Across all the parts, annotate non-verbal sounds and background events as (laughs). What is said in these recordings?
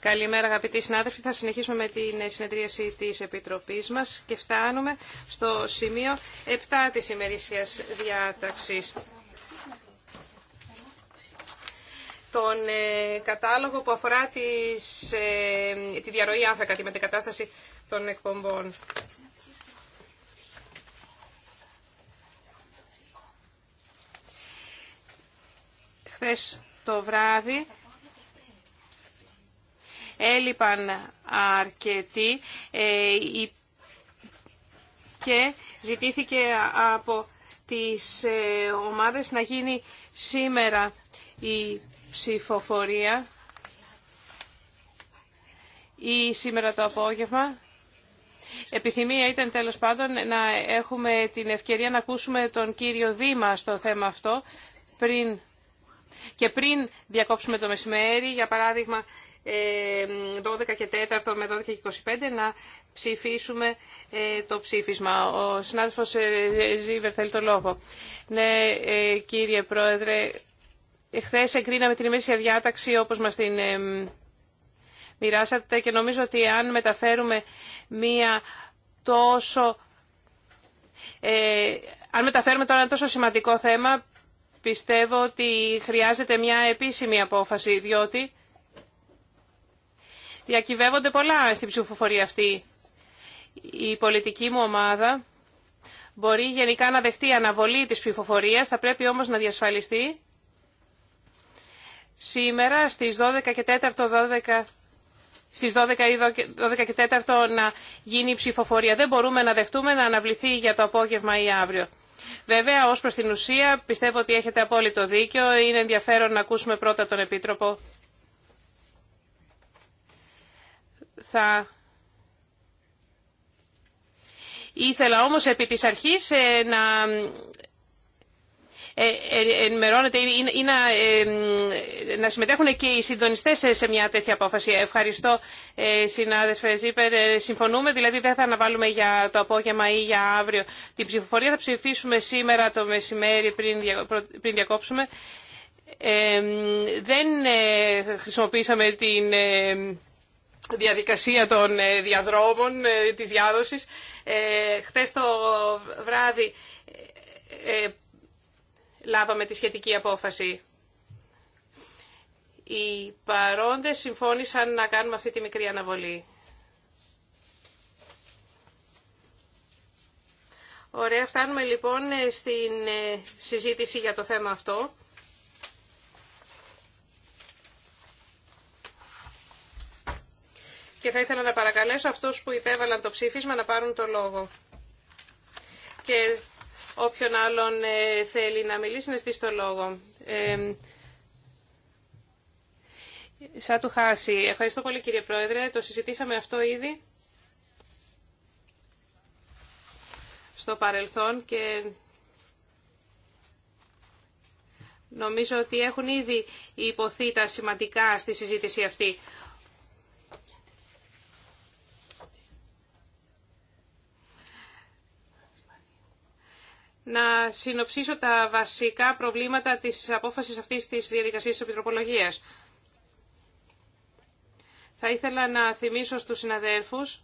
Καλημέρα αγαπητοί συνάδελφοι. Θα συνεχίσουμε με την συνεδρίαση της Επιτροπής μας και φτάνουμε στο σημείο 7 της ημερήσιας διάταξης. Τον ε, κατάλογο που αφορά τις, ε, τη διαρροή άνθρακα, τη μετεκατάσταση των εκπομπών. χθες το βράδυ έλειπαν αρκετοί ε, και ζητήθηκε από τις ε, ομάδες να γίνει σήμερα η ψηφοφορία ή σήμερα το απόγευμα. Επιθυμία ήταν τέλος πάντων να έχουμε την ευκαιρία να ακούσουμε τον κύριο Δήμα στο θέμα αυτό πριν και πριν διακόψουμε το μεσημέρι, για παράδειγμα 12 ε, και 4 με 12 και 25, να ψηφίσουμε ε, το ψήφισμα. Ο συνάδελφος ε, Ζίβερ θέλει το λόγο. Ναι, κύριε Πρόεδρε, χθε εγκρίναμε την ημερήσια διάταξη όπως μας την μοιράσατε και νομίζω ότι αν μεταφέρουμε μία τόσο... αν μεταφέρουμε τώρα ένα τόσο σημαντικό θέμα, Πιστεύω ότι χρειάζεται μια επίσημη απόφαση, διότι διακυβεύονται πολλά στην ψηφοφορία αυτή. Η πολιτική μου ομάδα μπορεί γενικά να δεχτεί αναβολή της ψηφοφορίας, θα πρέπει όμως να διασφαλιστεί σήμερα στις 12 και 4, 12 στις 12 ή 12 και 4 να γίνει η ψηφοφορία. Δεν μπορούμε να δεχτούμε να αναβληθεί για το απόγευμα ή αύριο. Βέβαια, ω προ την ουσία, πιστεύω ότι έχετε απόλυτο δίκιο. Είναι ενδιαφέρον να ακούσουμε πρώτα τον Επίτροπο. Θα... Ήθελα όμως επί της αρχής ε, να ε, ε, ενημερώνεται ή να, ε, να συμμετέχουν και οι συντονιστές σε μια τέτοια απόφαση. Ευχαριστώ συνάδελφε Ζήπερ. Συμφωνούμε, δηλαδή δεν θα αναβάλουμε για το απόγευμα ή για αύριο την ψηφοφορία. Θα ψηφίσουμε σήμερα το μεσημέρι πριν διακόψουμε. δεν χρησιμοποίησαμε την διαδικασία των διαδρόμων της διάδοσης. Ε, το βράδυ λάβαμε τη σχετική απόφαση. Οι παρόντες συμφώνησαν να κάνουμε αυτή τη μικρή αναβολή. Ωραία, φτάνουμε λοιπόν ε, στην ε, συζήτηση για το θέμα αυτό. Και θα ήθελα να παρακαλέσω αυτούς που υπέβαλαν το ψήφισμα να πάρουν το λόγο. Και Όποιον άλλον ε, θέλει να μιλήσει, να στείλει το λόγο. Ε, σαν του χάσει. Ευχαριστώ πολύ κύριε Πρόεδρε. Το συζητήσαμε αυτό ήδη στο παρελθόν και νομίζω ότι έχουν ήδη υποθεί τα σημαντικά στη συζήτηση αυτή. να συνοψίσω τα βασικά προβλήματα της απόφασης αυτής της διαδικασίας της Επιτροπολογίας. Θα ήθελα να θυμίσω στους συναδέλφους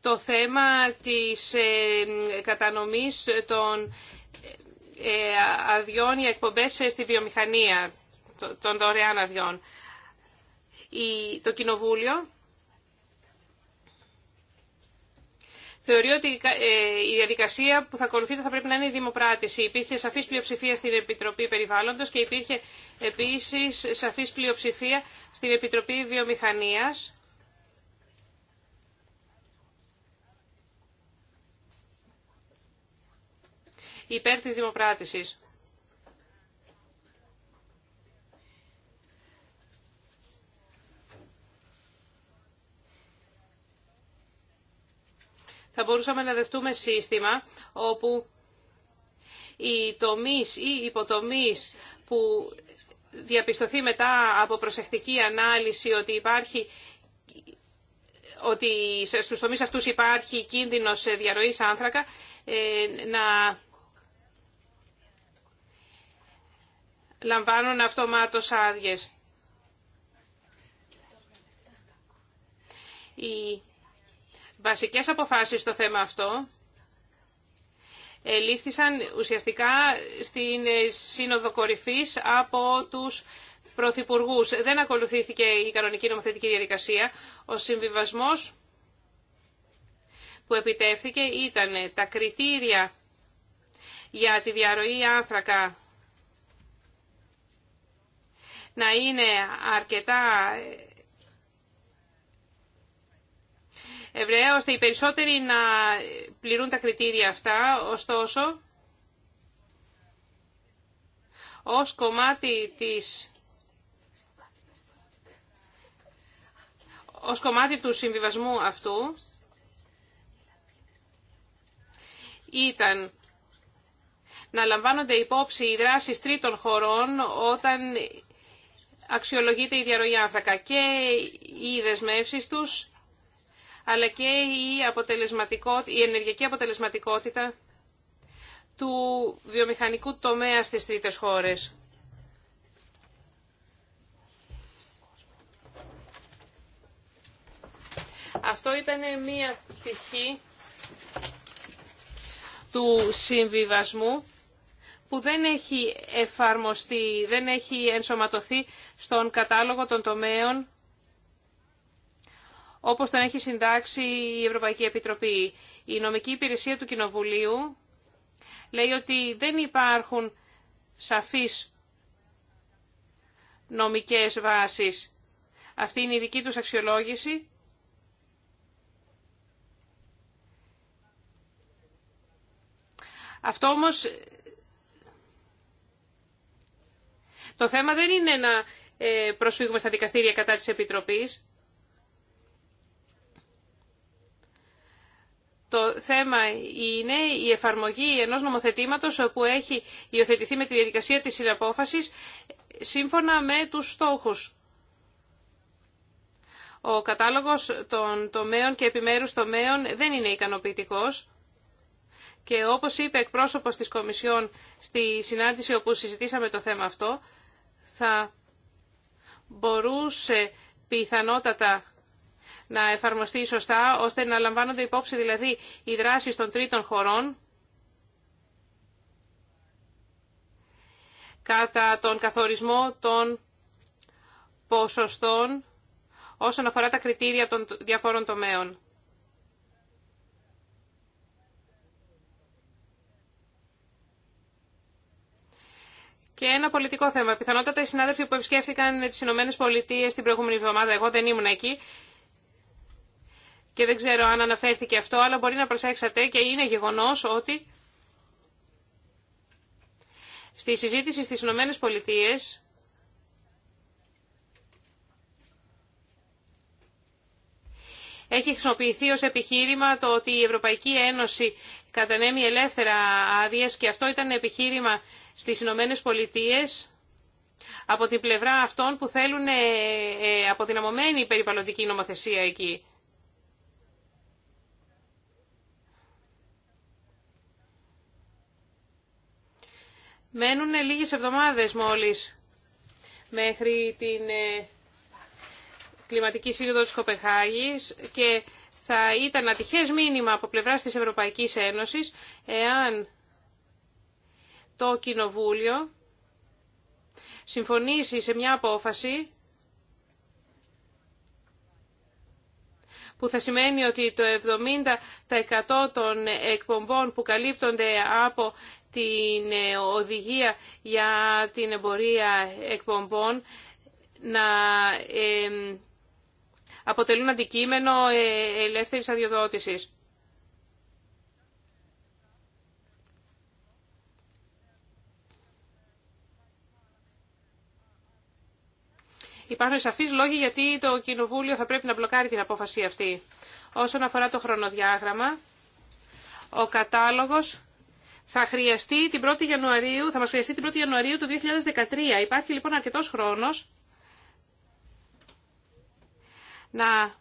το θέμα της ε, κατανομής των ε, αδειών για εκπομπές ε, στη βιομηχανία, των δωρεάν αδειών. Το Κοινοβούλιο Θεωρεί ότι ε, η διαδικασία που θα ακολουθείτε θα πρέπει να είναι η δημοπράτηση. Υπήρχε σαφή πλειοψηφία στην Επιτροπή Περιβάλλοντος και υπήρχε επίσης σαφή πλειοψηφία στην Επιτροπή βιομηχανία. υπέρ της δημοπράτησης. θα μπορούσαμε να δεχτούμε σύστημα όπου οι τομείς ή υποτομείς που διαπιστωθεί μετά από προσεκτική ανάλυση ότι υπάρχει ότι στους τομείς αυτούς υπάρχει κίνδυνος διαρροής άνθρακα, ε, να λαμβάνουν αυτομάτως άδειες. Η βασικές αποφάσεις στο θέμα αυτό ελήφθησαν ουσιαστικά στην Σύνοδο Κορυφής από τους Πρωθυπουργούς. Δεν ακολουθήθηκε η κανονική νομοθετική διαδικασία. Ο συμβιβασμός που επιτεύθηκε ήταν τα κριτήρια για τη διαρροή άνθρακα να είναι αρκετά Εβραία, ώστε οι περισσότεροι να πληρούν τα κριτήρια αυτά. Ωστόσο, ως κομμάτι της ως κομμάτι του συμβιβασμού αυτού ήταν να λαμβάνονται υπόψη οι δράσεις τρίτων χωρών όταν αξιολογείται η διαρροή άνθρακα και οι δεσμεύσεις τους αλλά και η, αποτελεσματικότητα, η ενεργειακή αποτελεσματικότητα του βιομηχανικού τομέα στις τρίτες χώρες. Αυτό ήταν μία πτυχή του συμβιβασμού που δεν έχει εφαρμοστεί, δεν έχει ενσωματωθεί στον κατάλογο των τομέων όπως τον έχει συντάξει η Ευρωπαϊκή Επιτροπή. Η νομική υπηρεσία του Κοινοβουλίου λέει ότι δεν υπάρχουν σαφείς νομικές βάσεις. Αυτή είναι η δική τους αξιολόγηση. Αυτό όμως το θέμα δεν είναι να ε, προσφύγουμε στα δικαστήρια κατά της Επιτροπής. Το θέμα είναι η εφαρμογή ενός νομοθετήματος που έχει υιοθετηθεί με τη διαδικασία της συναπόφασης σύμφωνα με τους στόχους. Ο κατάλογος των τομέων και επιμέρους τομέων δεν είναι ικανοποιητικός και όπως είπε εκπρόσωπος της Κομισιόν στη συνάντηση όπου συζητήσαμε το θέμα αυτό, θα μπορούσε πιθανότατα να εφαρμοστεί σωστά, ώστε να λαμβάνονται υπόψη δηλαδή οι δράσεις των τρίτων χωρών κατά τον καθορισμό των ποσοστών όσον αφορά τα κριτήρια των διαφόρων τομέων. Και ένα πολιτικό θέμα. Πιθανότατα οι συνάδελφοι που επισκέφτηκαν τι Ηνωμένε Πολιτείε την προηγούμενη εβδομάδα, εγώ δεν ήμουν εκεί, και δεν ξέρω αν αναφέρθηκε αυτό, αλλά μπορεί να προσέξατε και είναι γεγονός ότι στη συζήτηση στις Ηνωμένες Πολιτείες έχει χρησιμοποιηθεί ως επιχείρημα το ότι η Ευρωπαϊκή Ένωση κατανέμει ελεύθερα άδειε και αυτό ήταν επιχείρημα στις Ηνωμένε Πολιτείες από την πλευρά αυτών που θέλουν ε, ε, αποδυναμωμένη περιβαλλοντική νομοθεσία εκεί. Μένουν λίγες εβδομάδες μόλις μέχρι την ε, κλιματική σύνοδο της Κοπεχάγης και θα ήταν ατυχές μήνυμα από πλευράς της Ευρωπαϊκής Ένωσης εάν το Κοινοβούλιο συμφωνήσει σε μια απόφαση που θα σημαίνει ότι το 70% των εκπομπών που καλύπτονται από την ε, οδηγία για την εμπορία εκπομπών να αποτελούν αντικείμενο ε, ελεύθερης αδειοδότησης. Υπάρχουν σαφείς λόγοι γιατί το Κοινοβούλιο θα πρέπει να μπλοκάρει την απόφαση αυτή. Όσον αφορά το χρονοδιάγραμμα, ο κατάλογος θα χρειαστεί την 1η Ιανουαρίου, θα μας χρειαστεί την 1η Ιανουαρίου του 2013. Υπάρχει λοιπόν αρκετός χρόνος να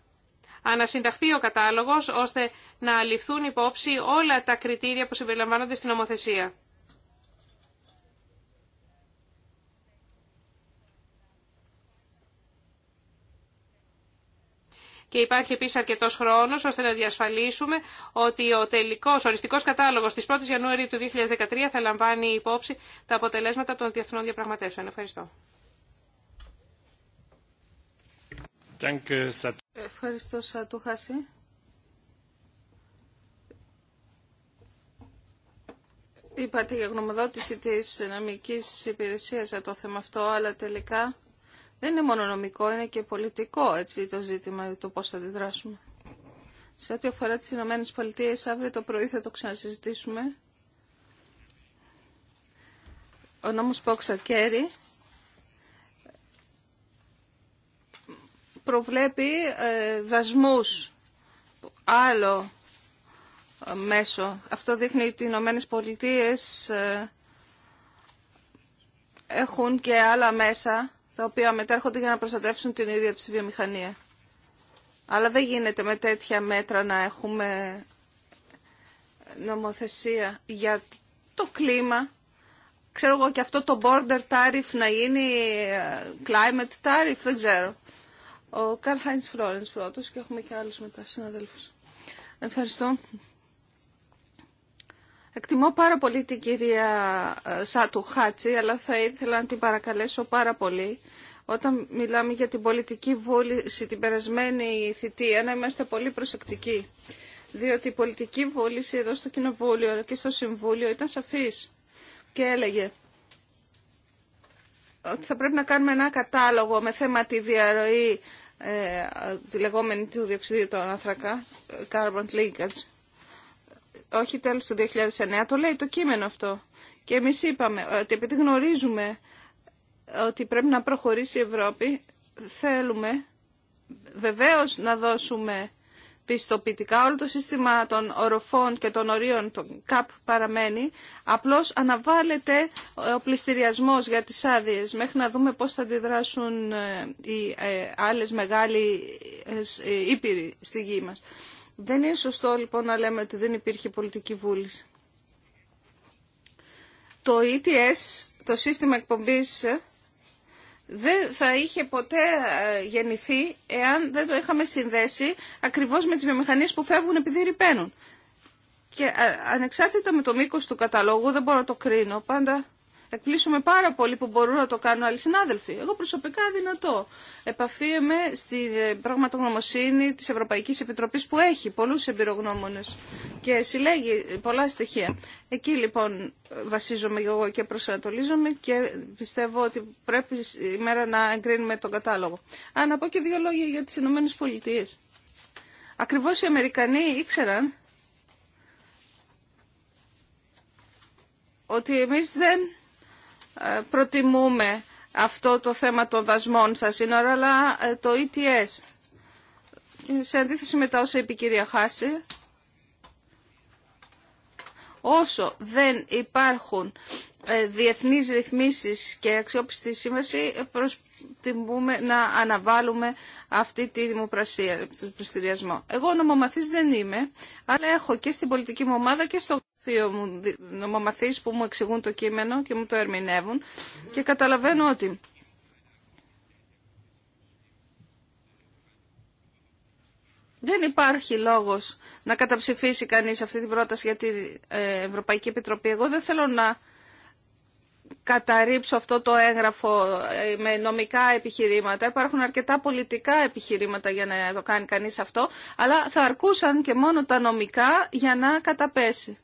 ανασυνταχθεί ο κατάλογος ώστε να ληφθούν υπόψη όλα τα κριτήρια που συμπεριλαμβάνονται στην νομοθεσία. και υπάρχει επίση αρκετός χρόνος ώστε να διασφαλίσουμε ότι ο τελικός οριστικός κατάλογος τη 1 η Ιανουαρίου του 2013 θα λαμβάνει υπόψη τα αποτελέσματα των διεθνών διαπραγματεύσεων. Ευχαριστώ. Ευχαριστώ Σατουχάση. Είπατε για γνωμοδότηση της νομικής υπηρεσίας για το θέμα αυτό, αλλά τελικά δεν είναι μόνο νομικό, είναι και πολιτικό έτσι, το ζήτημα το πώς θα αντιδράσουμε. Σε ό,τι αφορά τις Ηνωμένε Πολιτείες, αύριο το πρωί θα το ξανασυζητήσουμε. Ο νόμος Πόξα Κέρι προβλέπει ε, δασμούς άλλο ε, μέσο. Αυτό δείχνει ότι οι Ηνωμένε Πολιτείε ε, έχουν και άλλα μέσα τα οποία μετέρχονται για να προστατεύσουν την ίδια τους βιομηχανία. Αλλά δεν γίνεται με τέτοια μέτρα να έχουμε νομοθεσία για το κλίμα. Ξέρω εγώ και αυτό το border tariff να γίνει climate tariff, δεν ξέρω. Ο Καρλ Χάιντς Φλόρενς πρώτος και έχουμε και άλλους μετά συναδέλφους. Ευχαριστώ. Εκτιμώ πάρα πολύ την κυρία ε, Σάτου Χάτσι, αλλά θα ήθελα να την παρακαλέσω πάρα πολύ όταν μιλάμε για την πολιτική βούληση την περασμένη θητεία να είμαστε πολύ προσεκτικοί. Διότι η πολιτική βούληση εδώ στο Κοινοβούλιο και στο Συμβούλιο ήταν σαφής και έλεγε ότι θα πρέπει να κάνουμε ένα κατάλογο με θέμα τη διαρροή ε, ε, τη λεγόμενη του διοξιδίου των άνθρακα, carbon Linkage, όχι τέλος του 2009, το λέει το κείμενο αυτό. Και εμείς είπαμε ότι επειδή γνωρίζουμε ότι πρέπει να προχωρήσει η Ευρώπη, θέλουμε βεβαίως να δώσουμε πιστοποιητικά. Όλο το σύστημα των οροφών και των ορίων των ΚΑΠ παραμένει. Απλώς αναβάλλεται ο πληστηριασμός για τις άδειε μέχρι να δούμε πώς θα αντιδράσουν ε, οι ε, άλλες μεγάλοι ε, ήπειροι στη γη μας. Δεν είναι σωστό λοιπόν να λέμε ότι δεν υπήρχε πολιτική βούληση. Το ETS, το σύστημα εκπομπής, ε, δεν θα είχε ποτέ ε, γεννηθεί εάν δεν το είχαμε συνδέσει ακριβώς με τις βιομηχανίες που φεύγουν επειδή ρηπαίνουν. Και ε, ανεξάρτητα με το μήκος του καταλόγου, δεν μπορώ να το κρίνω, πάντα Εκπλήσουμε πάρα πολύ που μπορούν να το κάνουν άλλοι συνάδελφοι. Εγώ προσωπικά δυνατό. Επαφίεμαι στη ε, πραγματογνωμοσύνη της Ευρωπαϊκής Επιτροπής που έχει πολλούς εμπειρογνώμονες και συλλέγει πολλά στοιχεία. Εκεί λοιπόν βασίζομαι εγώ και προσανατολίζομαι και πιστεύω ότι πρέπει η μέρα να εγκρίνουμε τον κατάλογο. Α, να πω και δύο λόγια για τις Ηνωμένες Πολιτείες. Ακριβώς οι Αμερικανοί ήξεραν ότι εμείς δεν ε, προτιμούμε αυτό το θέμα των δασμών στα σύνορα, αλλά ε, το ETS. Σε αντίθεση με τα όσα είπε η κυρία Χάση, όσο δεν υπάρχουν ε, διεθνείς ρυθμίσεις και αξιόπιστη σύμβαση, προτιμούμε να αναβάλουμε αυτή τη δημοπρασία, τον πληστηριασμό. Εγώ νομομαθής δεν είμαι, αλλά έχω και στην πολιτική μου ομάδα και στο φίλο μου νομομαθείς που μου εξηγούν το κείμενο και μου το ερμηνεύουν και καταλαβαίνω ότι δεν υπάρχει λόγος να καταψηφίσει κανείς αυτή την πρόταση για την ε, Ευρωπαϊκή Επιτροπή. Εγώ δεν θέλω να καταρρύψω αυτό το έγγραφο ε, με νομικά επιχειρήματα. Υπάρχουν αρκετά πολιτικά επιχειρήματα για να το κάνει κανείς αυτό, αλλά θα αρκούσαν και μόνο τα νομικά για να καταπέσει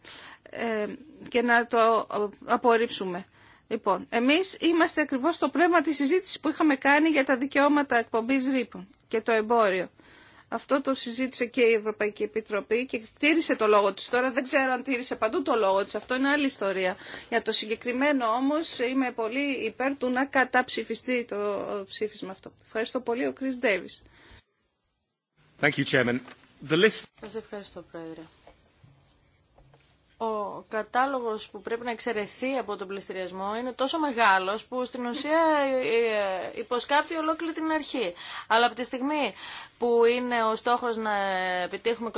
ε, και να το ε, απορρίψουμε. Λοιπόν, εμείς είμαστε ακριβώς στο πνεύμα της συζήτησης που είχαμε κάνει για τα δικαιώματα εκπομπής ρήπων και το εμπόριο. Αυτό το συζήτησε και η Ευρωπαϊκή Επιτροπή και τήρησε το λόγο της. Τώρα δεν ξέρω αν τήρησε παντού το λόγο της. Αυτό είναι άλλη ιστορία. Για το συγκεκριμένο όμως είμαι πολύ υπέρ του να καταψηφιστεί το ψήφισμα αυτό. Ευχαριστώ πολύ ο Κρίς Ντέβις. Σας ευχαριστώ, Πρόεδρε ο κατάλογος που πρέπει να εξαιρεθεί από τον πληστηριασμό είναι τόσο μεγάλος που στην ουσία ε, ε, υποσκάπτει ολόκληρη την αρχή. Αλλά από τη στιγμή που είναι ο στόχος να επιτύχουμε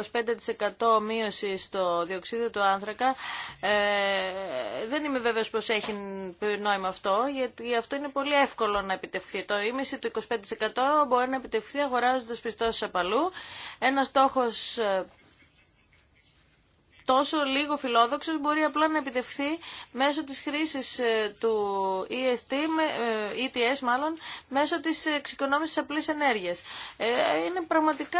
25% μείωση στο διοξείδιο του άνθρακα, ε, δεν είμαι βέβαιος πως έχει νόημα αυτό, γιατί αυτό είναι πολύ εύκολο να επιτευχθεί. Το ίμιση του 25% μπορεί να επιτευχθεί αγοράζοντας πιστώσεις απαλού. Ένας στόχος τόσο λίγο φιλόδοξος μπορεί απλά να επιτευχθεί μέσω της χρήσης ε, του EST, ε, ETS μάλλον, μέσω της εξοικονόμησης απλής ενέργειας. Ε, είναι πραγματικά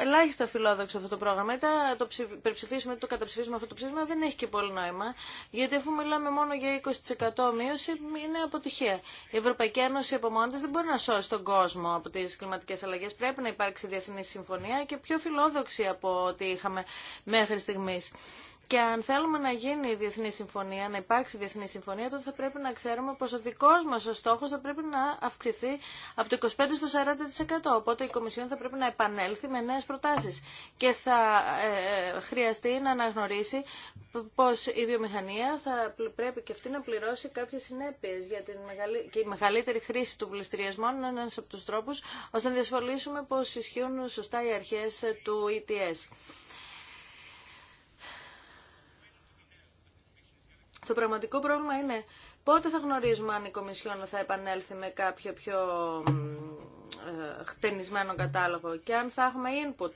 ελάχιστα φιλόδοξο αυτό το πρόγραμμα. Είτε το υπερψηφίσουμε ή το καταψηφίσουμε αυτό το ψήφισμα δεν έχει και πολύ νόημα, γιατί αφού μιλάμε μόνο για 20% μείωση είναι αποτυχία. Η Ευρωπαϊκή Ένωση από μόνη της δεν μπορεί να σώσει τον κόσμο από τις κλιματικές αλλαγές. Πρέπει να υπάρξει διεθνή συμφωνία και πιο φιλόδοξη από ό,τι είχαμε μέχρι στιγμής. Και αν θέλουμε να γίνει η διεθνή συμφωνία, να υπάρξει η διεθνή συμφωνία, τότε θα πρέπει να ξέρουμε πως ο δικός μας ο στόχος θα πρέπει να αυξηθεί από το 25% στο 40%. Οπότε η Κομισιόν θα πρέπει να επανέλθει με νέες προτάσεις και θα ε, ε, χρειαστεί να αναγνωρίσει πως η βιομηχανία θα πρέπει και αυτή να πληρώσει κάποιες συνέπειες για την μεγαλύτερη, και η μεγαλύτερη χρήση του πληστηριασμού είναι από τους τρόπους ώστε να διασφαλίσουμε πως ισχύουν σωστά οι αρχές του ETS. Το πραγματικό πρόβλημα είναι πότε θα γνωρίζουμε αν η Κομισιόν θα επανέλθει με κάποιο πιο ε, χτενισμένο κατάλογο και αν θα έχουμε input.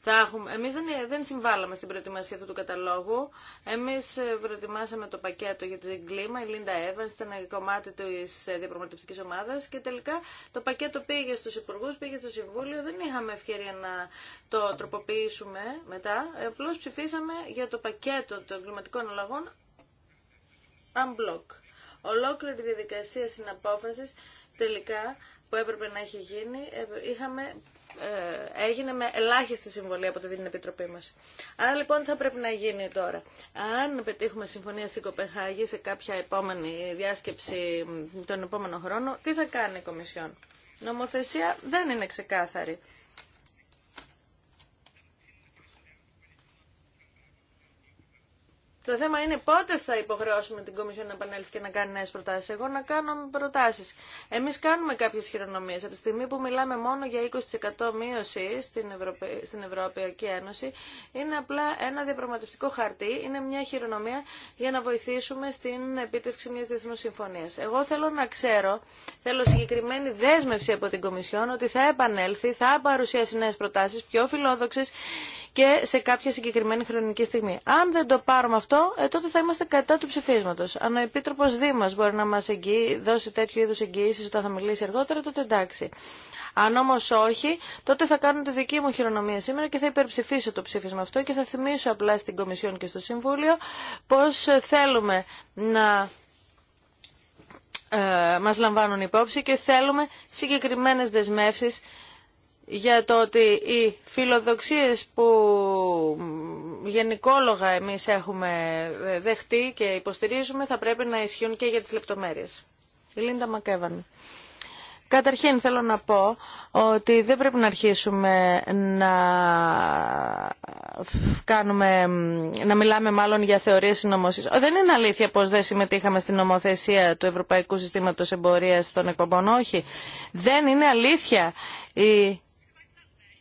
Θα έχουμε... Εμείς δεν, δεν συμβάλαμε στην προετοιμασία αυτού του καταλόγου. Εμείς ε, προετοιμάσαμε το πακέτο για την κλίμα. Η Λίντα Εύα ήταν κομμάτι της ε, διαπραγματευτικής ομάδας και τελικά το πακέτο πήγε στους υπουργούς, πήγε στο Συμβούλιο. Δεν είχαμε ευκαιρία να το τροποποιήσουμε μετά. Απλώς ψηφίσαμε για το πακέτο των κλιματικών αλλαγών unblock. Ολόκληρη διαδικασία συναπόφασης τελικά που έπρεπε να έχει γίνει, ε, είχαμε, ε, έγινε με ελάχιστη συμβολή από την Επιτροπή μας. Άρα λοιπόν θα πρέπει να γίνει τώρα. Αν πετύχουμε συμφωνία στην Κοπεχάγη σε κάποια επόμενη διάσκεψη τον επόμενο χρόνο, τι θα κάνει η Κομισιόν. Νομοθεσία δεν είναι ξεκάθαρη. Το θέμα είναι πότε θα υποχρεώσουμε την Κομισιόν να επανέλθει και να κάνει νέε προτάσει. Εγώ να κάνω προτάσει. Εμεί κάνουμε κάποιε χειρονομίε. Από τη στιγμή που μιλάμε μόνο για 20% μείωση στην, στην Ευρωπαϊκή Ένωση, είναι απλά ένα διαπραγματευτικό χαρτί, είναι μια χειρονομία για να βοηθήσουμε στην επίτευξη μια διεθνού συμφωνία. Εγώ θέλω να ξέρω, θέλω συγκεκριμένη δέσμευση από την Κομισιόν ότι θα επανέλθει, θα παρουσιάσει νέε προτάσει πιο φιλόδοξε και σε κάποια συγκεκριμένη χρονική στιγμή. Αν δεν το πάρουμε αυτό, ε, τότε θα είμαστε κατά του ψηφίσματο. Αν ο Επίτροπο Δήμα μπορεί να μα δώσει τέτοιου είδου εγγυήσει όταν θα μιλήσει αργότερα, τότε εντάξει. Αν όμω όχι, τότε θα κάνω τη δική μου χειρονομία σήμερα και θα υπερψηφίσω το ψήφισμα αυτό και θα θυμίσω απλά στην Κομισιόν και στο Συμβούλιο πώ θέλουμε να ε, μας λαμβάνουν υπόψη και θέλουμε συγκεκριμένες δεσμεύσεις για το ότι οι φιλοδοξίες που γενικόλογα εμείς έχουμε δεχτεί και υποστηρίζουμε θα πρέπει να ισχύουν και για τις λεπτομέρειες. Η Λίντα Μακέβαν. Καταρχήν θέλω να πω ότι δεν πρέπει να αρχίσουμε να κάνουμε, να μιλάμε μάλλον για θεωρίες συνωμοσίας. Δεν είναι αλήθεια πως δεν συμμετείχαμε στην νομοθεσία του Ευρωπαϊκού Συστήματος Εμπορίας των Εκπομπών. Όχι. Δεν είναι αλήθεια. Η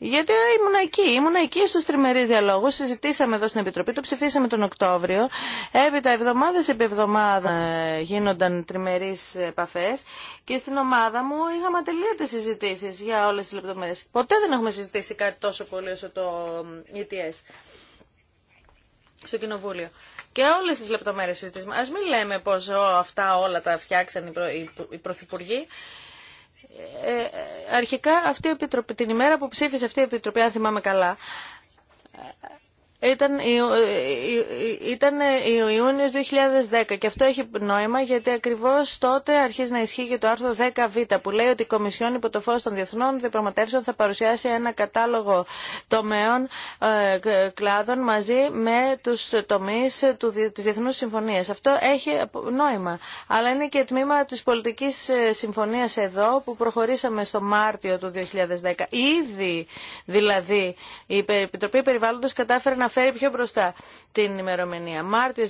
γιατί ήμουν εκεί, ήμουν εκεί στους τριμερείς διαλόγους, συζητήσαμε εδώ στην Επιτροπή, το ψηφίσαμε τον Οκτώβριο, έπειτα εβδομάδες επί εβδομάδα ε, γίνονταν τριμερείς επαφές και στην ομάδα μου είχαμε ατελείωτες συζητήσεις για όλες τις λεπτομέρειες. Ποτέ δεν έχουμε συζητήσει κάτι τόσο πολύ όσο το ETS στο Κοινοβούλιο. Και όλες τις λεπτομέρειες συζητήσαμε. Ας μην λέμε πως αυτά όλα τα φτιάξαν οι, προ... οι πρωθυπουργοί. Ε, ε, αρχικά αυτή η επιτροπή, την ημέρα που ψήφισε αυτή η επιτροπή, αν θυμάμαι καλά, ήταν, ήταν Ιούνιος 2010 και αυτό έχει νόημα γιατί ακριβώς τότε αρχίζει να ισχύει και το άρθρο 10β που λέει ότι η Κομισιόν υπό το φως των διεθνών διαπραγματεύσεων θα παρουσιάσει ένα κατάλογο τομέων ε, κλάδων μαζί με τους τομείς του, της Διεθνούς Συμφωνίας. Αυτό έχει νόημα. Αλλά είναι και τμήμα της πολιτική ε, συμφωνία εδώ που προχωρήσαμε στο Μάρτιο του 2010. Ήδη δηλαδή η Επιτροπή Περιβάλλοντος κατάφερε να φέρει πιο μπροστά την ημερομηνία. Μάρτιο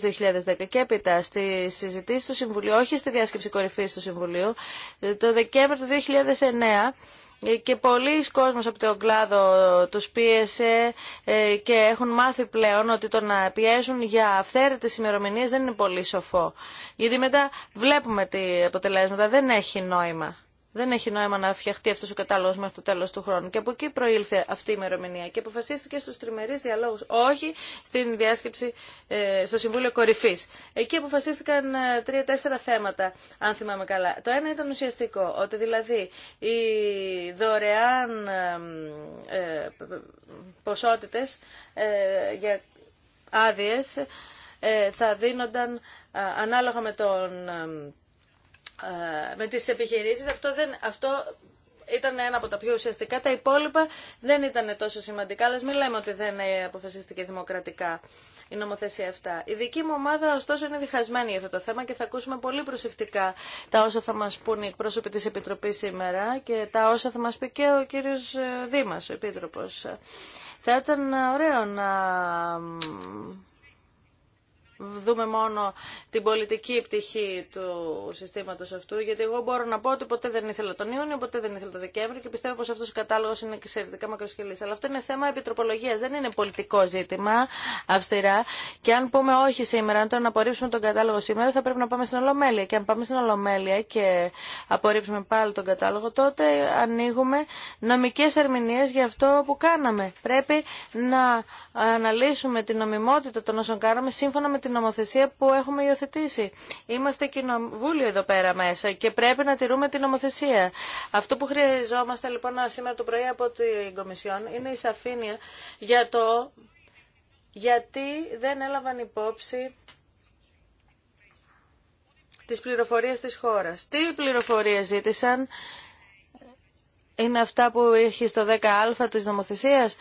2010 και έπειτα στι συζητήσει του Συμβουλίου, όχι στη διάσκεψη κορυφή του Συμβουλίου, το Δεκέμβριο του 2009 και πολλοί κόσμος από τον κλάδο τους πίεσε ε, και έχουν μάθει πλέον ότι το να πιέζουν για αυθαίρετες ημερομηνίε δεν είναι πολύ σοφό. Γιατί μετά βλέπουμε τι αποτελέσματα δεν έχει νόημα. Δεν έχει νόημα να φτιαχτεί αυτό ο κατάλογο μέχρι το τέλο του χρόνου. Και από εκεί προήλθε αυτή η ημερομηνία και αποφασίστηκε στου τριμερεί διαλόγου, όχι στην διάσκεψη ε, στο Συμβούλιο Κορυφή. Εκεί αποφασίστηκαν ε, τρία-τέσσερα θέματα, αν θυμάμαι καλά. Το ένα ήταν ουσιαστικό, ότι δηλαδή οι δωρεάν ε, ποσότητε για άδειε θα δίνονταν ανάλογα με τον ε, με τις επιχειρήσεις. Αυτό, δεν, αυτό ήταν ένα από τα πιο ουσιαστικά. Τα υπόλοιπα δεν ήταν τόσο σημαντικά, αλλά μην λέμε ότι δεν αποφασίστηκε δημοκρατικά η νομοθεσία αυτά. Η δική μου ομάδα, ωστόσο, είναι διχασμένη για αυτό το θέμα και θα ακούσουμε πολύ προσεκτικά τα όσα θα μα πούν οι εκπρόσωποι τη Επιτροπή σήμερα και τα όσα θα μα πει και ο κύριο ε, Δήμα, ο Επίτροπο. Θα ήταν ωραίο να δούμε μόνο την πολιτική πτυχή του συστήματος αυτού, γιατί εγώ μπορώ να πω ότι ποτέ δεν ήθελα τον Ιούνιο, ποτέ δεν ήθελα τον Δεκέμβριο και πιστεύω πως αυτός ο κατάλογος είναι εξαιρετικά μακροσκελής. Αλλά αυτό είναι θέμα επιτροπολογίας, δεν είναι πολιτικό ζήτημα αυστηρά και αν πούμε όχι σήμερα, αν τον απορρίψουμε τον κατάλογο σήμερα θα πρέπει να πάμε στην Ολομέλεια και αν πάμε στην Ολομέλεια και απορρίψουμε πάλι τον κατάλογο τότε ανοίγουμε νομικές ερμηνείες για αυτό που κάναμε. Πρέπει να αναλύσουμε την νομιμότητα των όσων κάναμε σύμφωνα με την την νομοθεσία που έχουμε υιοθετήσει. Είμαστε κοινοβούλιο εδώ πέρα μέσα και πρέπει να τηρούμε την νομοθεσία. Αυτό που χρειαζόμαστε λοιπόν σήμερα το πρωί από την Κομισιόν είναι η σαφήνεια για το γιατί δεν έλαβαν υπόψη τις πληροφορίες της χώρας. Τι πληροφορίες ζήτησαν, είναι αυτά που έχει στο 10α της νομοθεσίας.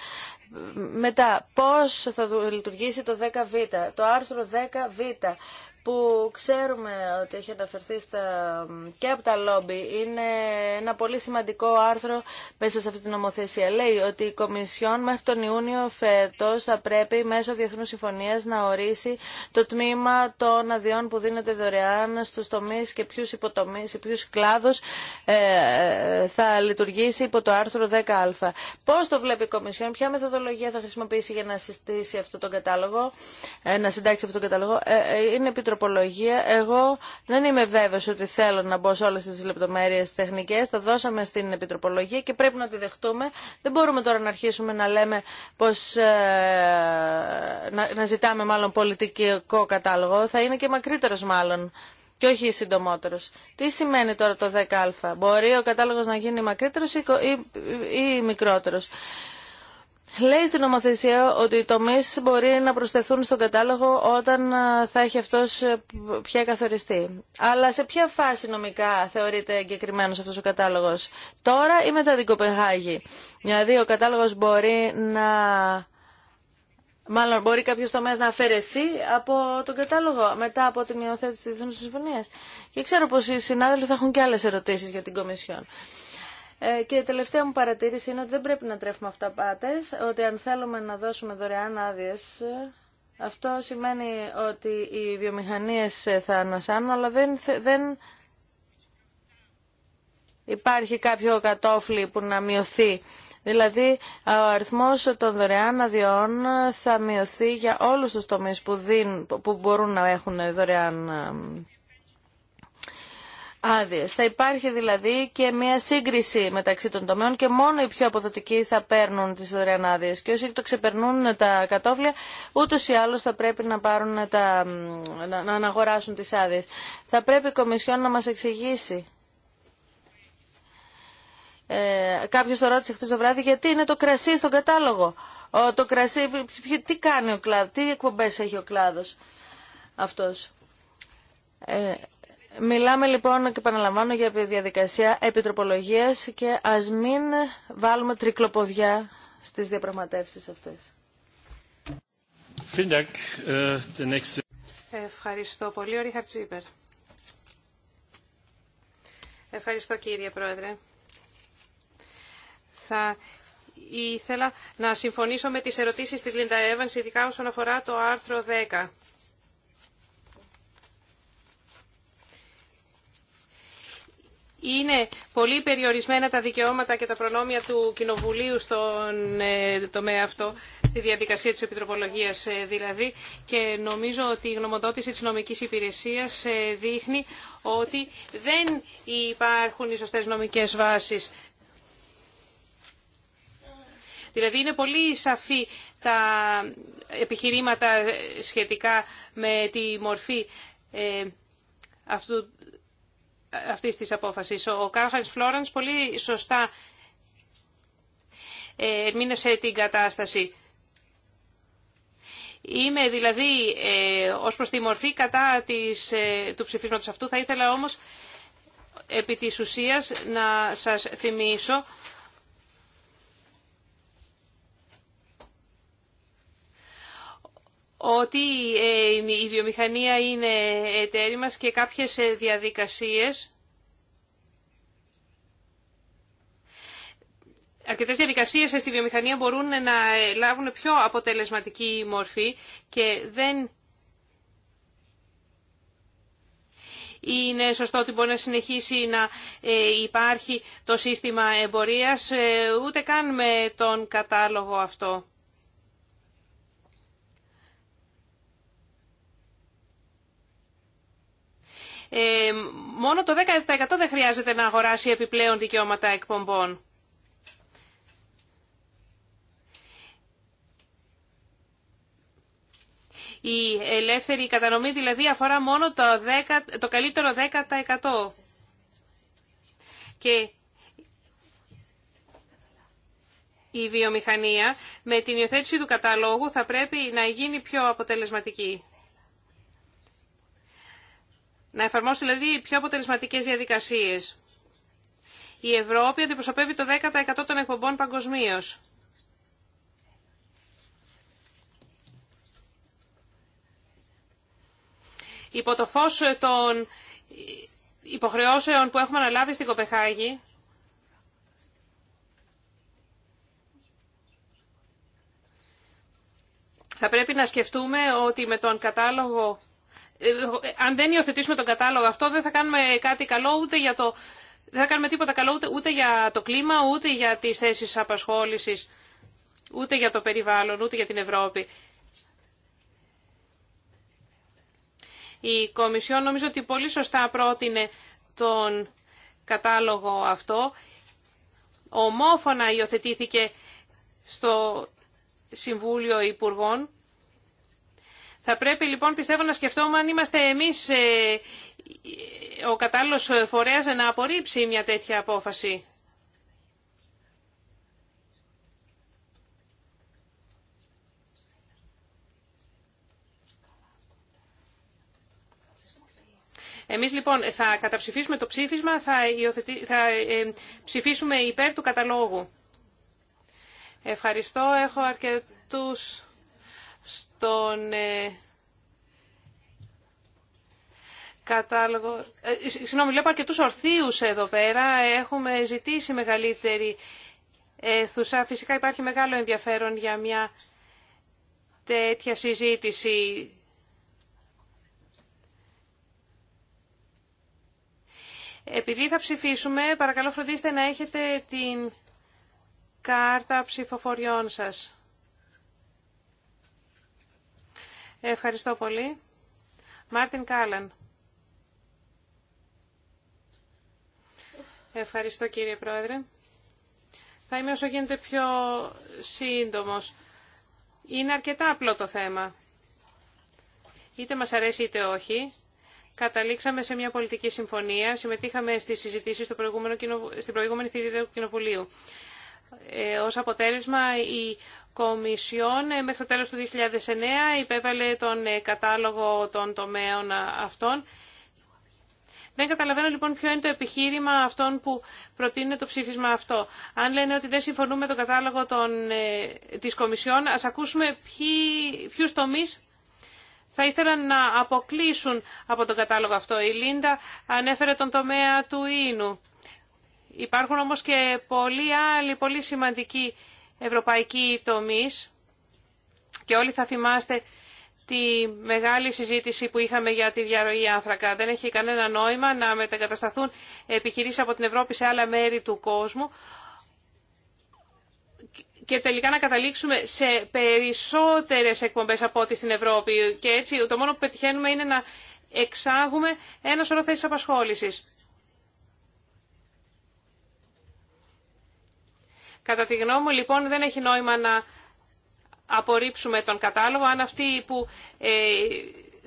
Μετά, πώς θα λειτουργήσει το 10β, το άρθρο 10β που ξέρουμε ότι έχει αναφερθεί στα... και από τα λόμπι είναι ένα πολύ σημαντικό άρθρο μέσα σε αυτή την νομοθεσία. Λέει ότι η Κομισιόν μέχρι τον Ιούνιο φέτος θα πρέπει μέσω διεθνού συμφωνίας να ορίσει το τμήμα των αδειών που δίνεται δωρεάν στους τομείς και ποιους υποτομείς, σε ποιους κλάδους ε, θα λειτουργήσει υπό το άρθρο 10α. Πώς το βλέπει η Κομισιόν, ποια μεθοδολογία θα χρησιμοποιήσει για να συστήσει αυτό τον κατάλογο, ε, να συντάξει αυτό τον κατάλογο. Ε, είναι τροπολογία. Εγώ δεν είμαι βέβαιος ότι θέλω να μπω σε όλες τις λεπτομέρειες τεχνικές. Τα δώσαμε στην επιτροπολογία και πρέπει να τη δεχτούμε. Δεν μπορούμε τώρα να αρχίσουμε να λέμε πως ε, να, ζητάμε μάλλον πολιτικό κατάλογο. Θα είναι και μακρύτερος μάλλον και όχι συντομότερος. Τι σημαίνει τώρα το 10α. Μπορεί ο κατάλογος να γίνει μακρύτερος ή, ή μικρότερος. Λέει στην νομοθεσία ότι οι τομεί μπορεί να προσθεθούν στον κατάλογο όταν ε, θα έχει αυτό ε, πια καθοριστεί. Αλλά σε ποια φάση νομικά θεωρείται εγκεκριμένο αυτό ο κατάλογο, τώρα ή μετά την κοπεγάγη. Δηλαδή, ο κατάλογο μπορεί να. Μάλλον μπορεί κάποιο τομέα να αφαιρεθεί από τον κατάλογο μετά από την υιοθέτηση τη Διεθνού Συμφωνία. Και ξέρω πω οι συνάδελφοι θα έχουν και άλλε ερωτήσει για την Κομισιόν. Ε, και η τελευταία μου παρατήρηση είναι ότι δεν πρέπει να τρέφουμε πάτες, ότι αν θέλουμε να δώσουμε δωρεάν άδειε. Αυτό σημαίνει ότι οι βιομηχανίες θα ανασάνουν, αλλά δεν, δεν υπάρχει κάποιο κατόφλι που να μειωθεί. Δηλαδή, ο αριθμός των δωρεάν αδειών θα μειωθεί για όλους τους τομείς που, δίνουν, που μπορούν να έχουν δωρεάν άδειε. Θα υπάρχει δηλαδή και μια σύγκριση μεταξύ των τομέων και μόνο οι πιο αποδοτικοί θα παίρνουν τις δωρεάν άδειε. Και όσοι το ξεπερνούν τα κατόφλια, ούτως ή άλλως θα πρέπει να, πάρουν τα, να, να αναγοράσουν τις αδειε Θα πρέπει η Κομισιόν να μας εξηγήσει. Ε, κάποιος το ρώτησε χθε το βράδυ γιατί είναι το κρασί στον κατάλογο. το κρασί, τι κάνει ο κλάδος, τι εκπομπές έχει ο κλάδος αυτός. Ε, Μιλάμε λοιπόν και επαναλαμβάνω για διαδικασία επιτροπολογίας και ας μην βάλουμε τρικλοποδιά στις διαπραγματεύσεις αυτές. Äh, Ευχαριστώ πολύ, ο Ρίχαρτ Τσίπερ. Ευχαριστώ κύριε Πρόεδρε. Θα ήθελα να συμφωνήσω με τις ερωτήσεις της Λίντα Εύανς, ειδικά όσον αφορά το άρθρο 10. είναι πολύ περιορισμένα τα δικαιώματα και τα προνόμια του Κοινοβουλίου στον ε, τομέα αυτό, στη διαδικασία της επιτροπολογίας ε, δηλαδή και νομίζω ότι η γνωμοδότηση της νομικής υπηρεσίας ε, δείχνει ότι δεν υπάρχουν οι σωστές νομικές βάσεις. Δηλαδή είναι πολύ σαφή τα επιχειρήματα σχετικά με τη μορφή αυτού αυτής της απόφασης. Ο Κάρχανς Φλόρανς πολύ σωστά ε, ερμήνευσε την κατάσταση. Είμαι δηλαδή ε, ως προς τη μορφή κατά της, ε, του ψηφίσματος αυτού. Θα ήθελα όμως επί της ουσίας να σας θυμίσω ότι ε, η βιομηχανία είναι εταίρη μας και κάποιες ε, διαδικασίες αρκετέ διαδικασίε ε, στη βιομηχανία μπορούν να λάβουν πιο αποτελεσματική μορφή και δεν. Είναι σωστό ότι μπορεί να συνεχίσει να υπάρχει το σύστημα εμπορίας, ούτε καν με τον κατάλογο αυτό. Ε, μόνο το 10% δεν χρειάζεται να αγοράσει επιπλέον δικαιώματα εκπομπών. Η ελεύθερη κατανομή δηλαδή αφορά μόνο το, 10, το καλύτερο 10%. Και η βιομηχανία με την υιοθέτηση του καταλόγου θα πρέπει να γίνει πιο αποτελεσματική να εφαρμόσει δηλαδή πιο αποτελεσματικές διαδικασίες. Η Ευρώπη αντιπροσωπεύει το 10% των εκπομπών παγκοσμίω. Υπό το φως των υποχρεώσεων που έχουμε αναλάβει στην Κοπεχάγη, θα πρέπει να σκεφτούμε ότι με τον κατάλογο αν δεν υιοθετήσουμε τον κατάλογο αυτό δεν θα κάνουμε κάτι καλό ούτε για το... Δεν θα κάνουμε τίποτα καλό ούτε, ούτε για το κλίμα, ούτε για τις θέσεις απασχόλησης, ούτε για το περιβάλλον, ούτε για την Ευρώπη. Η Κομισιόν νομίζω ότι πολύ σωστά πρότεινε τον κατάλογο αυτό. Ομόφωνα υιοθετήθηκε στο Συμβούλιο Υπουργών θα πρέπει λοιπόν πιστεύω να σκεφτόμαστε αν είμαστε εμείς ε, ο κατάλληλος φορέας να απορρίψει μια τέτοια απόφαση. Εμείς λοιπόν θα καταψηφίσουμε το ψήφισμα, θα, θα ε, ψηφίσουμε υπέρ του καταλόγου. Ευχαριστώ, έχω αρκετούς στον ε, κατάλογο. Ε, συγγνώμη, βλέπω αρκετού ορθίου εδώ πέρα. Έχουμε ζητήσει μεγαλύτερη αίθουσα. Φυσικά υπάρχει μεγάλο ενδιαφέρον για μια τέτοια συζήτηση. Επειδή θα ψηφίσουμε, παρακαλώ φροντίστε να έχετε την κάρτα ψηφοφοριών σας. Ευχαριστώ πολύ. Μάρτιν Κάλαν. Ευχαριστώ κύριε Πρόεδρε. Θα είμαι όσο γίνεται πιο σύντομος. Είναι αρκετά απλό το θέμα. Είτε μας αρέσει είτε όχι. Καταλήξαμε σε μια πολιτική συμφωνία. Συμμετείχαμε στις συζητήσεις στην προηγούμενη θητεία του Κοινοβουλίου. Ε, ως αποτέλεσμα η Κομισιόν ε, μέχρι το τέλος του 2009 υπέβαλε τον ε, κατάλογο των τομέων αυτών. Δεν καταλαβαίνω λοιπόν ποιο είναι το επιχείρημα αυτών που προτείνουν το ψήφισμα αυτό. Αν λένε ότι δεν συμφωνούμε με τον κατάλογο των, της Κομισιόν, ας ακούσουμε ποιου ποιους τομείς θα ήθελαν να αποκλείσουν από τον κατάλογο αυτό. Η Λίντα ανέφερε τον τομέα του Ίνου. Υπάρχουν όμως και πολλοί άλλοι πολύ σημαντικοί ευρωπαϊκοί τομείς και όλοι θα θυμάστε τη μεγάλη συζήτηση που είχαμε για τη διαρροή άνθρακα. Δεν έχει κανένα νόημα να μετακατασταθούν επιχειρήσεις από την Ευρώπη σε άλλα μέρη του κόσμου και τελικά να καταλήξουμε σε περισσότερες εκπομπές από ό,τι στην Ευρώπη. Και έτσι το μόνο που πετυχαίνουμε είναι να εξάγουμε ένα σωρό θέσεις απασχόλησης. Κατά τη γνώμη μου, λοιπόν, δεν έχει νόημα να απορρίψουμε τον κατάλογο, αν αυτοί που ε,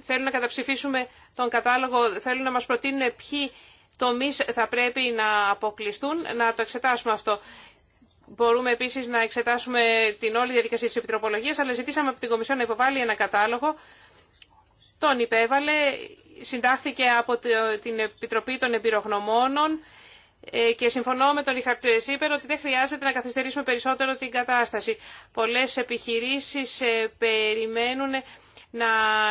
θέλουν να καταψηφίσουμε τον κατάλογο θέλουν να μας προτείνουν ποιοι τομείς θα πρέπει να αποκλειστούν, να το εξετάσουμε αυτό. Μπορούμε επίσης να εξετάσουμε την όλη διαδικασία της επιτροπολογίας, αλλά ζητήσαμε από την Κομισιόν να υποβάλει ένα κατάλογο. Τον υπέβαλε, συντάχθηκε από την Επιτροπή των Εμπειρογνωμόνων, ε, και συμφωνώ με τον Ιχαρτ Σίπερ ότι δεν χρειάζεται να καθυστερήσουμε περισσότερο την κατάσταση. Πολλές επιχειρήσεις ε, περιμένουν να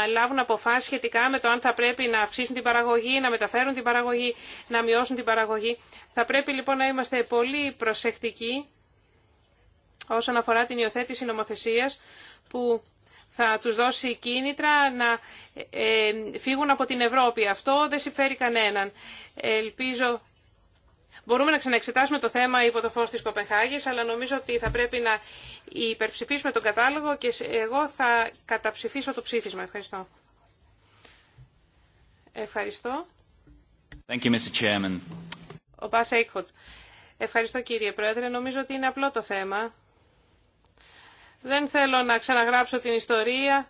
λάβουν αποφάσει σχετικά με το αν θα πρέπει να αυξήσουν την παραγωγή, να μεταφέρουν την παραγωγή, να μειώσουν την παραγωγή. Θα πρέπει λοιπόν να είμαστε πολύ προσεκτικοί όσον αφορά την υιοθέτηση νομοθεσίας που θα τους δώσει κίνητρα να ε, φύγουν από την Ευρώπη. Αυτό δεν συμφέρει κανέναν. Ελπίζω Μπορούμε να ξαναεξετάσουμε το θέμα υπό το φως της Κοπεχάγης, αλλά νομίζω ότι θα πρέπει να υπερψηφίσουμε τον κατάλογο και εγώ θα καταψηφίσω το ψήφισμα. Ευχαριστώ. Ευχαριστώ. Thank you, Mr. Chairman. Ευχαριστώ κύριε Πρόεδρε. Νομίζω ότι είναι απλό το θέμα. Δεν θέλω να ξαναγράψω την ιστορία.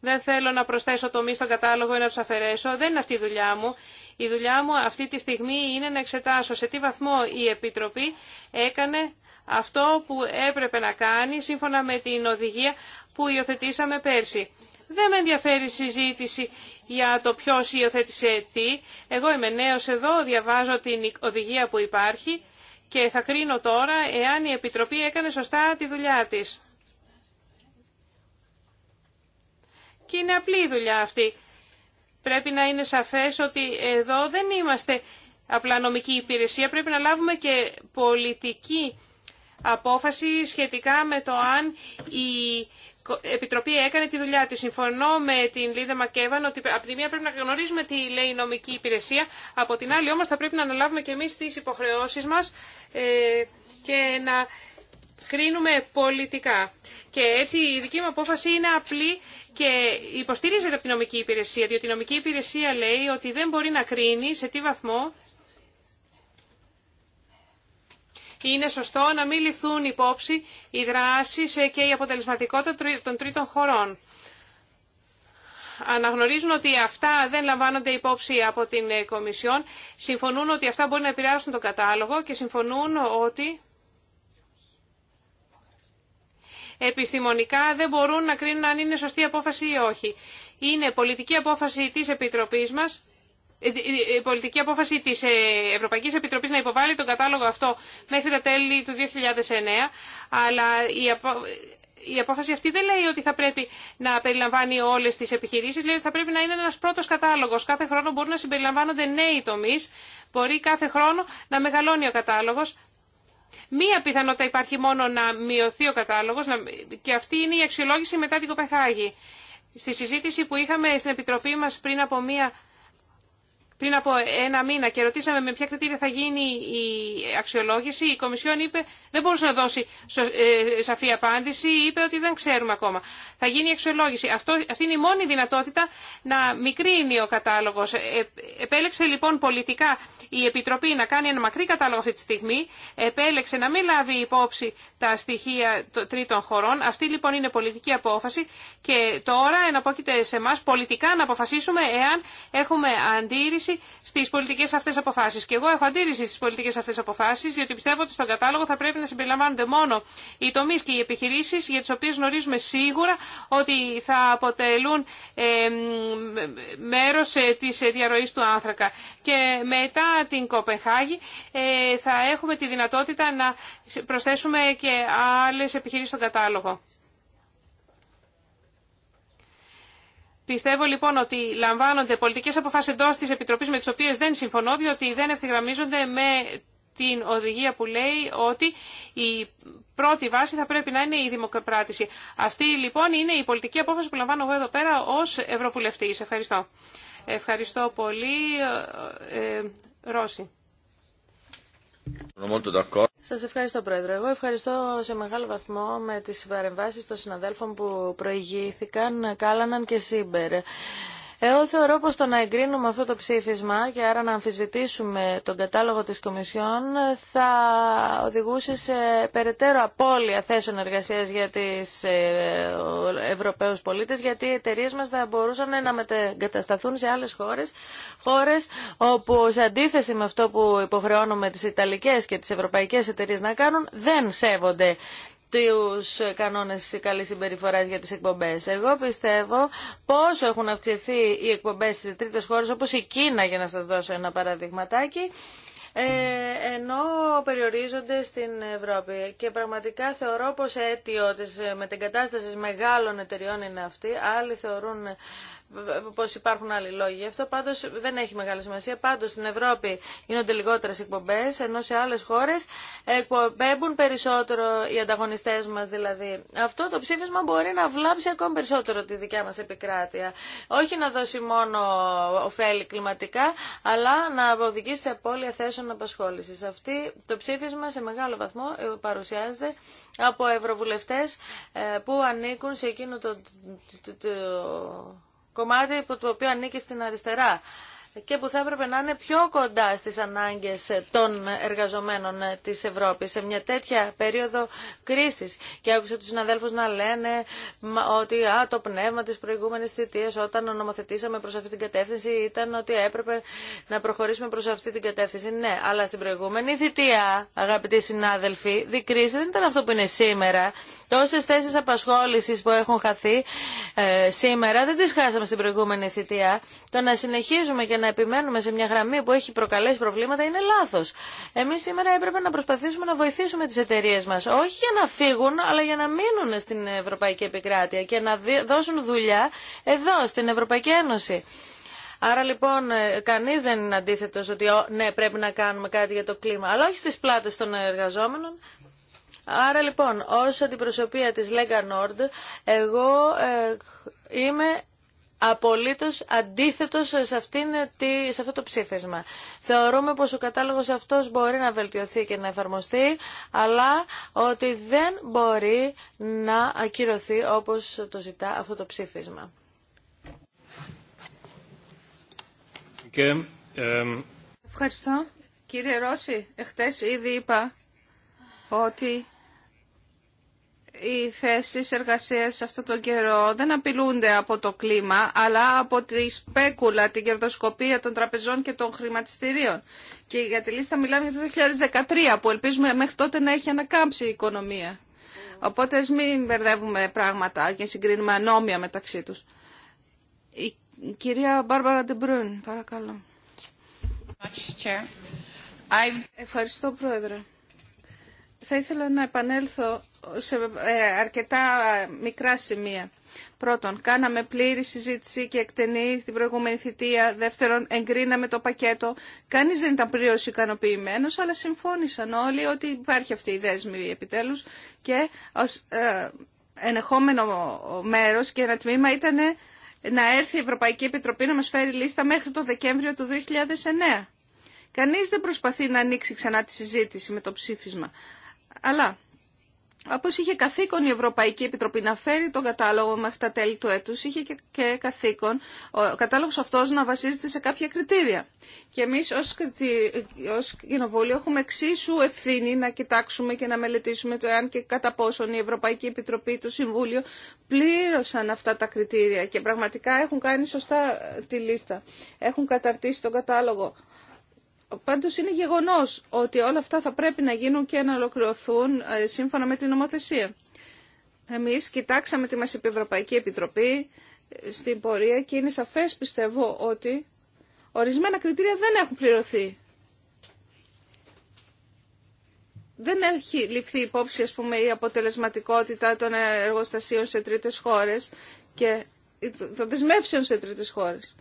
Δεν θέλω να προσθέσω μη στον κατάλογο ή να του αφαιρέσω. Δεν είναι αυτή η δουλειά μου. Η δουλειά μου αυτή τη στιγμή είναι να εξετάσω σε τι βαθμό η Επιτροπή έκανε αυτό που έπρεπε να κάνει σύμφωνα με την οδηγία που υιοθετήσαμε πέρσι. Δεν με ενδιαφέρει η συζήτηση για το ποιο υιοθέτησε τι. Εγώ είμαι νέο εδώ, διαβάζω την οδηγία που υπάρχει και θα κρίνω τώρα εάν η Επιτροπή έκανε σωστά τη δουλειά της. Και είναι απλή η δουλειά αυτή πρέπει να είναι σαφές ότι εδώ δεν είμαστε απλά νομική υπηρεσία, πρέπει να λάβουμε και πολιτική απόφαση σχετικά με το αν η Επιτροπή έκανε τη δουλειά της. Συμφωνώ με την Λίδα Μακέβαν ότι από τη μία πρέπει να γνωρίζουμε τι λέει η νομική υπηρεσία, από την άλλη όμως θα πρέπει να αναλάβουμε και εμείς τις υποχρεώσεις μας ε, και να κρίνουμε πολιτικά. Και έτσι η δική μου απόφαση είναι απλή και υποστηρίζεται από την νομική υπηρεσία, διότι η νομική υπηρεσία λέει ότι δεν μπορεί να κρίνει σε τι βαθμό είναι σωστό να μην ληφθούν υπόψη οι δράσεις και η αποτελεσματικότητα των τρίτων χωρών. Αναγνωρίζουν ότι αυτά δεν λαμβάνονται υπόψη από την ε, Κομισιόν, συμφωνούν ότι αυτά μπορεί να επηρεάσουν τον κατάλογο και συμφωνούν ότι επιστημονικά δεν μπορούν να κρίνουν αν είναι σωστή απόφαση ή όχι. Είναι πολιτική απόφαση της Επιτροπής μας ε, ε, ε, πολιτική απόφαση της Ευρωπαϊκής Επιτροπής να υποβάλει τον κατάλογο αυτό μέχρι τα τέλη του 2009, αλλά η, η απόφαση αυτή δεν λέει ότι θα πρέπει να περιλαμβάνει όλε τι επιχειρήσει, λέει ότι θα πρέπει να είναι ένα πρώτο κατάλογο. Κάθε χρόνο μπορούν να συμπεριλαμβάνονται νέοι τομεί, μπορεί κάθε χρόνο να μεγαλώνει ο κατάλογο. Μία πιθανότητα υπάρχει μόνο να μειωθεί ο κατάλογος και αυτή είναι η αξιολόγηση μετά την Κοπεχάγη. Στη συζήτηση που είχαμε στην Επιτροπή μας πριν από μία πριν από ένα μήνα και ρωτήσαμε με ποια κριτήρια θα γίνει η αξιολόγηση, η Κομισιόν είπε δεν μπορούσε να δώσει ε, σαφή απάντηση, είπε ότι δεν ξέρουμε ακόμα. Θα γίνει η αξιολόγηση. Αυτό, αυτή είναι η μόνη δυνατότητα να μικρύνει ο κατάλογος. Ε, επέλεξε λοιπόν πολιτικά η Επιτροπή να κάνει ένα μακρύ κατάλογο αυτή τη στιγμή, επέλεξε να μην λάβει υπόψη τα στοιχεία τρίτων χωρών. Αυτή λοιπόν είναι πολιτική απόφαση και τώρα εναπόκειται σε εμά πολιτικά να αποφασίσουμε εάν έχουμε αντίρρηση στις στι πολιτικέ αυτέ αποφάσει. Και εγώ έχω αντίρρηση στι πολιτικέ αυτέ αποφάσει, διότι πιστεύω ότι στον κατάλογο θα πρέπει να συμπεριλαμβάνονται μόνο οι τομεί και οι επιχειρήσει για τι οποίε γνωρίζουμε σίγουρα ότι θα αποτελούν ε, μέρο ε, τη διαρροή του άνθρακα. Και μετά την Κοπεχάγη ε, θα έχουμε τη δυνατότητα να προσθέσουμε και άλλε επιχειρήσει στον κατάλογο. Πιστεύω λοιπόν ότι λαμβάνονται πολιτικές αποφάσεις εντό τη Επιτροπής με τις οποίες δεν συμφωνώ, διότι δεν ευθυγραμμίζονται με την οδηγία που λέει ότι η πρώτη βάση θα πρέπει να είναι η δημοκρατήση. Αυτή λοιπόν είναι η πολιτική απόφαση που λαμβάνω εγώ εδώ πέρα ως ευρωβουλευτή. Ευχαριστώ. Ευχαριστώ πολύ. Ε, ε Ρώση. Σας ευχαριστώ Πρόεδρε. Εγώ ευχαριστώ σε μεγάλο βαθμό με τις παρεμβάσεις των συναδέλφων που προηγήθηκαν, Κάλαναν και σύμπερ. Εγώ θεωρώ πως το να εγκρίνουμε αυτό το ψήφισμα και άρα να αμφισβητήσουμε τον κατάλογο της Κομισιόν θα οδηγούσε σε περαιτέρω απώλεια θέσεων εργασίας για τις ε, Ευρωπαίους πολίτες γιατί οι εταιρείε μας θα μπορούσαν να μετεγκατασταθούν σε άλλες χώρες, χώρες όπου σε αντίθεση με αυτό που υποχρεώνουμε τις Ιταλικές και τις Ευρωπαϊκές εταιρείε να κάνουν δεν σέβονται τους κανόνες καλή συμπεριφοράς για τις εκπομπές. Εγώ πιστεύω πώς έχουν αυξηθεί οι εκπομπές σε τρίτες χώρες όπως η Κίνα για να σας δώσω ένα παραδειγματάκι ε, ενώ περιορίζονται στην Ευρώπη. Και πραγματικά θεωρώ πως αίτιο της μετεγκατάστασης μεγάλων εταιριών είναι αυτή. Άλλοι θεωρούν πως υπάρχουν άλλοι λόγοι. Γι' αυτό πάντως δεν έχει μεγάλη σημασία. Πάντως στην Ευρώπη γίνονται λιγότερες εκπομπές, ενώ σε άλλες χώρες εκπομπέμπουν περισσότερο οι ανταγωνιστές μας δηλαδή. Αυτό το ψήφισμα μπορεί να βλάψει ακόμη περισσότερο τη δικιά μας επικράτεια. Όχι να δώσει μόνο ωφέλη κλιματικά, αλλά να οδηγήσει σε απώλεια θέσεων απασχόλησης. Αυτή το ψήφισμα σε μεγάλο βαθμό παρουσιάζεται από ευρωβουλευτές ε, που ανήκουν σε εκείνο το, το, κομμάτι που το οποίο ανήκει στην αριστερά και που θα έπρεπε να είναι πιο κοντά στις ανάγκες των εργαζομένων της Ευρώπης σε μια τέτοια περίοδο κρίσης. Και άκουσα τους συναδέλφους να λένε ότι α, το πνεύμα της προηγούμενης θητείας όταν ονομοθετήσαμε προς αυτή την κατεύθυνση ήταν ότι έπρεπε να προχωρήσουμε προς αυτή την κατεύθυνση. Ναι, αλλά στην προηγούμενη θητεία, αγαπητοί συνάδελφοι, η δεν ήταν αυτό που είναι σήμερα. Τόσε θέσει απασχόληση που έχουν χαθεί ε, σήμερα δεν τι χάσαμε στην προηγούμενη θητεία. Το να συνεχίζουμε και να επιμένουμε σε μια γραμμή που έχει προκαλέσει προβλήματα είναι λάθος. Εμείς σήμερα έπρεπε να προσπαθήσουμε να βοηθήσουμε τις εταιρείε μας, όχι για να φύγουν, αλλά για να μείνουν στην Ευρωπαϊκή Επικράτεια και να δώσουν δουλειά εδώ, στην Ευρωπαϊκή Ένωση. Άρα λοιπόν ε, κανείς δεν είναι αντίθετος ότι ναι πρέπει να κάνουμε κάτι για το κλίμα, αλλά όχι στις πλάτες των εργαζόμενων. Άρα λοιπόν ως αντιπροσωπεία της Lega Nord εγώ ε, είμαι απολύτως αντίθετος σε, σε αυτό το ψήφισμα. Θεωρούμε πως ο κατάλογος αυτός μπορεί να βελτιωθεί και να εφαρμοστεί, αλλά ότι δεν μπορεί να ακυρωθεί όπως το ζητά αυτό το ψήφισμα. Ευχαριστώ. Κύριε Ρώση, εχθές ήδη είπα ότι οι θέσεις εργασία σε αυτόν τον καιρό δεν απειλούνται από το κλίμα, αλλά από τη σπέκουλα, την κερδοσκοπία των τραπεζών και των χρηματιστηρίων. Και για τη λίστα μιλάμε για το 2013, που ελπίζουμε μέχρι τότε να έχει ανακάμψει η οικονομία. Οπότε ας μην μπερδεύουμε πράγματα και συγκρίνουμε ανώμια μεταξύ τους. Η κυρία Μπάρμπαρα Ντεμπρούν, παρακαλώ. Ευχαριστώ, Πρόεδρε. Θα ήθελα να επανέλθω σε ε, αρκετά μικρά σημεία. Πρώτον, κάναμε πλήρη συζήτηση και εκτενή στην προηγούμενη θητεία. Δεύτερον, εγκρίναμε το πακέτο. Κανείς δεν ήταν πλήρω ικανοποιημένο, αλλά συμφώνησαν όλοι ότι υπάρχει αυτή η δέσμη επιτέλους και ως ε, ενεχόμενο μέρος και ένα τμήμα ήταν να έρθει η Ευρωπαϊκή Επιτροπή να μας φέρει λίστα μέχρι το Δεκέμβριο του 2009. Κανείς δεν προσπαθεί να ανοίξει ξανά τη συζήτηση με το ψήφισμα. Αλλά όπω είχε καθήκον η Ευρωπαϊκή Επιτροπή να φέρει τον κατάλογο μέχρι τα τέλη του έτου, είχε και καθήκον ο κατάλογος αυτός να βασίζεται σε κάποια κριτήρια. Και εμείς ως, Κοινοβούλιο έχουμε εξίσου ευθύνη να κοιτάξουμε και να μελετήσουμε το εάν και κατά πόσον η Ευρωπαϊκή Επιτροπή, το Συμβούλιο πλήρωσαν αυτά τα κριτήρια και πραγματικά έχουν κάνει σωστά τη λίστα. Έχουν καταρτήσει τον κατάλογο Πάντω είναι γεγονός ότι όλα αυτά θα πρέπει να γίνουν και να ολοκληρωθούν ε, σύμφωνα με την νομοθεσία. Εμείς κοιτάξαμε τη μα είπε Ευρωπαϊκή Επιτροπή ε, στην πορεία και είναι σαφές πιστεύω ότι ορισμένα κριτήρια δεν έχουν πληρωθεί. Δεν έχει ληφθεί υπόψη ας πούμε, η αποτελεσματικότητα των εργοστασίων σε τρίτες χώρες και των δεσμεύσεων σε τρίτες χώρες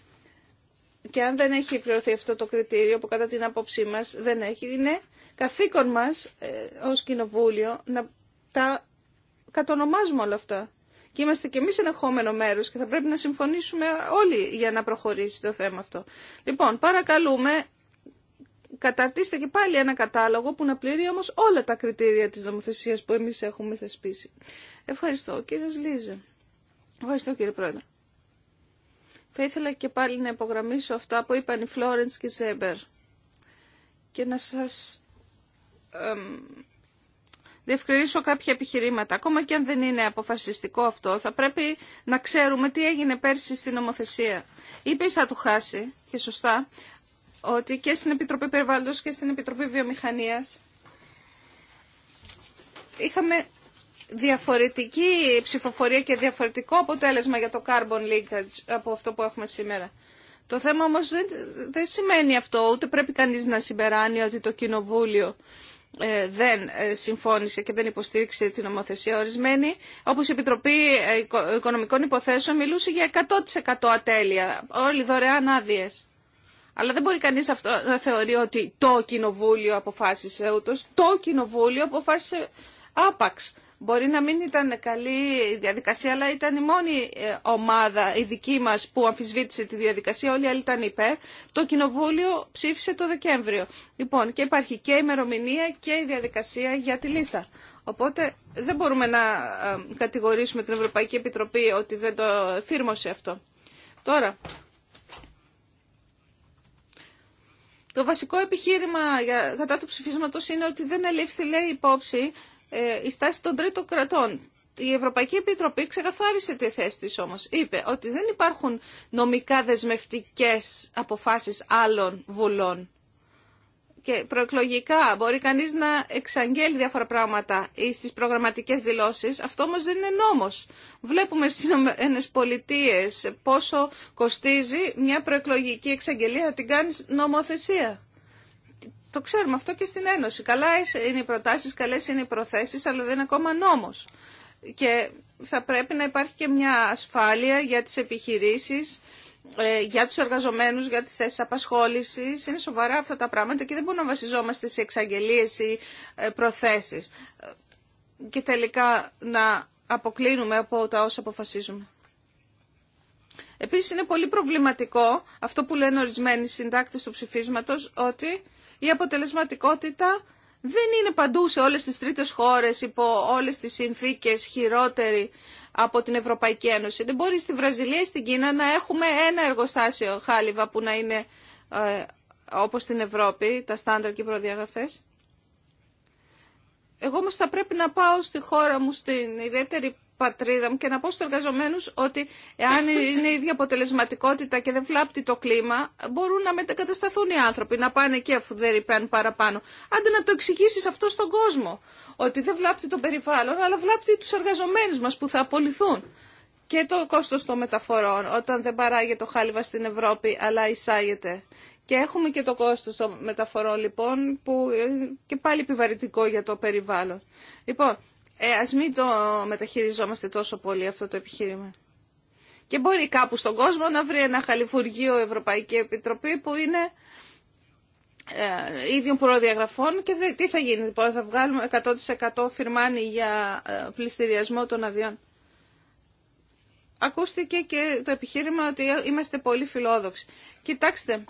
και αν δεν έχει εκπληρωθεί αυτό το κριτήριο που κατά την άποψή μας δεν έχει, είναι καθήκον μας ε, ως κοινοβούλιο να τα κατονομάζουμε όλα αυτά. Και είμαστε και εμείς ενεχόμενο μέρος και θα πρέπει να συμφωνήσουμε όλοι για να προχωρήσει το θέμα αυτό. Λοιπόν, παρακαλούμε, καταρτήστε και πάλι ένα κατάλογο που να πληρεί όμως όλα τα κριτήρια της νομοθεσίας που εμείς έχουμε θεσπίσει. Ευχαριστώ, κύριε Λίζε. Ευχαριστώ, κύριε Πρόεδρε. Θα ήθελα και πάλι να υπογραμμίσω αυτά που είπαν οι Φλόρεντς και Ζέμπερ και να σας εμ, διευκρινίσω κάποια επιχειρήματα. Ακόμα και αν δεν είναι αποφασιστικό αυτό, θα πρέπει να ξέρουμε τι έγινε πέρσι στην νομοθεσία. Είπε η του και σωστά, ότι και στην Επιτροπή Περιβάλλοντος και στην Επιτροπή Βιομηχανίας είχαμε διαφορετική ψηφοφορία και διαφορετικό αποτέλεσμα για το carbon leakage από αυτό που έχουμε σήμερα. Το θέμα όμως δεν, σημαίνει αυτό, ούτε πρέπει κανείς να συμπεράνει ότι το Κοινοβούλιο ε, δεν ε, συμφώνησε και δεν υποστήριξε την νομοθεσία ορισμένη. Όπως η Επιτροπή ε, Οικονομικών Υποθέσεων μιλούσε για 100% ατέλεια, όλοι δωρεάν άδειε. Αλλά δεν μπορεί κανείς αυτό να θεωρεί ότι το Κοινοβούλιο αποφάσισε ούτως. Το Κοινοβούλιο αποφάσισε άπαξ. Μπορεί να μην ήταν καλή η διαδικασία, αλλά ήταν η μόνη ε, ομάδα, η δική μας, που αμφισβήτησε τη διαδικασία. Όλοι οι άλλοι ήταν υπέρ. Το Κοινοβούλιο ψήφισε το Δεκέμβριο. Λοιπόν, και υπάρχει και η ημερομηνία και η διαδικασία για τη λίστα. Οπότε δεν μπορούμε να ε, κατηγορήσουμε την Ευρωπαϊκή Επιτροπή ότι δεν το εφήρμοσε αυτό. Τώρα, το βασικό επιχείρημα κατά του ψηφίσματος είναι ότι δεν ελήφθη λέει υπόψη ε, η στάση των τρίτων κρατών. Η Ευρωπαϊκή Επιτροπή ξεκαθάρισε τη θέση της όμως. Είπε ότι δεν υπάρχουν νομικά δεσμευτικές αποφάσεις άλλων βουλών. Και προεκλογικά μπορεί κανείς να εξαγγέλει διάφορα πράγματα ή στις προγραμματικές δηλώσεις. Αυτό όμως δεν είναι νόμος. Βλέπουμε στις Ηνωμένες Πολιτείες πόσο κοστίζει μια προεκλογική εξαγγελία να την κάνει νομοθεσία. Το ξέρουμε αυτό και στην Ένωση. Καλά είναι οι προτάσει, καλέ είναι οι προθέσει, αλλά δεν είναι ακόμα νόμος. Και θα πρέπει να υπάρχει και μια ασφάλεια για τι επιχειρήσει, ε, για του εργαζομένου, για τι θέσει απασχόληση. Είναι σοβαρά αυτά τα πράγματα και δεν μπορούμε να βασιζόμαστε σε εξαγγελίε ή ε, προθέσει Και τελικά να αποκλίνουμε από τα όσα αποφασίζουμε. Επίσης είναι πολύ προβληματικό αυτό που λένε ορισμένοι συντάκτες του ψηφίσματος ότι η αποτελεσματικότητα δεν είναι παντού σε όλες τις τρίτες χώρες υπό όλες τις συνθήκες χειρότερη από την Ευρωπαϊκή Ένωση. Δεν μπορεί στη Βραζιλία ή στην Κίνα να έχουμε ένα εργοστάσιο χάλιβα που να είναι ε, όπως στην Ευρώπη, τα στάνταρ και οι προδιαγραφές. Εγώ όμως θα πρέπει να πάω στη χώρα μου στην ιδιαίτερη πατρίδα μου και να πω στους εργαζομένους ότι εάν είναι η ίδια αποτελεσματικότητα και δεν βλάπτει το κλίμα, μπορούν να μετακατασταθούν οι άνθρωποι, να πάνε εκεί αφού δεν ρηπαίνουν παραπάνω. Άντε να το εξηγήσει αυτό στον κόσμο, ότι δεν βλάπτει το περιβάλλον, αλλά βλάπτει τους εργαζομένους μας που θα απολυθούν. Και το κόστος των μεταφορών, όταν δεν παράγεται το χάλιβα στην Ευρώπη, αλλά εισάγεται. Και έχουμε και το κόστος των μεταφορών, λοιπόν, που είναι και πάλι επιβαρυτικό για το περιβάλλον. Λοιπόν, ε, ας μην το μεταχειριζόμαστε τόσο πολύ αυτό το επιχείρημα. Και μπορεί κάπου στον κόσμο να βρει ένα χαλιφουργείο Ευρωπαϊκή Επιτροπή που είναι ε, ίδιων προδιαγραφών και τι θα γίνει, λοιπόν, θα βγάλουμε 100% φυρμάνι για ε, πληστηριασμό των αδειών. Ακούστηκε και το επιχείρημα ότι είμαστε πολύ φιλόδοξοι. Κοιτάξτε,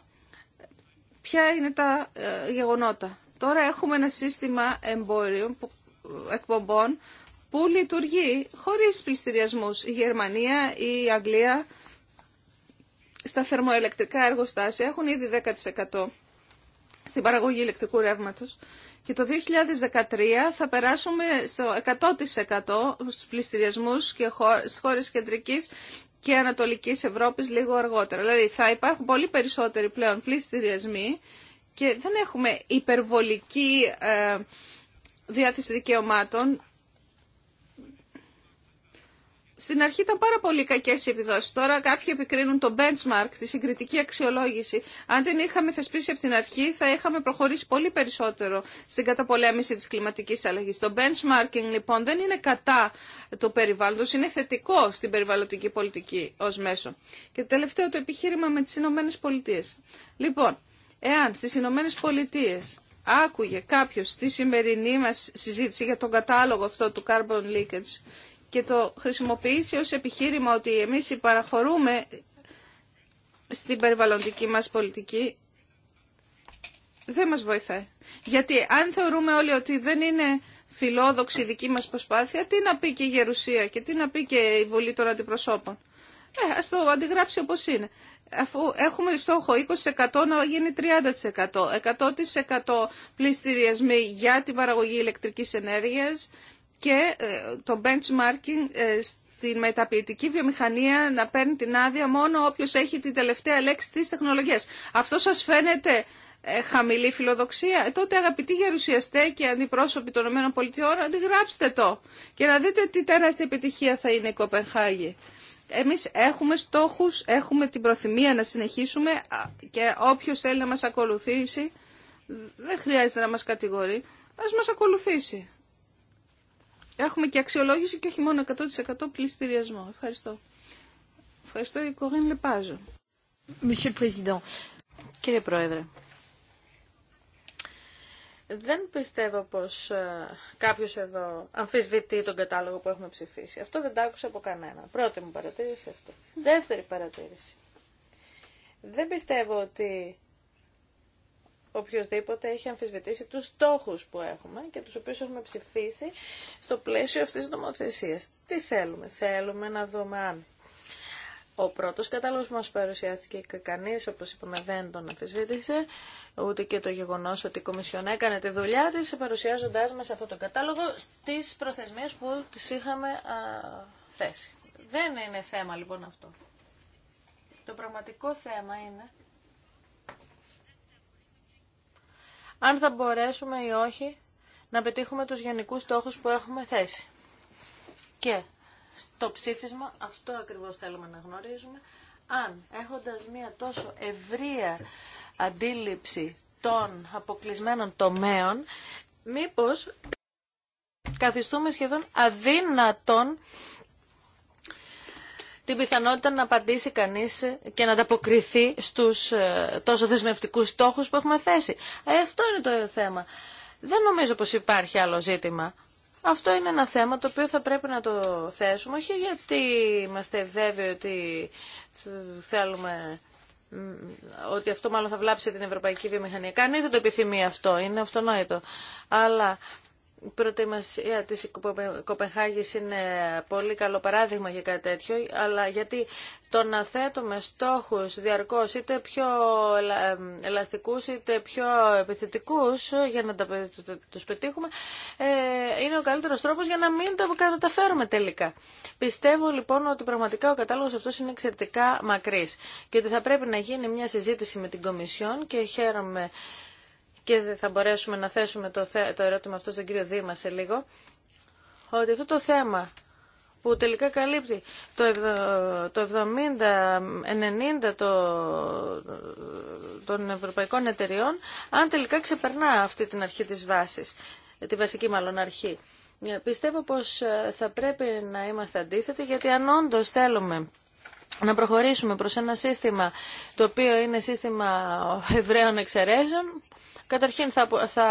ποια είναι τα ε, γεγονότα. Τώρα έχουμε ένα σύστημα εμπόριου που εκπομπών που λειτουργεί χωρίς πληστηριασμούς. Η Γερμανία, η η Αγγλία στα θερμοελεκτρικά εργοστάσια έχουν ήδη 10% στην παραγωγή ηλεκτρικού ρεύματος και το 2013 θα περάσουμε στο 100% στους πληστηριασμούς και στις χώρες κεντρικής και ανατολικής Ευρώπης λίγο αργότερα. Δηλαδή θα υπάρχουν πολύ περισσότεροι πλέον πληστηριασμοί και δεν έχουμε υπερβολική ε, διάθεση δικαιωμάτων. Στην αρχή ήταν πάρα πολύ κακέ οι επιδόσει. Τώρα κάποιοι επικρίνουν το benchmark, τη συγκριτική αξιολόγηση. Αν δεν είχαμε θεσπίσει από την αρχή θα είχαμε προχωρήσει πολύ περισσότερο στην καταπολέμηση της κλιματικής αλλαγή. Το benchmarking λοιπόν δεν είναι κατά του περιβάλλοντο, είναι θετικό στην περιβαλλοντική πολιτική ω μέσο. Και τελευταίο το επιχείρημα με τι Ηνωμένε Πολιτείε. Λοιπόν, εάν στι Ηνωμένε Πολιτείε άκουγε κάποιος τη σημερινή μας συζήτηση για τον κατάλογο αυτό του carbon leakage και το χρησιμοποιήσει ως επιχείρημα ότι εμείς υπαραχωρούμε στην περιβαλλοντική μας πολιτική, δεν μας βοηθάει. Γιατί αν θεωρούμε όλοι ότι δεν είναι φιλόδοξη η δική μας προσπάθεια, τι να πει και η γερουσία και τι να πει και η Βουλή των αντιπροσώπων. Ε, ας το αντιγράψει όπως είναι αφού έχουμε στόχο 20% να γίνει 30%, 100% πληστηριασμοί για την παραγωγή ηλεκτρικής ενέργειας και ε, το benchmarking ε, στην μεταποιητική βιομηχανία να παίρνει την άδεια μόνο όποιος έχει την τελευταία λέξη της τεχνολογίας. Αυτό σας φαίνεται ε, χαμηλή φιλοδοξία. Ε, τότε αγαπητοί γερουσιαστέ και αντιπρόσωποι των ΗΠΑ, αντιγράψτε το και να δείτε τι τεράστια επιτυχία θα είναι η Κοπενχάγη. Εμείς έχουμε στόχους, έχουμε την προθυμία να συνεχίσουμε και όποιος θέλει να μας ακολουθήσει, δεν χρειάζεται να μας κατηγορεί, ας μας ακολουθήσει. Έχουμε και αξιολόγηση και όχι μόνο 100% πληστηριασμό. Ευχαριστώ. Ευχαριστώ η Κορίν Λεπάζο. Κύριε Πρόεδρε, δεν πιστεύω πως ε, κάποιος εδώ αμφισβητεί τον κατάλογο που έχουμε ψηφίσει. Αυτό δεν το άκουσα από κανένα. Πρώτη μου παρατήρηση αυτό. Δεύτερη παρατήρηση. Δεν πιστεύω ότι οποιοδήποτε έχει αμφισβητήσει τους στόχους που έχουμε και τους οποίους έχουμε ψηφίσει στο πλαίσιο αυτής της νομοθεσίας. Τι θέλουμε. Θέλουμε να δούμε αν ο πρώτος κατάλογος που μας παρουσιάστηκε και κανείς, όπως είπαμε, δεν τον αφισβήτησε ούτε και το γεγονός ότι η Κομισιόν έκανε τη δουλειά της, παρουσιάζοντάς μας αυτό το κατάλογο στις προθεσμίες που τις είχαμε θέσει. Δεν είναι θέμα λοιπόν αυτό. Το πραγματικό θέμα είναι αν θα μπορέσουμε ή όχι να πετύχουμε τους γενικούς στόχους που έχουμε θέσει. Και στο ψήφισμα, αυτό ακριβώς θέλουμε να γνωρίζουμε, αν έχοντας μία τόσο ευρεία αντίληψη των αποκλεισμένων τομέων, μήπως καθιστούμε σχεδόν αδύνατον την πιθανότητα να απαντήσει κανείς και να ανταποκριθεί στους ε, τόσο δεσμευτικούς στόχους που έχουμε θέσει. Ε, αυτό είναι το θέμα. Δεν νομίζω πως υπάρχει άλλο ζήτημα. Αυτό είναι ένα θέμα το οποίο θα πρέπει να το θέσουμε, όχι γιατί είμαστε βέβαιοι ότι θέλουμε ότι αυτό μάλλον θα βλάψει την ευρωπαϊκή βιομηχανία. Κανεί δεν το επιθυμεί αυτό, είναι αυτονόητο. Αλλά η προετοιμασία της Κοπενχάγης είναι πολύ καλό παράδειγμα για κάτι τέτοιο, αλλά γιατί το να θέτουμε στόχους διαρκώς είτε πιο ελαστικούς είτε πιο επιθετικούς για να τα, τους πετύχουμε ε, είναι ο καλύτερος τρόπος για να μην τα καταφέρουμε τελικά. Πιστεύω λοιπόν ότι πραγματικά ο κατάλογος αυτός είναι εξαιρετικά μακρύς και ότι θα πρέπει να γίνει μια συζήτηση με την Κομισιόν και χαίρομαι και θα μπορέσουμε να θέσουμε το, το ερώτημα αυτό στον κύριο Δήμα σε λίγο ότι αυτό το θέμα που τελικά καλύπτει το, 70-90 το, των ευρωπαϊκών εταιριών, αν τελικά ξεπερνά αυτή την αρχή της βάσης, ε, τη βασική μάλλον αρχή. Ε, πιστεύω πως ε, θα πρέπει να είμαστε αντίθετοι, γιατί αν όντω θέλουμε να προχωρήσουμε προς ένα σύστημα το οποίο είναι σύστημα (laughs) ευραίων εξαιρέσεων, καταρχήν θα, θα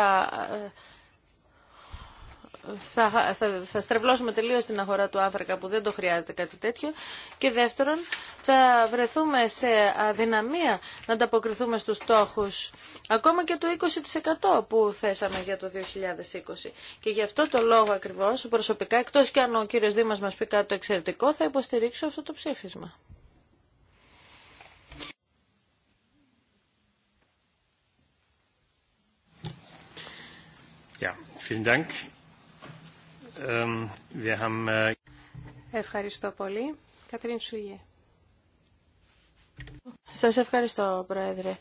θα, θα, θα στρεβλώσουμε τελείως την αγορά του άνθρακα που δεν το χρειάζεται κάτι τέτοιο και δεύτερον θα βρεθούμε σε αδυναμία να ανταποκριθούμε στους στόχους ακόμα και του 20% που θέσαμε για το 2020 και γι' αυτό το λόγο ακριβώς προσωπικά εκτός και αν ο κύριος Δήμα μας πει κάτι το εξαιρετικό θα υποστηρίξω αυτό το ψήφισμα. vielen Dank. Ε, ευχαριστώ πολύ. Κατρίν Σουγιέ. Σας ευχαριστώ, Πρόεδρε.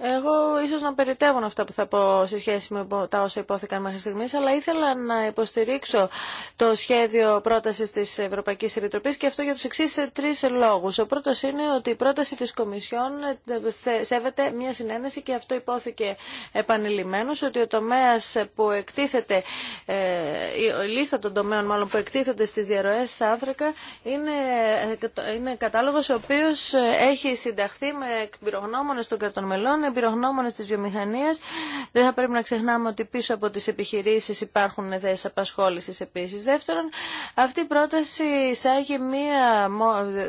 Εγώ ίσω να περιτεύω αυτά που θα πω σε σχέση με τα όσα υπόθηκαν μέχρι στιγμή, αλλά ήθελα να υποστηρίξω το σχέδιο πρόταση τη Ευρωπαϊκή Επιτροπή και αυτό για του εξή τρει λόγου. Ο πρώτο είναι ότι η πρόταση τη Κομισιόν ε, σέβεται μια συνένεση και αυτό υπόθηκε επανειλημμένω ότι ο που εκτίθεται, ε, η λίστα των τομέων μάλλον που εκτίθεται στις διαρροέ Αφρικα είναι, ε, είναι κατάλογος ο οποίο έχει συνταχθεί με πυρογνώμονες των κρατών μελών, εμπειρογνώμονε τη βιομηχανία, Δεν θα πρέπει να ξεχνάμε ότι πίσω από τι επιχειρήσει υπάρχουν θέσει απασχόληση επίση Δεύτερον, αυτή η πρόταση εισάγει μία,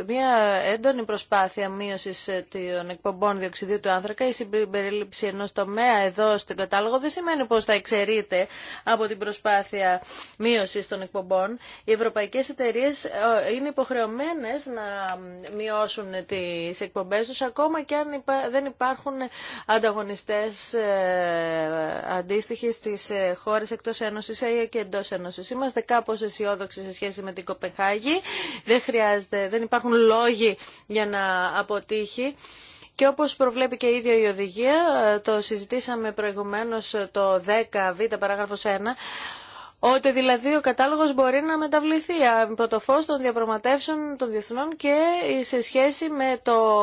μία έντονη προσπάθεια μείωση ε, των εκπομπών διοξιδίου του άνθρακα. Η συμπερίληψη ενό τομέα εδώ στον κατάλογο δεν σημαίνει πω θα εξαιρείται από την προσπάθεια μείωση των εκπομπών. Οι ευρωπαϊκέ εταιρείε ε, είναι υποχρεωμένε να μειώσουν τι εκπομπέ του, ακόμα και αν δεν υπάρχουν ανταγωνιστές ε, αντίστοιχοι στις ε, χώρες εκτός Ένωσης ε, και εντός Ένωσης. Είμαστε κάπως αισιόδοξοι σε σχέση με την Κοπεχάγη. Δεν χρειάζεται, δεν υπάρχουν λόγοι για να αποτύχει. Και όπως προβλέπει και η ίδια η οδηγία, το συζητήσαμε προηγουμένως το 10β παράγραφος 1, ότι δηλαδή ο κατάλογος μπορεί να μεταβληθεί από το φως των διαπραγματεύσεων των διεθνών και σε σχέση με το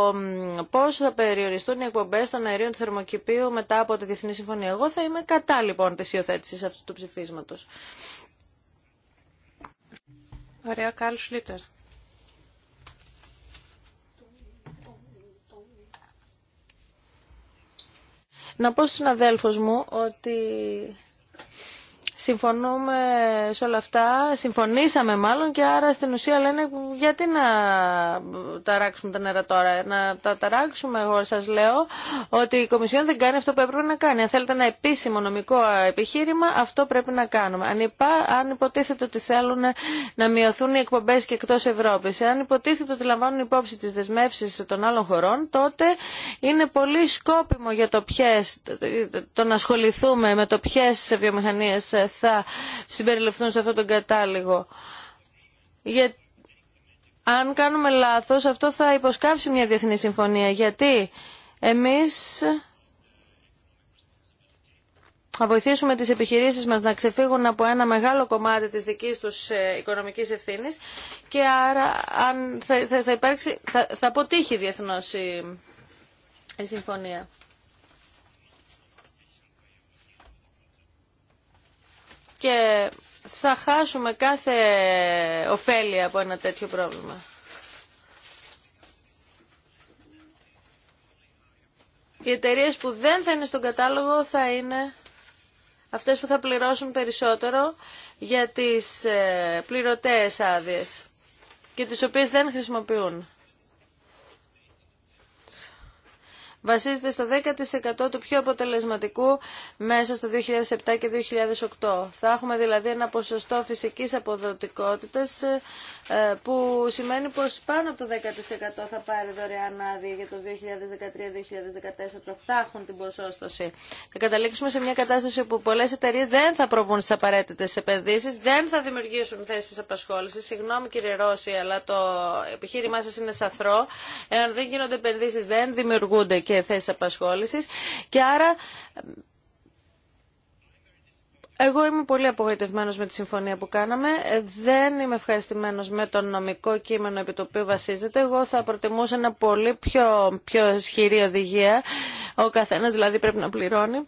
πώς θα περιοριστούν οι εκπομπέ των αερίων του θερμοκηπίου μετά από τη Διεθνή Συμφωνία. Εγώ θα είμαι κατά λοιπόν τη υιοθέτηση αυτού του ψηφίσματος. Ωραία, Κάρλ Σλίτερ. Να πω στους συναδέλφους μου ότι συμφωνούμε σε όλα αυτά, συμφωνήσαμε μάλλον και άρα στην ουσία λένε γιατί να ταράξουμε τα νερά τώρα, να τα ταράξουμε εγώ σα λέω ότι η Κομισιόν δεν κάνει αυτό που έπρεπε να κάνει. Αν θέλετε ένα επίσημο νομικό επιχείρημα αυτό πρέπει να κάνουμε. Αν, υπά, αν υποτίθεται ότι θέλουν να μειωθούν οι εκπομπέ και εκτό Ευρώπη. αν υποτίθεται ότι λαμβάνουν υπόψη τι δεσμεύσει των άλλων χωρών, τότε είναι πολύ σκόπιμο για το ποιε, το να ασχοληθούμε με το ποιες βιομηχανίες θα συμπεριληφθούν σε αυτόν τον κατάλογο. Γιατί Αν κάνουμε λάθος, αυτό θα υποσκάψει μια διεθνή συμφωνία. Γιατί εμείς θα βοηθήσουμε τις επιχειρήσεις μας να ξεφύγουν από ένα μεγάλο κομμάτι της δικής τους ε, οικονομικής ευθύνης και άρα αν θα, θα, θα, υπάρξει, θα, αποτύχει διεθνώς η, η συμφωνία. και θα χάσουμε κάθε ωφέλεια από ένα τέτοιο πρόβλημα. Οι εταιρείε που δεν θα είναι στον κατάλογο θα είναι αυτές που θα πληρώσουν περισσότερο για τις ε, πληρωτές άδειες και τις οποίες δεν χρησιμοποιούν. βασίζεται στο 10% του πιο αποτελεσματικού μέσα στο 2007 και 2008. Θα έχουμε δηλαδή ένα ποσοστό φυσικής αποδοτικότητας ε, ε, που σημαίνει πως πάνω από το 10% θα πάρει δωρεάν άδεια για το 2013-2014 θα έχουν την ποσόστοση. Θα καταλήξουμε σε μια κατάσταση όπου πολλές εταιρείε δεν θα προβούν στις απαραίτητες επενδύσεις, δεν θα δημιουργήσουν θέσεις απασχόλησης. Συγγνώμη κύριε Ρώση, αλλά το επιχείρημά σας είναι σαθρό. Εάν δεν γίνονται επενδύσεις δεν δημιουργούνται και θέσεις απασχόλησης και άρα εγώ είμαι πολύ απογοητευμένος με τη συμφωνία που κάναμε. Δεν είμαι ευχαριστημένο με το νομικό κείμενο επί το οποίο βασίζεται. Εγώ θα προτιμούσα ένα πολύ πιο, πιο ισχυρή οδηγία. Ο καθένα δηλαδή πρέπει να πληρώνει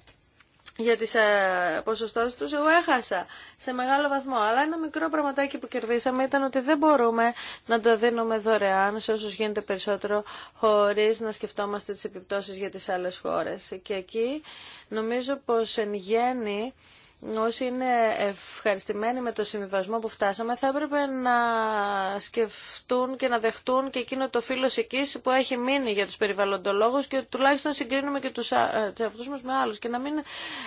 για τις ε, ποσοστώσεις τους εγώ έχασα σε μεγάλο βαθμό. Αλλά ένα μικρό πραγματάκι που κερδίσαμε ήταν ότι δεν μπορούμε να το δίνουμε δωρεάν σε όσους γίνεται περισσότερο χωρίς να σκεφτόμαστε τις επιπτώσεις για τις άλλες χώρες. Και εκεί νομίζω πως εν γέννη όσοι είναι ευχαριστημένοι με το συμβιβασμό που φτάσαμε θα έπρεπε να σκεφτούν και να δεχτούν και εκείνο το φίλο εκεί που έχει μείνει για του περιβαλλοντολόγου και τουλάχιστον συγκρίνουμε και τους, ε, αυτού μα με άλλου και να μην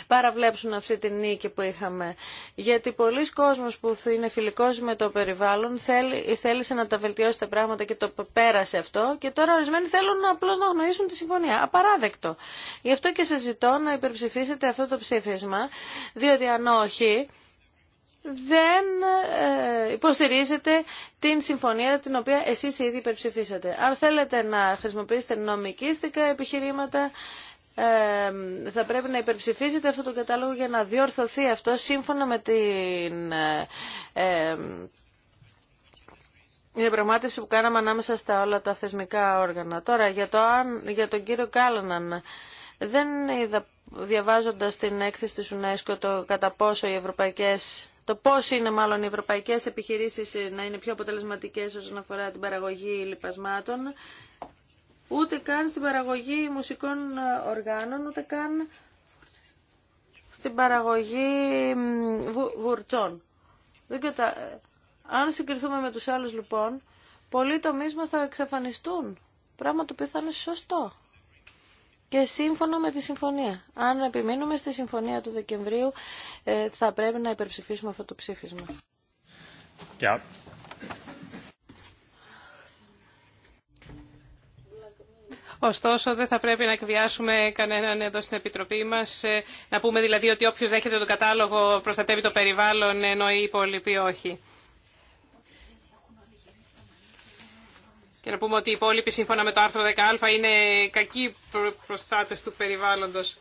παραβλέψουν αυτή τη νίκη που είχαμε. Γιατί πολλοί κόσμοι που είναι φιλικός με το περιβάλλον θέλει, θέλησε να τα βελτιώσει τα πράγματα και το πέρασε αυτό και τώρα ορισμένοι θέλουν απλώ να γνωρίσουν τη συμφωνία. Απαράδεκτο. Γι' αυτό και σα ζητώ να υπερψηφίσετε αυτό το ψήφισμα αν όχι, δεν ε, υποστηρίζετε την συμφωνία την οποία εσείς ήδη υπερψηφίσατε. Αν θέλετε να χρησιμοποιήσετε νομικίστικα επιχειρήματα, ε, θα πρέπει να υπερψηφίσετε αυτό το κατάλογο για να διορθωθεί αυτό σύμφωνα με την ε, ε διαπραγμάτευση που κάναμε ανάμεσα στα όλα τα θεσμικά όργανα. Τώρα για, το, για τον κύριο Κάλαναν δεν είδα διαβάζοντας την έκθεση της UNESCO το κατά πόσο οι ευρωπαϊκές το πώς είναι μάλλον οι ευρωπαϊκές επιχειρήσεις να είναι πιο αποτελεσματικές όσον αφορά την παραγωγή λιπασμάτων, ούτε καν στην παραγωγή μουσικών οργάνων, ούτε καν στην παραγωγή βουρτσών. Αν συγκριθούμε με τους άλλους λοιπόν, πολλοί τομείς μας θα εξαφανιστούν, πράγμα το οποίο θα είναι σωστό και σύμφωνο με τη συμφωνία. Αν επιμείνουμε στη συμφωνία του Δεκεμβρίου, ε, θα πρέπει να υπερψηφίσουμε αυτό το ψήφισμα. Yeah. Ωστόσο, δεν θα πρέπει να εκβιάσουμε κανέναν εδώ στην Επιτροπή μα. Ε, να πούμε δηλαδή ότι όποιο δέχεται τον κατάλογο προστατεύει το περιβάλλον, ενώ οι υπόλοιποι όχι. και να πούμε ότι οι υπόλοιποι σύμφωνα με το άρθρο 10α είναι κακοί προστάτες του περιβάλλοντος.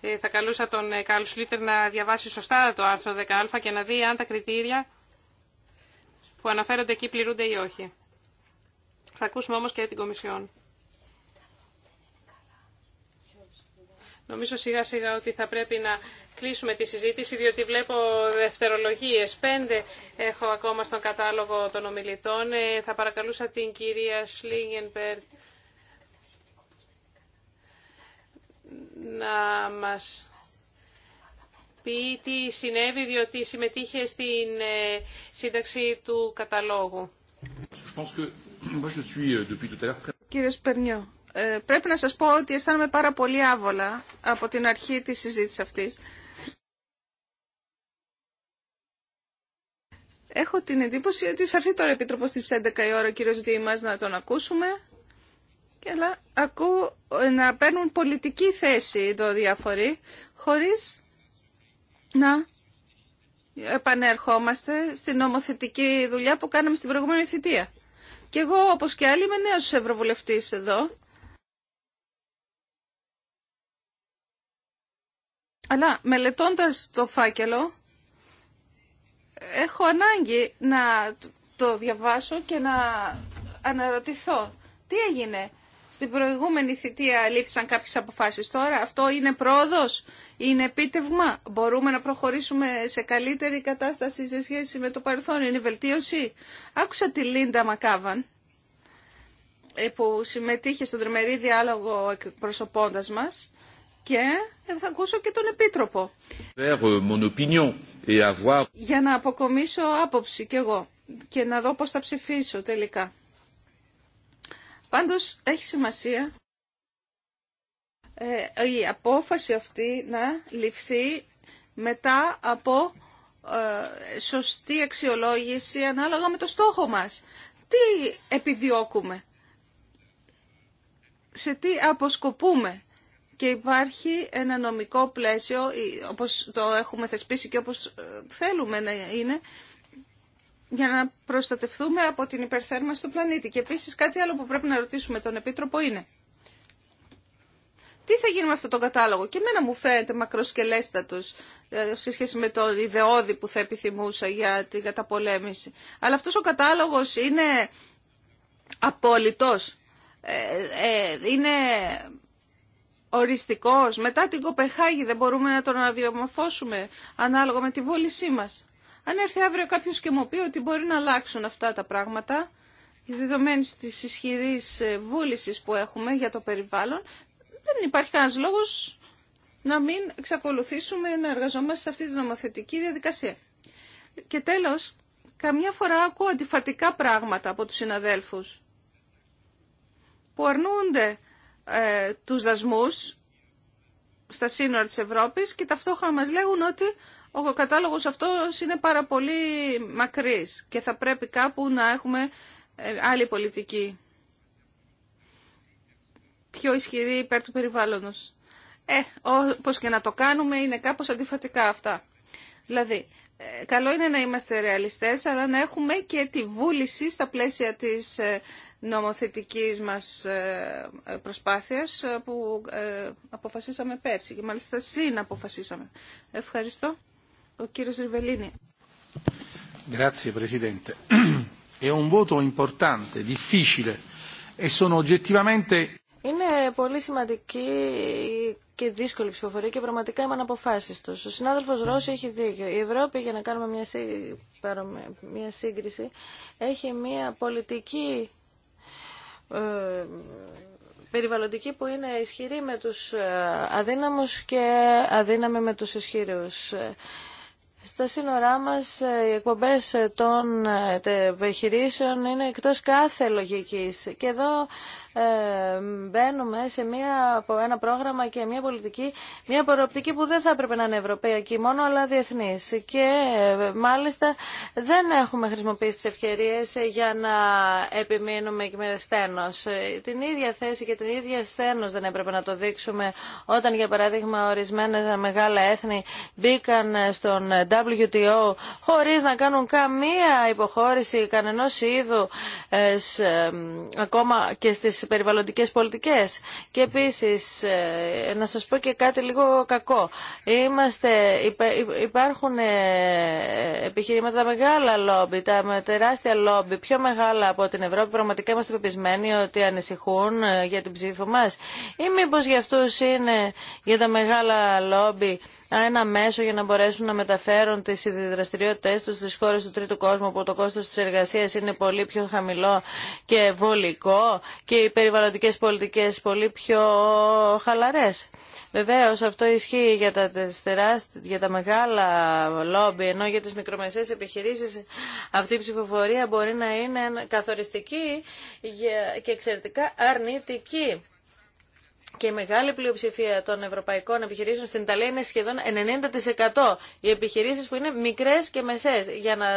Ε, θα καλούσα τον ε, Καλ Σλίτερ να διαβάσει σωστά το άρθρο 10α και να δει αν τα κριτήρια που αναφέρονται εκεί πληρούνται ή όχι. Θα ακούσουμε όμως και την Κομισιόν. Νομίζω σιγά σιγά ότι θα πρέπει να κλείσουμε τη συζήτηση, διότι βλέπω δευτερολογίες. Πέντε έχω ακόμα στον κατάλογο των ομιλητών. Ε, θα παρακαλούσα την κυρία Σλίγενπερτ να μας πει τι συνέβη, διότι συμμετείχε στην ε, σύνταξη του καταλόγου. Euh, Κύριε Σπερνιό, ε, πρέπει να σας πω ότι αισθάνομαι πάρα πολύ άβολα από την αρχή της συζήτηση. αυτής. Έχω την εντύπωση ότι θα έρθει τώρα ο Επίτροπος στις 11 η ώρα ο κύριος Δήμας να τον ακούσουμε. Και αλλά ακούω ε, να παίρνουν πολιτική θέση εδώ διάφοροι χωρίς να επανερχόμαστε στην νομοθετική δουλειά που κάναμε στην προηγούμενη θητεία. Και εγώ, όπως και άλλοι, είμαι νέος ευρωβουλευτής εδώ Αλλά μελετώντας το φάκελο, έχω ανάγκη να το διαβάσω και να αναρωτηθώ. Τι έγινε, στην προηγούμενη θητεία λήφθησαν κάποιες αποφάσεις τώρα, αυτό είναι πρόοδος, είναι επίτευγμα, μπορούμε να προχωρήσουμε σε καλύτερη κατάσταση σε σχέση με το παρελθόν, είναι βελτίωση. Άκουσα τη Λίντα Μακάβαν ε, που συμμετείχε στον τριμερή διάλογο εκπροσωπώντας μας και θα ακούσω και τον Επίτροπο. Euh, Για να αποκομίσω άποψη κι εγώ και να δω πώς θα ψηφίσω τελικά. Πάντως έχει σημασία ε, η απόφαση αυτή να ληφθεί μετά από ε, σωστή αξιολόγηση ανάλογα με το στόχο μας. Τι επιδιώκουμε, σε τι αποσκοπούμε και υπάρχει ένα νομικό πλαίσιο, όπως το έχουμε θεσπίσει και όπως ε, θέλουμε να είναι, για να προστατευτούμε από την υπερθέρμανση του πλανήτη. Και επίσης κάτι άλλο που πρέπει να ρωτήσουμε τον Επίτροπο είναι τι θα γίνει με αυτόν τον κατάλογο. Και εμένα μου φαίνεται μακροσκελέστατος ε, σε σχέση με το ιδεώδη που θα επιθυμούσα για την καταπολέμηση. Αλλά αυτός ο κατάλογος είναι απόλυτος. Ε, είναι οριστικός. Μετά την Κοπεχάγη δεν μπορούμε να τον αναδιαμορφώσουμε ανάλογα με τη βούλησή μας. Αν έρθει αύριο κάποιος και μου πει ότι μπορεί να αλλάξουν αυτά τα πράγματα, δεδομένη τη ισχυρή ε, βούληση που έχουμε για το περιβάλλον, δεν υπάρχει κανένας λόγος να μην εξακολουθήσουμε να εργαζόμαστε σε αυτή τη νομοθετική διαδικασία. Και τέλος, καμιά φορά ακούω αντιφατικά πράγματα από τους συναδέλφους που αρνούνται ε, τους δασμούς στα σύνορα της Ευρώπης και ταυτόχρονα μας λέγουν ότι ο κατάλογος αυτός είναι πάρα πολύ μακρύς και θα πρέπει κάπου να έχουμε ε, άλλη πολιτική πιο ισχυρή υπέρ του περιβάλλοντος. Ε, όπως και να το κάνουμε είναι κάπως αντιφατικά αυτά. Δηλαδή, ε, καλό είναι να είμαστε ρεαλιστές, αλλά να έχουμε και τη βούληση στα πλαίσια της ε, νομοθετικής μας ε, προσπάθειας που αποφασίσαμε πέρσι και μάλιστα συν αποφασίσαμε. Ευχαριστώ. Ο κύριος Ριβελίνη. Grazie Presidente. (clears throat) È un voto importante, difficile e sono oggettivamente είναι πολύ σημαντική και δύσκολη ψηφοφορία και πραγματικά είμαι αναποφάσιστο. Ο συνάδελφο Ρώση έχει δίκιο. Η Ευρώπη, για να κάνουμε μια, σύγκριση, έχει μια πολιτική ε, περιβαλλοντική που είναι ισχυρή με τους ε, αδύναμους και αδύναμη με τους ισχυρούς. Στα σύνορά μας ε, οι εκπομπές των επιχειρήσεων είναι εκτός κάθε λογικής και εδώ ε, μπαίνουμε σε μια, ένα πρόγραμμα και μια πολιτική, μια προοπτική που δεν θα έπρεπε να είναι ευρωπαϊκή μόνο, αλλά διεθνής. Και ε, μάλιστα δεν έχουμε χρησιμοποιήσει τι ευκαιρίες για να επιμείνουμε με στένος. Ε, την ίδια θέση και την ίδια στένος δεν έπρεπε να το δείξουμε όταν, για παράδειγμα, ορισμένα μεγάλα έθνη μπήκαν στον WTO χωρίς να κάνουν καμία υποχώρηση κανενό είδου ακόμα και στις περιβαλλοντικές πολιτικές. Και επίσης, ε, να σας πω και κάτι λίγο κακό. Είμαστε, υπάρχουν ε, επιχειρήματα μεγάλα λόμπι, τα με τεράστια λόμπι, πιο μεγάλα από την Ευρώπη. Πραγματικά είμαστε πεπισμένοι ότι ανησυχούν ε, για την ψήφο μας. Ή μήπως για αυτούς είναι, για τα μεγάλα λόμπι, ένα μέσο για να μπορέσουν να μεταφέρουν τις δραστηριότητε του στι χώρε του τρίτου κόσμου όπου το κόστο της εργασίας είναι πολύ πιο χαμηλό και βολικό και οι περιβαλλοντικές πολιτικές πολύ πιο χαλαρές. Βεβαίω, αυτό ισχύει για τα, για τα μεγάλα λόμπι ενώ για τις μικρομεσαίες επιχειρήσεις αυτή η ψηφοφορία μπορεί να είναι καθοριστική και εξαιρετικά αρνητική και η μεγάλη πλειοψηφία των ευρωπαϊκών επιχειρήσεων στην Ιταλία είναι σχεδόν 90% οι επιχειρήσεις που είναι μικρές και μεσές για να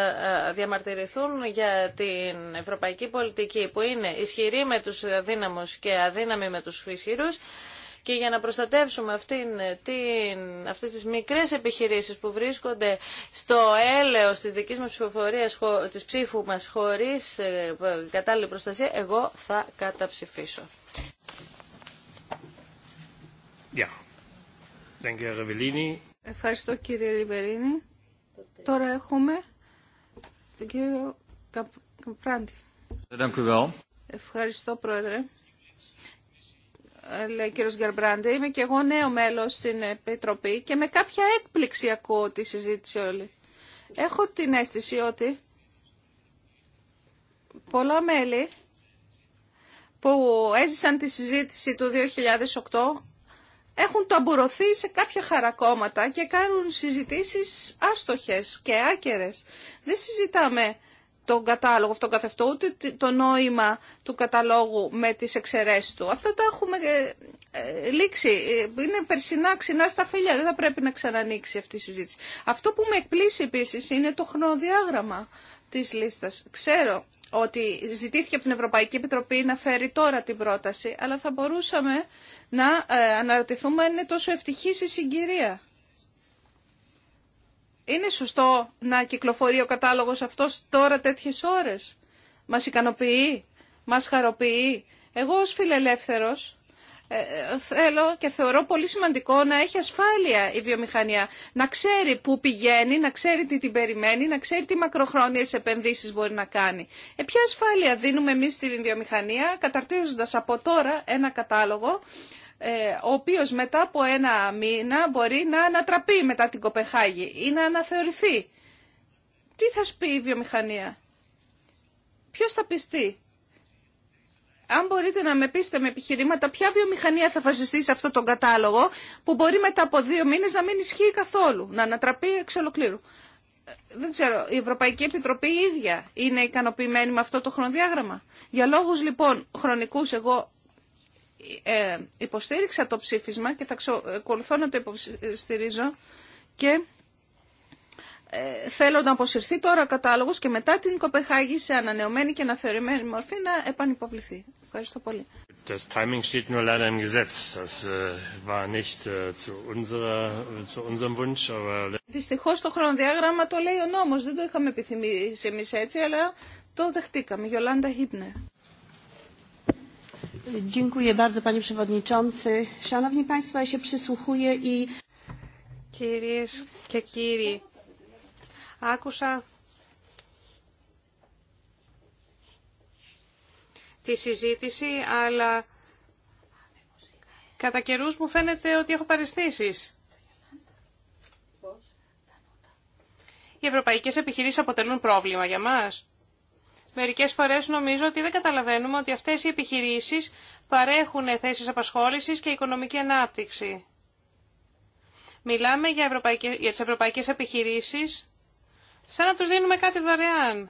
ε, διαμαρτυρηθούν για την ευρωπαϊκή πολιτική που είναι ισχυρή με τους αδύναμους και αδύναμη με τους ισχυρούς και για να προστατεύσουμε αυτήν, ε, την, αυτές τις μικρές επιχειρήσεις που βρίσκονται στο έλεος της δικής μας ψηφοφορίας, της ψήφου μας χωρίς ε, κατάλληλη προστασία, εγώ θα καταψηφίσω. Ευχαριστώ κύριε Ριβελίνη. Τώρα έχουμε τον κύριο καμπράντι. Ευχαριστώ πρόεδρε. Ε, λέει κύριο Γκαρμπράντη, είμαι και εγώ νέο μέλο στην Επιτροπή και με κάποια έκπληξη ακούω τη συζήτηση όλη. Έχω την αίσθηση ότι πολλά μέλη που έζησαν τη συζήτηση του 2008 έχουν ταμπουρωθεί σε κάποια χαρακόμματα και κάνουν συζητήσεις άστοχες και άκερες. Δεν συζητάμε τον κατάλογο αυτόν καθευτό, ούτε το νόημα του καταλόγου με τις εξαιρέσεις του. Αυτά τα έχουμε ε, ε, λήξει. Ε, είναι περσινά ξινά στα φιλιά. Δεν θα πρέπει να ξανανοίξει αυτή η συζήτηση. Αυτό που με εκπλήσει επίσης είναι το χρονοδιάγραμμα της λίστας. Ξέρω ότι ζητήθηκε από την Ευρωπαϊκή Επιτροπή να φέρει τώρα την πρόταση, αλλά θα μπορούσαμε να ε, αναρωτηθούμε αν είναι τόσο ευτυχής η συγκυρία. Είναι σωστό να κυκλοφορεί ο κατάλογος αυτός τώρα τέτοιες ώρες. Μας ικανοποιεί, μας χαροποιεί. Εγώ ως φιλελεύθερος ε, ε, θέλω και θεωρώ πολύ σημαντικό να έχει ασφάλεια η βιομηχανία. Να ξέρει πού πηγαίνει, να ξέρει τι την περιμένει, να ξέρει τι μακροχρόνιες επενδύσεις μπορεί να κάνει. Ε, ποια ασφάλεια δίνουμε εμείς στην βιομηχανία καταρτίζοντας από τώρα ένα κατάλογο ε, ο οποίος μετά από ένα μήνα μπορεί να ανατραπεί μετά την Κοπεχάγη ή να αναθεωρηθεί. Τι θα σου πει η βιομηχανία. Ποιος θα πιστεί αν μπορείτε να με πείστε με επιχειρήματα ποια βιομηχανία θα βασιστεί σε αυτόν τον κατάλογο που μπορεί μετά από δύο μήνες να μην ισχύει καθόλου, να ανατραπεί εξ ολοκλήρου. Ε, δεν ξέρω, η Ευρωπαϊκή Επιτροπή ίδια είναι ικανοποιημένη με αυτό το χρονοδιάγραμμα. Για λόγους λοιπόν χρονικούς εγώ ε, υποστήριξα το ψήφισμα και θα ξεκολουθώ να το υποστηρίζω και ε, θέλω να αποσυρθεί τώρα ο κατάλογος και μετά την Κοπεχάγη σε ανανεωμένη και αναθεωρημένη μορφή να επανυποβληθεί. Ευχαριστώ πολύ. Das Timing steht nur leider im Gesetz. Das äh, war nicht äh, zu, unserer, äh, zu unserem Wunsch. Aber... Δυστυχώς το χρονοδιάγραμμα το λέει ο νόμος. Δεν το είχαμε επιθυμήσει εμείς έτσι, αλλά το δεχτήκαμε. Γιολάντα Χίπνερ. Dziękuję bardzo, panie przewodniczący. Szanowni państwo, ja się przysłuchuję i... Κυρίες και κύριοι, Άκουσα τη συζήτηση, αλλά κατά καιρού μου φαίνεται ότι έχω παρεστήσεις. Οι ευρωπαϊκές επιχειρήσεις αποτελούν πρόβλημα για μας. Μερικές φορές νομίζω ότι δεν καταλαβαίνουμε ότι αυτές οι επιχειρήσεις παρέχουν θέσεις απασχόλησης και οικονομική ανάπτυξη. Μιλάμε για, ευρωπαϊκές, για τις ευρωπαϊκές επιχειρήσεις Σαν να τους δίνουμε κάτι δωρεάν.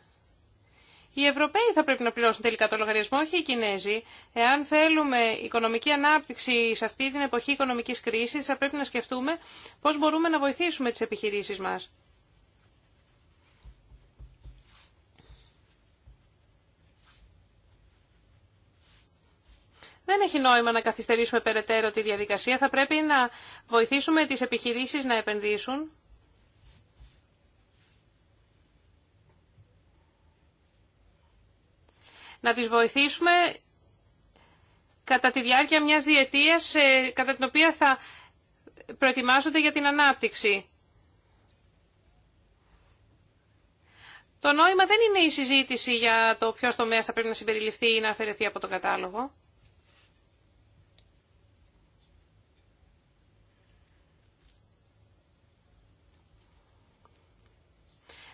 Οι Ευρωπαίοι θα πρέπει να πληρώσουν τελικά το λογαριασμό, όχι οι Κινέζοι. Εάν θέλουμε οικονομική ανάπτυξη σε αυτή την εποχή οικονομικής κρίσης, θα πρέπει να σκεφτούμε πώς μπορούμε να βοηθήσουμε τις επιχειρήσεις μας. Δεν έχει νόημα να καθυστερήσουμε περαιτέρω τη διαδικασία. Θα πρέπει να βοηθήσουμε τις επιχειρήσεις να επενδύσουν. να τις βοηθήσουμε κατά τη διάρκεια μιας διετίας ε, κατά την οποία θα προετοιμάζονται για την ανάπτυξη. Το νόημα δεν είναι η συζήτηση για το ποιο τομέα θα πρέπει να συμπεριληφθεί ή να αφαιρεθεί από τον κατάλογο.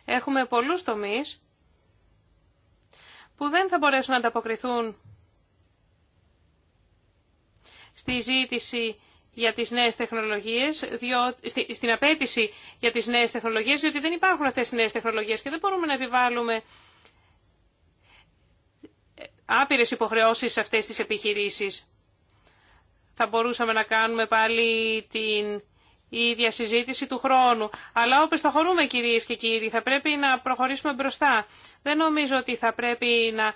Έχουμε πολλούς τομείς που δεν θα μπορέσουν να ανταποκριθούν στη ζήτηση για τις νέες τεχνολογίες, διό... στην απέτηση για τις νέες τεχνολογίες, διότι δεν υπάρχουν αυτές οι νέες τεχνολογίες και δεν μπορούμε να επιβάλλουμε άπειρες υποχρεώσεις σε αυτές τις επιχειρήσεις. Θα μπορούσαμε να κάνουμε πάλι την η διασυζήτηση του χρόνου. Αλλά όπω το χωρούμε κύριε και κύριοι, θα πρέπει να προχωρήσουμε μπροστά. Δεν νομίζω ότι θα πρέπει να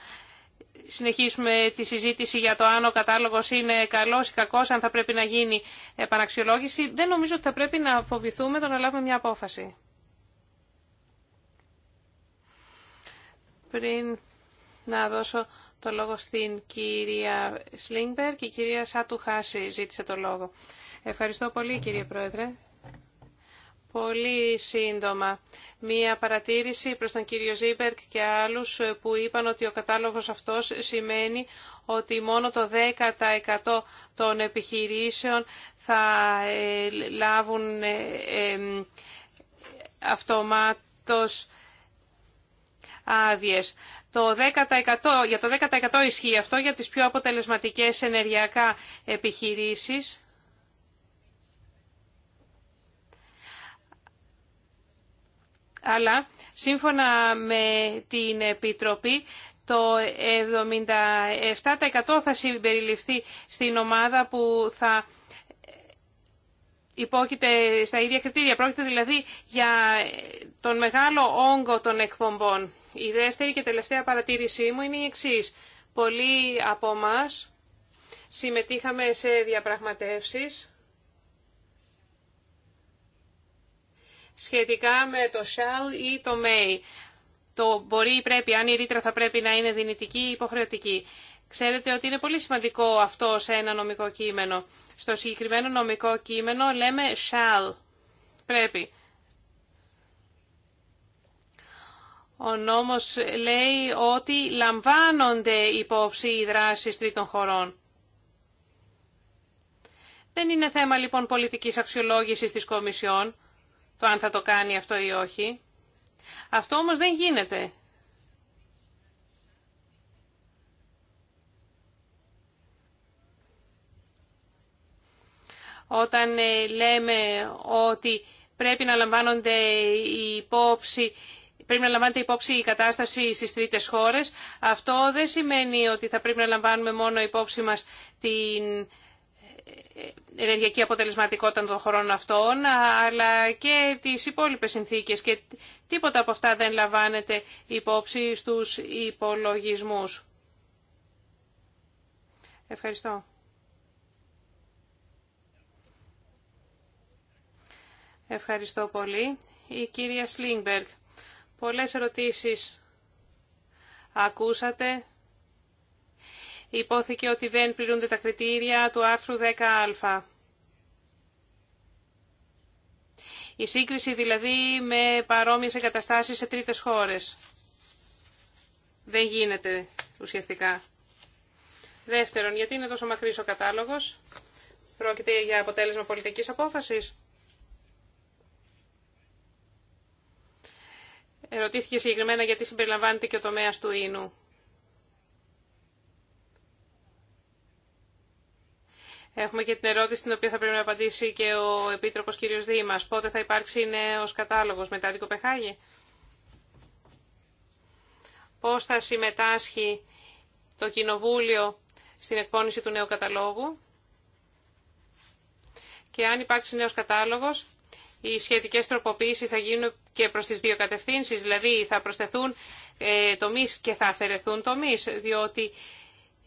συνεχίσουμε τη συζήτηση για το αν ο κατάλογο είναι καλό ή κακό, αν θα πρέπει να γίνει επαναξιολόγηση. Δεν νομίζω ότι θα πρέπει να φοβηθούμε το να λάβουμε μια απόφαση. Πριν να δώσω το λόγο στην κυρία Σλίνγκμπερ και η κυρία Σάτου Χάση ζήτησε το λόγο. Ευχαριστώ πολύ κύριε Πρόεδρε. Πολύ σύντομα. Μία παρατήρηση προς τον κύριο Ζίμπερκ και άλλους που είπαν ότι ο κατάλογος αυτός σημαίνει ότι μόνο το 10% των επιχειρήσεων θα ε, λάβουν ε, ε, αυτομάτως άδειε. Το 10%, για το 10% ισχύει αυτό για τις πιο αποτελεσματικές ενεργειακά επιχειρήσεις. Αλλά σύμφωνα με την Επιτροπή το 77% θα συμπεριληφθεί στην ομάδα που θα υπόκειται στα ίδια κριτήρια. Πρόκειται δηλαδή για ε, τον μεγάλο όγκο των εκπομπών. Η δεύτερη και τελευταία παρατήρησή μου είναι η εξή. Πολλοί από εμά συμμετείχαμε σε διαπραγματεύσεις σχετικά με το shall ή το may. Το μπορεί ή πρέπει, αν η ρήτρα θα πρέπει να είναι δυνητική ή υποχρεωτική. Ξέρετε ότι είναι πολύ σημαντικό αυτό σε ένα νομικό κείμενο. Στο συγκεκριμένο νομικό κείμενο λέμε shall. Πρέπει. Ο νόμος λέει ότι λαμβάνονται υπόψη οι δράσεις τρίτων χωρών. Δεν είναι θέμα λοιπόν πολιτικής αξιολόγησης της Κομισιόν, το αν θα το κάνει αυτό ή όχι. Αυτό όμως δεν γίνεται. όταν ε, λέμε ότι πρέπει να λαμβάνονται υπόψη Πρέπει να λαμβάνεται υπόψη η κατάσταση στις τρίτες χώρες. Αυτό δεν σημαίνει ότι θα πρέπει να λαμβάνουμε μόνο υπόψη μας την ε, ενεργειακή αποτελεσματικότητα των χωρών αυτών, αλλά και τις υπόλοιπες συνθήκες και τίποτα από αυτά δεν λαμβάνεται υπόψη στους υπολογισμούς. Ευχαριστώ. Ευχαριστώ πολύ. Η κυρία Σλίνμπεργκ, πολλές ερωτήσεις ακούσατε. Υπόθηκε ότι δεν πληρούνται τα κριτήρια του άρθρου 10α. Η σύγκριση δηλαδή με παρόμοιες εγκαταστάσεις σε τρίτες χώρες. Δεν γίνεται ουσιαστικά. Δεύτερον, γιατί είναι τόσο μακρύς ο κατάλογος. Πρόκειται για αποτέλεσμα πολιτικής απόφασης. Ερωτήθηκε συγκεκριμένα γιατί συμπεριλαμβάνεται και ο τομέα του ίνου. Έχουμε και την ερώτηση την οποία θα πρέπει να απαντήσει και ο Επίτροπος κ. Δήμας. Πότε θα υπάρξει νέος κατάλογος μετά την Κοπεχάγη. Πώς θα συμμετάσχει το Κοινοβούλιο στην εκπόνηση του νέου καταλόγου. Και αν υπάρξει νέος κατάλογος, οι σχετικέ τροποποίησει θα γίνουν και προς τις δύο κατευθύνσεις, δηλαδή θα προσθεθούν ε, τομεί και θα αφαιρεθούν τομεί, διότι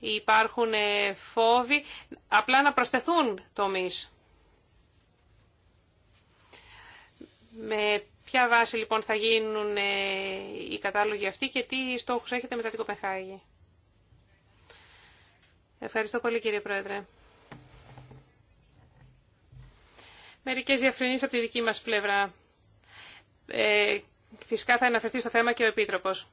υπάρχουν ε, φόβοι απλά να προσθεθούν τομεί. Με ποια βάση λοιπόν θα γίνουν ε, οι κατάλογοι αυτοί και τι στόχους έχετε μετά την Κοπεχάγη. Ευχαριστώ πολύ κύριε Πρόεδρε. Μερικές διευκρινήσεις από τη δική μας πλευρά. Ε, φυσικά θα αναφερθεί στο θέμα και ο Επίτροπος.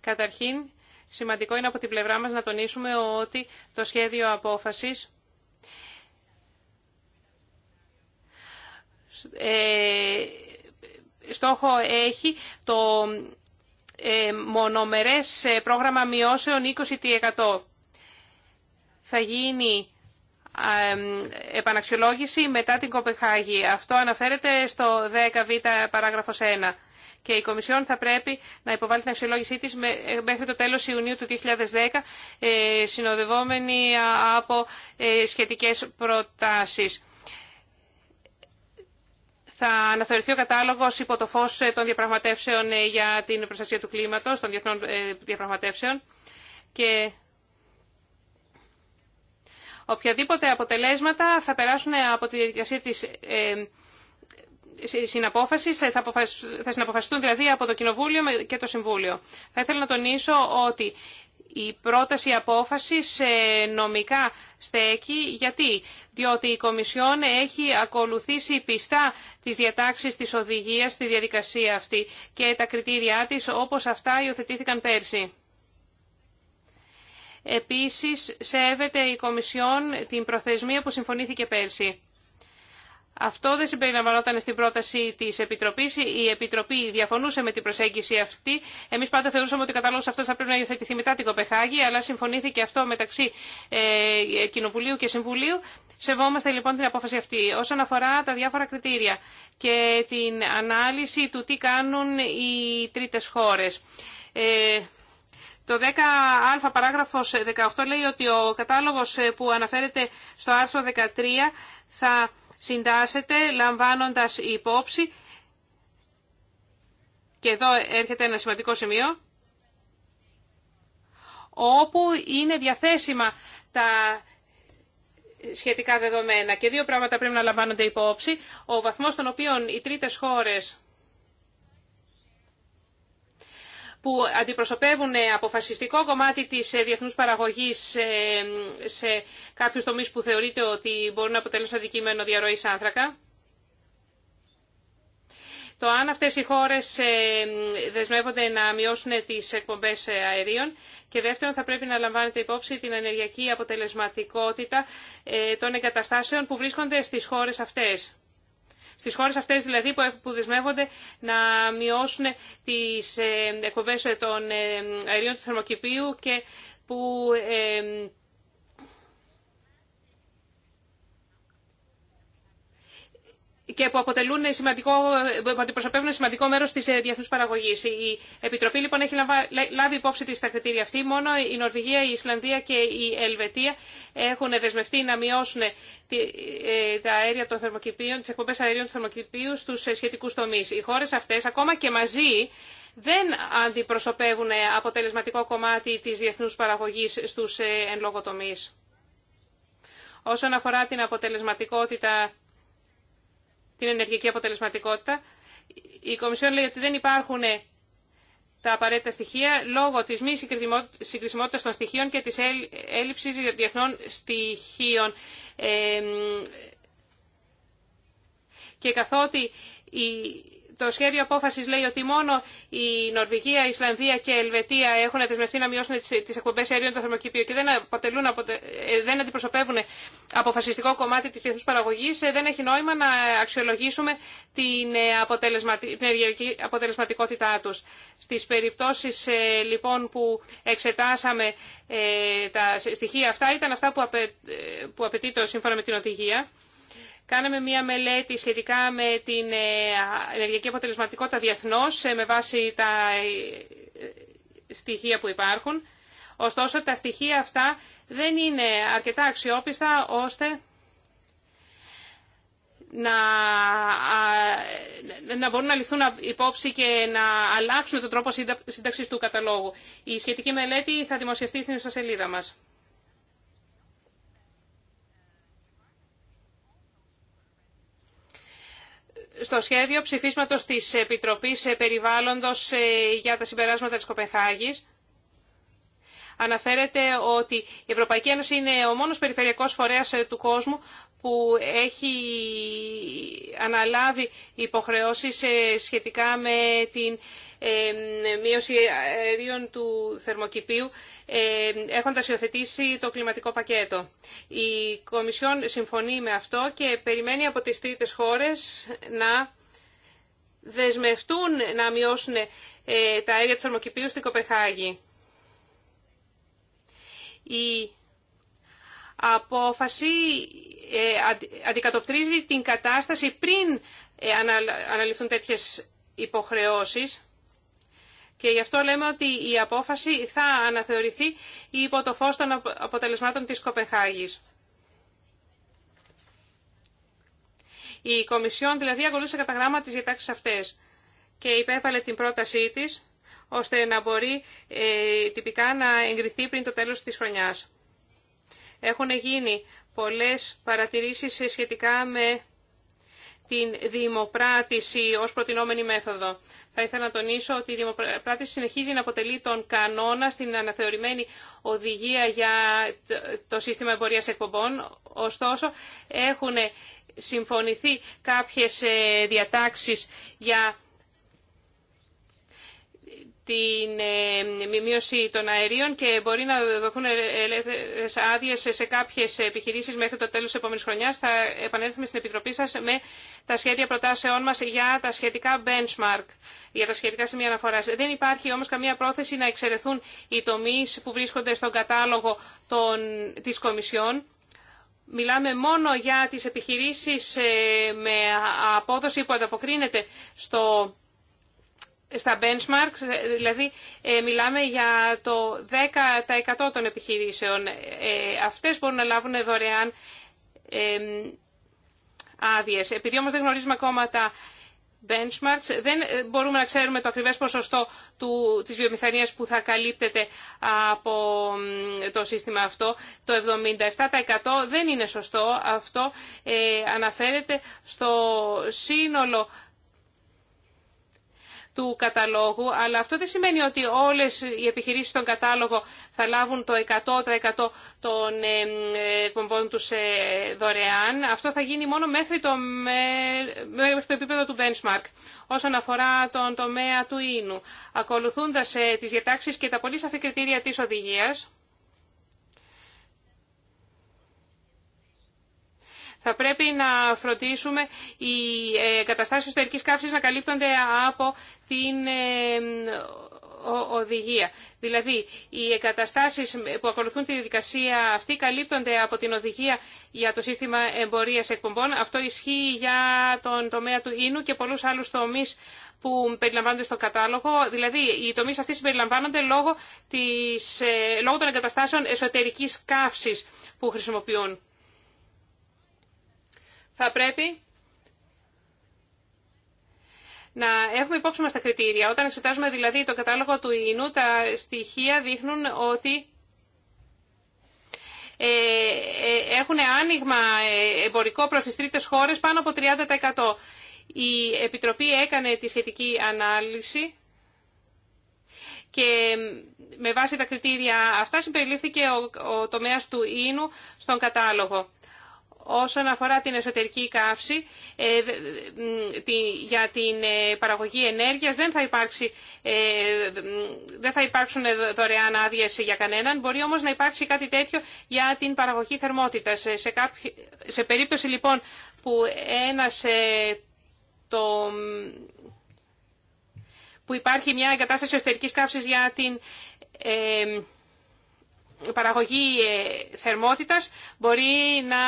Καταρχήν, σημαντικό είναι από την πλευρά μας να τονίσουμε ότι το σχέδιο απόφασης ε, στόχο έχει το ε, μονομερές ε, πρόγραμμα μειώσεων 20%. Θα γίνει επαναξιολόγηση μετά την Κοπεχάγη. Αυτό αναφέρεται στο 10β παράγραφος 1. Και η Κομισιόν θα πρέπει να υποβάλει την αξιολόγησή της ε, μέχρι το τέλος Ιουνίου του 2010, ε, συνοδευόμενη από ε, σχετικές προτάσεις. Θα αναθεωρηθεί ο κατάλογος υπό το φως των διαπραγματεύσεων για την προστασία του κλίματος, των διεθνών διαπραγματεύσεων. Και Οποιαδήποτε αποτελέσματα θα περάσουν από τη διαδικασία της ε, συναπόφασης, θα, θα συναποφασιστούν δηλαδή από το Κοινοβούλιο και το Συμβούλιο. Θα ήθελα να τονίσω ότι η πρόταση απόφασης ε, νομικά στέκει. Γιατί? Διότι η Κομισιόν έχει ακολουθήσει πιστά τις διατάξεις της οδηγίας στη διαδικασία αυτή και τα κριτήριά τη όπω αυτά υιοθετήθηκαν πέρσι. Επίσης, σέβεται η Κομισιόν την προθεσμία που συμφωνήθηκε πέρσι. Αυτό δεν συμπεριλαμβανόταν στην πρόταση τη Επιτροπή. Η Επιτροπή διαφωνούσε με την προσέγγιση αυτή. Εμεί πάντα θεωρούσαμε ότι ο κατάλογο αυτό θα πρέπει να υιοθετηθεί μετά την Κοπεχάγη, αλλά συμφωνήθηκε αυτό μεταξύ ε, Κοινοβουλίου και Συμβουλίου. Σεβόμαστε λοιπόν την απόφαση αυτή. Όσον αφορά τα διάφορα κριτήρια και την ανάλυση του τι κάνουν οι τρίτε χώρε. Ε, το 10α παράγραφος 18 λέει ότι ο κατάλογος ε, που αναφέρεται στο άρθρο 13 θα συντάσσεται λαμβάνοντας υπόψη και εδώ έρχεται ένα σημαντικό σημείο, όπου είναι διαθέσιμα τα σχετικά δεδομένα. Και δύο πράγματα πρέπει να λαμβάνονται υπόψη. Ο βαθμός στον οποίο οι τρίτες χώρες που αντιπροσωπεύουν ε, αποφασιστικό κομμάτι της ε, διεθνούς παραγωγής ε, σε κάποιους τομείς που θεωρείται ότι μπορούν να αποτελέσουν αντικείμενο διαρροής άνθρακα. Το αν αυτές οι χώρες δεσμεύονται να μειώσουν τις εκπομπές αερίων και δεύτερον θα πρέπει να λαμβάνετε υπόψη την ενεργειακή αποτελεσματικότητα των εγκαταστάσεων που βρίσκονται στις χώρες αυτές. Στι χώρες αυτές δηλαδή που δεσμεύονται να μειώσουν τις ε, εκπομπέ ε, των ε, αερίων του θερμοκηπίου και που και που αποτελούν σημαντικό, που αντιπροσωπεύουν σημαντικό μέρο τη ε, διεθνού παραγωγή. Η Επιτροπή λοιπόν έχει λάβει υπόψη τη στα κριτήρια αυτή. Μόνο η Νορβηγία, η Ισλανδία και η Ελβετία έχουν δεσμευτεί να μειώσουν ε, τα αέρια των θερμοκηπίων, τι εκπομπέ αερίων του θερμοκηπίου στου ε, σχετικού τομεί. Οι χώρε αυτέ, ακόμα και μαζί, δεν αντιπροσωπεύουν αποτελεσματικό κομμάτι τη διεθνού παραγωγή στου εν λόγω τομεί. Όσον αφορά την αποτελεσματικότητα την ενεργειακή αποτελεσματικότητα. Η Κομισιόν λέει ότι δεν υπάρχουν τα απαραίτητα στοιχεία λόγω της μη συγκρισιμότητας των στοιχείων και της έλλειψης διεθνών στοιχείων. Ε, και καθότι η το σχέδιο απόφαση λέει ότι μόνο η Νορβηγία, η Ισλανδία και η Ελβετία έχουν δεσμευτεί να μειώσουν τι εκπομπέ αερίων του θερμοκηπίου και δεν, ε, δεν αντιπροσωπεύουν αποφασιστικό κομμάτι τη διεθνού παραγωγή, ε, δεν έχει νόημα να αξιολογήσουμε την, ε, την ενεργειακή αποτελεσματικότητά του. Στι περιπτώσει λοιπόν που εξετάσαμε τα στοιχεία αυτά, ήταν αυτά που, απαιτείται σύμφωνα με την οδηγία. Κάναμε μία μελέτη σχετικά με την ε, ενεργειακή αποτελεσματικότητα διεθνώς ε, με βάση τα ε, στοιχεία που υπάρχουν. Ωστόσο, τα στοιχεία αυτά δεν είναι αρκετά αξιόπιστα ώστε να, να μπορούν να ληφθούν υπόψη και να αλλάξουν τον τρόπο σύνταξης του καταλόγου. Η σχετική μελέτη θα δημοσιευτεί στην ιστοσελίδα μας. στο σχέδιο ψηφίσματος της Επιτροπής ε, Περιβάλλοντος ε, για τα συμπεράσματα της Κοπεχάγης αναφέρεται ότι η Ευρωπαϊκή Ένωση είναι ο μόνος περιφερειακός φορέας ε, του κόσμου που έχει αναλάβει υποχρεώσεις ε, σχετικά με την ε, μείωση αερίων του θερμοκηπίου έχοντας υιοθετήσει το κλιματικό πακέτο. Η Κομισιόν συμφωνεί με αυτό και περιμένει από τις τρίτες χώρες να δεσμευτούν να μειώσουν τα αέρια του θερμοκηπίου στην Κοπεχάγη. Η απόφαση ε, αντικατοπτρίζει την κατάσταση πριν ε, αναλυθούν τέτοιες υποχρεώσεις και γι' αυτό λέμε ότι η απόφαση θα αναθεωρηθεί υπό το φως των αποτελεσμάτων της Κοπεχάγης. Η Κομισιόν δηλαδή ακολούθησε κατά γράμμα τις διατάξεις αυτές και υπέβαλε την πρότασή της ώστε να μπορεί ε, τυπικά να εγκριθεί πριν το τέλος της χρονιάς. Έχουν γίνει πολλές παρατηρήσεις σχετικά με την δημοπράτηση ως προτινόμενη μέθοδο. Θα ήθελα να τονίσω ότι η δημοπράτηση συνεχίζει να αποτελεί τον κανόνα στην αναθεωρημένη οδηγία για το σύστημα εμπορίας εκπομπών. Ωστόσο, έχουν συμφωνηθεί κάποιες ε, διατάξεις για την ε, μείωση των αερίων και μπορεί να δοθούν ελεύθερες άδειες σε κάποιες επιχειρήσεις μέχρι το τέλος της επόμενης χρονιάς. Θα επανέλθουμε στην Επιτροπή σας με τα σχέδια προτάσεών μας για τα σχετικά benchmark, για τα σχετικά σημεία αναφοράς. Δεν υπάρχει όμως καμία πρόθεση να εξαιρεθούν οι τομείς που βρίσκονται στον κατάλογο των, της Κομισιόν. Μιλάμε μόνο για τις επιχειρήσεις ε, με απόδοση που ανταποκρίνεται στο στα benchmarks, δηλαδή ε, μιλάμε για το 10% των επιχειρήσεων. Ε, αυτές μπορούν να λάβουν δωρεάν ε, άδειες. Επειδή όμως δεν γνωρίζουμε ακόμα τα benchmarks, δεν μπορούμε να ξέρουμε το ακριβές ποσοστό του, της βιομηχανίας που θα καλύπτεται από το σύστημα αυτό. Το 77% δεν είναι σωστό. Αυτό αναφέρεται στο σύνολο του καταλόγου, αλλά αυτό δεν σημαίνει ότι όλες οι επιχειρήσεις στον κατάλογο θα λάβουν το 100% των ε, ε, εκπομπών τους ε, δωρεάν. Αυτό θα γίνει μόνο μέχρι το, μέχρι το επίπεδο του benchmark. Όσον αφορά τον τομέα του ίνου, ακολουθούντας τις διατάξεις και τα πολύ σαφή κριτήρια της οδηγίας, Θα πρέπει να φροντίσουμε οι ε, καταστάσεις εσωτερικής καύσης να καλύπτονται από την ε, οδηγία. Δηλαδή, οι εγκαταστάσεις που ακολουθούν τη διαδικασία αυτή καλύπτονται από την οδηγία για το σύστημα εμπορίας εκπομπών. Αυτό ισχύει για τον τομέα του ίνου και πολλούς άλλους τομείς που περιλαμβάνονται στο κατάλογο. Δηλαδή, οι τομείς αυτοί συμπεριλαμβάνονται λόγω, της, ε, λόγω των εγκαταστάσεων εσωτερικής καύσης που χρησιμοποιούν θα πρέπει να έχουμε υπόψη μας τα κριτήρια. Όταν εξετάζουμε δηλαδή το κατάλογο του ΙΝΟΥ, τα στοιχεία δείχνουν ότι ε, ε, έχουν άνοιγμα ε, εμπορικό προς τις τρίτες χώρες πάνω από 30%. Η Επιτροπή έκανε τη σχετική ανάλυση και με βάση τα κριτήρια αυτά συμπεριλήφθηκε ο, ο τομέας του ίνου στον κατάλογο. Όσον αφορά την εσωτερική καύση, ε, για την ε, παραγωγή ενέργειας δεν θα, υπάρξει, ε, δεν θα υπάρξουν δωρεάν άδειε για κανέναν. Μπορεί όμως να υπάρξει κάτι τέτοιο για την παραγωγή θερμότητας. Σε, κάποιο, σε περίπτωση λοιπόν που ένας το, που υπάρχει μια εγκατάσταση εσωτερικής καύσης για την η παραγωγή ε, θερμότητας μπορεί να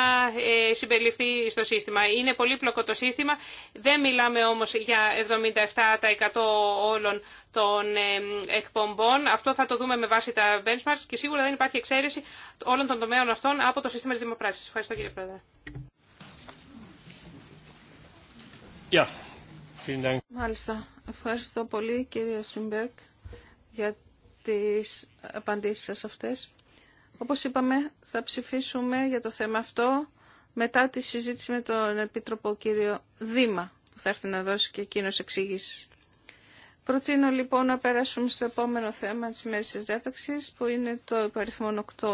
ε, συμπεριληφθεί στο σύστημα. Είναι πολύπλοκο το σύστημα, δεν μιλάμε όμως για 77% όλων των ε, εκπομπών. Αυτό θα το δούμε με βάση τα benchmarks και σίγουρα δεν υπάρχει εξαίρεση όλων των τομέων αυτών από το σύστημα της δημοπράσης. Ευχαριστώ κύριε Πρόεδρε. Yeah. Μάλιστα. Ευχαριστώ πολύ κύριε Σουμπέρκ για τις απαντήσεις σας αυτές. Όπως είπαμε, θα ψηφίσουμε για το θέμα αυτό μετά τη συζήτηση με τον Επίτροπο κύριο Δήμα, που θα έρθει να δώσει και εκείνο εξήγηση. Προτείνω λοιπόν να περάσουμε στο επόμενο θέμα της μέρης της διάταξης, που είναι το υπαριθμόν 8.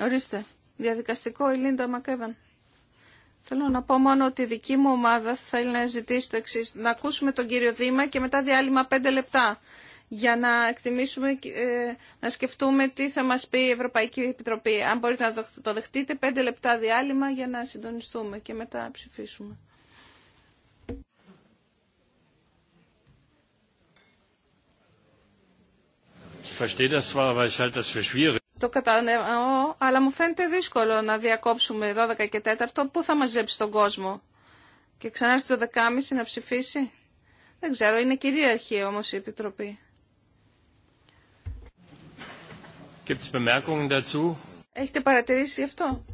Ορίστε, διαδικαστικό η Λίντα Μακέβαν. Θέλω να πω μόνο ότι η δική μου ομάδα θέλει να ζητήσει το εξή. Να ακούσουμε τον κύριο Δήμα και μετά διάλειμμα 5 λεπτά για να εκτιμήσουμε, ε, να σκεφτούμε τι θα μας πει η Ευρωπαϊκή Επιτροπή. Αν μπορείτε να το δεχτείτε, πέντε λεπτά διάλειμμα για να συντονιστούμε και μετά ψηφίσουμε. Το κατανοώ, αλλά μου φαίνεται δύσκολο να διακόψουμε 12 και 4. Πού θα μαζέψει τον κόσμο και ξανά στις 12.30 να ψηφίσει. Δεν ξέρω, είναι κυρίαρχη όμως η Επιτροπή. Έχετε παρατηρήσει αυτό?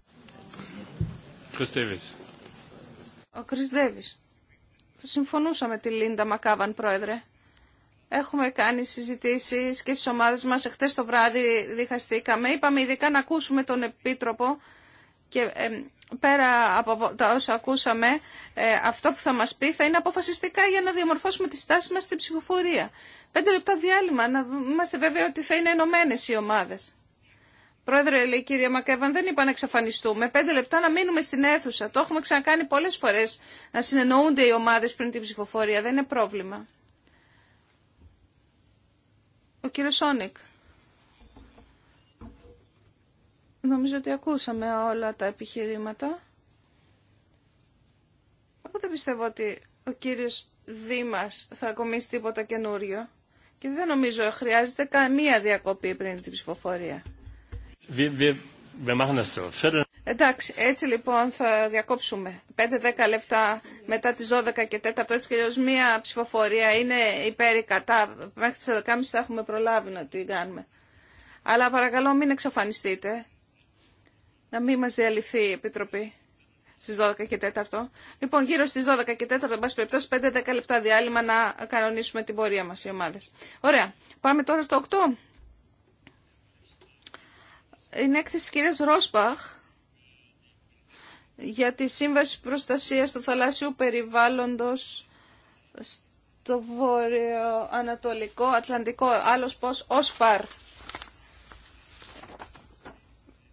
Ο Κρυς Θα συμφωνούσα με τη Λίντα Μακάβαν, πρόεδρε. Έχουμε κάνει συζητήσεις και στις ομάδες μας. Εχθές το βράδυ διχαστήκαμε. Είπαμε ειδικά να ακούσουμε τον Επίτροπο και πέρα από τα όσα ακούσαμε, ε, αυτό που θα μας πει θα είναι αποφασιστικά για να διαμορφώσουμε τη στάση μας στην ψηφοφορία. Πέντε λεπτά διάλειμμα, να είμαστε βέβαιοι ότι θα είναι ενωμένε οι ομάδες. Πρόεδρε, λέει η κυρία Μακέβαν, δεν είπα να εξαφανιστούμε. Πέντε λεπτά να μείνουμε στην αίθουσα. Το έχουμε ξανακάνει πολλέ φορέ να συνεννοούνται οι ομάδε πριν την ψηφοφορία. Δεν είναι πρόβλημα. Ο κύριο Σόνικ. Νομίζω ότι ακούσαμε όλα τα επιχειρήματα. Εγώ δεν πιστεύω ότι ο κύριος Δήμας θα ακομίσει τίποτα καινούριο και δεν νομίζω χρειάζεται καμία διακοπή πριν την ψηφοφορία. Εντάξει, έτσι λοιπόν θα διακόψουμε. 5-10 λεπτά μετά τις 12 και 4, έτσι και μία ψηφοφορία είναι υπέρ ή κατά. Μέχρι τις 12.30 θα έχουμε προλάβει να την κάνουμε. Αλλά παρακαλώ μην εξαφανιστείτε να μην μας διαλυθεί η Επιτροπή στις 12 και 4. Λοιπόν, γύρω στις 12 και 4, εν πάση περιπτώσει, 5-10 λεπτά διάλειμμα να κανονίσουμε την πορεία μας οι ομάδες. Ωραία. Πάμε τώρα στο 8. Είναι έκθεση κυρίας Ρόσπαχ για τη Σύμβαση Προστασίας του Θαλάσσιου Περιβάλλοντος στο Βόρειο Ανατολικό Ατλαντικό, άλλος πως ΟΣΠΑΡ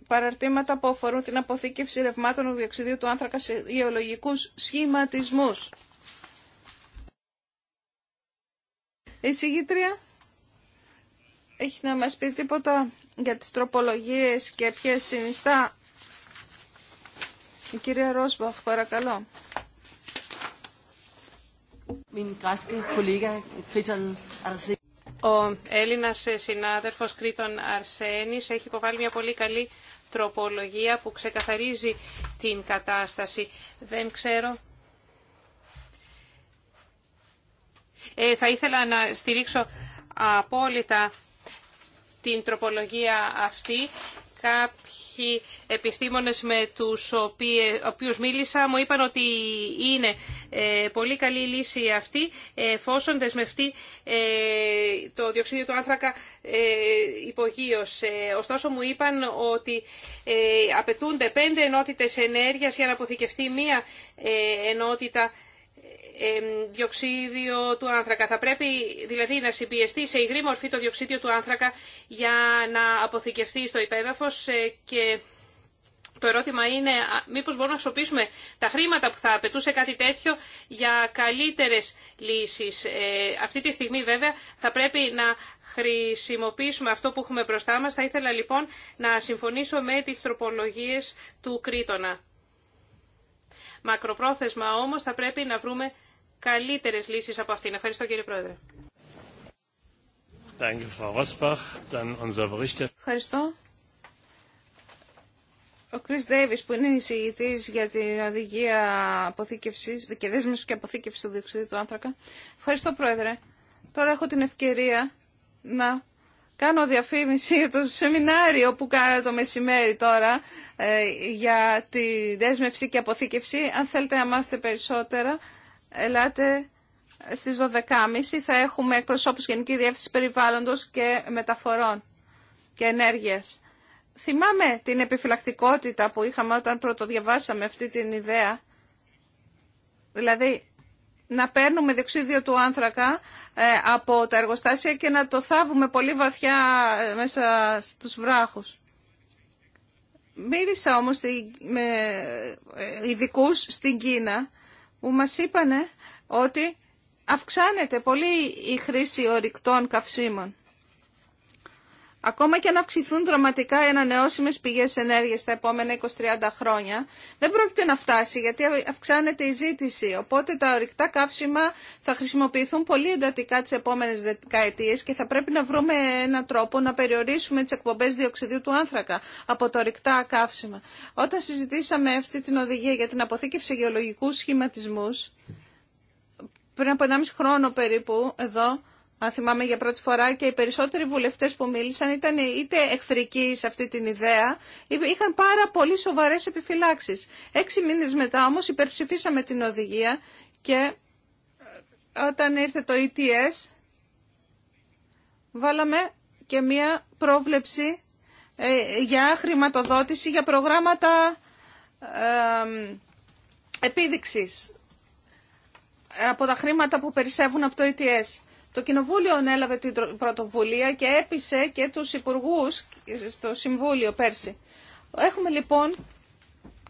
παραρτήματα που αφορούν την αποθήκευση ρευμάτων οδιοξιδίου του άνθρακα σε γεωλογικού σχηματισμούς. Η συγγήτρια έχει να μας πει τίποτα για τις τροπολογίες και ποιες συνιστά. Η κυρία Ρόσμπαχ, παρακαλώ. Ο Έλληνας συνάδελφος Κρήτων Αρσένης έχει υποβάλει μια πολύ καλή τροπολογία που ξεκαθαρίζει την κατάσταση. Δεν ξέρω. Ε, θα ήθελα να στηρίξω απόλυτα την τροπολογία αυτή Κάποιοι επιστήμονες με τους οποίους μίλησα μου είπαν ότι είναι ε, πολύ καλή λύση αυτή εφόσον δεσμευτεί ε, το διοξίδιο του άνθρακα ε, υπογείως. Ωστόσο μου είπαν ότι απαιτούνται πέντε ενότητες ενέργειας για να αποθηκευτεί μία ενότητα διοξίδιο του άνθρακα. Θα πρέπει δηλαδή να συμπιεστεί σε υγρή μορφή το διοξίδιο του άνθρακα για να αποθηκευτεί στο υπέδαφος ε, και το ερώτημα είναι μήπως μπορούμε να χρησιμοποιήσουμε τα χρήματα που θα απαιτούσε κάτι τέτοιο για καλύτερες λύσεις. Ε, αυτή τη στιγμή βέβαια θα πρέπει να χρησιμοποιήσουμε αυτό που έχουμε μπροστά μας. Θα ήθελα λοιπόν να συμφωνήσω με τις τροπολογίες του Κρήτονα. Μακροπρόθεσμα όμως θα πρέπει να βρούμε καλύτερες λύσεις από αυτήν. Ευχαριστώ κύριε Πρόεδρε. Ευχαριστώ. Ο Κρις Ντέβις που είναι εισηγητής για την οδηγία αποθήκευσης, δέσμευση και αποθήκευση του διοξιδίου του άνθρακα. Ευχαριστώ Πρόεδρε. Τώρα έχω την ευκαιρία να κάνω διαφήμιση για το σεμινάριο που κάνω το μεσημέρι τώρα ε, για τη δέσμευση και αποθήκευση. Αν θέλετε να μάθετε περισσότερα ελάτε στις 12.30 θα έχουμε εκπροσώπους Γενική Διεύθυνση Περιβάλλοντος και Μεταφορών και Ενέργειας. Θυμάμαι την επιφυλακτικότητα που είχαμε όταν πρωτοδιαβάσαμε αυτή την ιδέα. Δηλαδή, να παίρνουμε διοξίδιο του άνθρακα ε, από τα εργοστάσια και να το θάβουμε πολύ βαθιά ε, μέσα στους βράχους. Μίλησα όμως με ε, ειδικού στην Κίνα που μας είπανε ότι αυξάνεται πολύ η χρήση ορυκτών καυσίμων. Ακόμα και αν αυξηθούν δραματικά οι ανανεώσιμε πηγές ενέργειας τα επόμενα 20-30 χρόνια, δεν πρόκειται να φτάσει γιατί αυξάνεται η ζήτηση. Οπότε τα ορυκτά καύσιμα θα χρησιμοποιηθούν πολύ εντατικά τι επόμενε δεκαετίε και θα πρέπει να βρούμε έναν τρόπο να περιορίσουμε τι εκπομπέ διοξιδίου του άνθρακα από τα ορυκτά καύσιμα. Όταν συζητήσαμε αυτή την οδηγία για την αποθήκευση γεωλογικού σχηματισμού, πριν από 1,5 χρόνο περίπου εδώ, αν θυμάμαι για πρώτη φορά και οι περισσότεροι βουλευτές που μίλησαν ήταν είτε εχθρικοί σε αυτή την ιδέα, είχαν πάρα πολύ σοβαρέ επιφυλάξεις. Έξι μήνες μετά όμως υπερψηφίσαμε την οδηγία και ε, όταν ήρθε το ETS βάλαμε και μία πρόβλεψη ε, για χρηματοδότηση για προγράμματα επίδειξης από τα χρήματα που περισσεύουν από το ETS. Το Κοινοβούλιο ανέλαβε την πρωτοβουλία και έπεισε και τους υπουργούς στο Συμβούλιο πέρσι. Έχουμε λοιπόν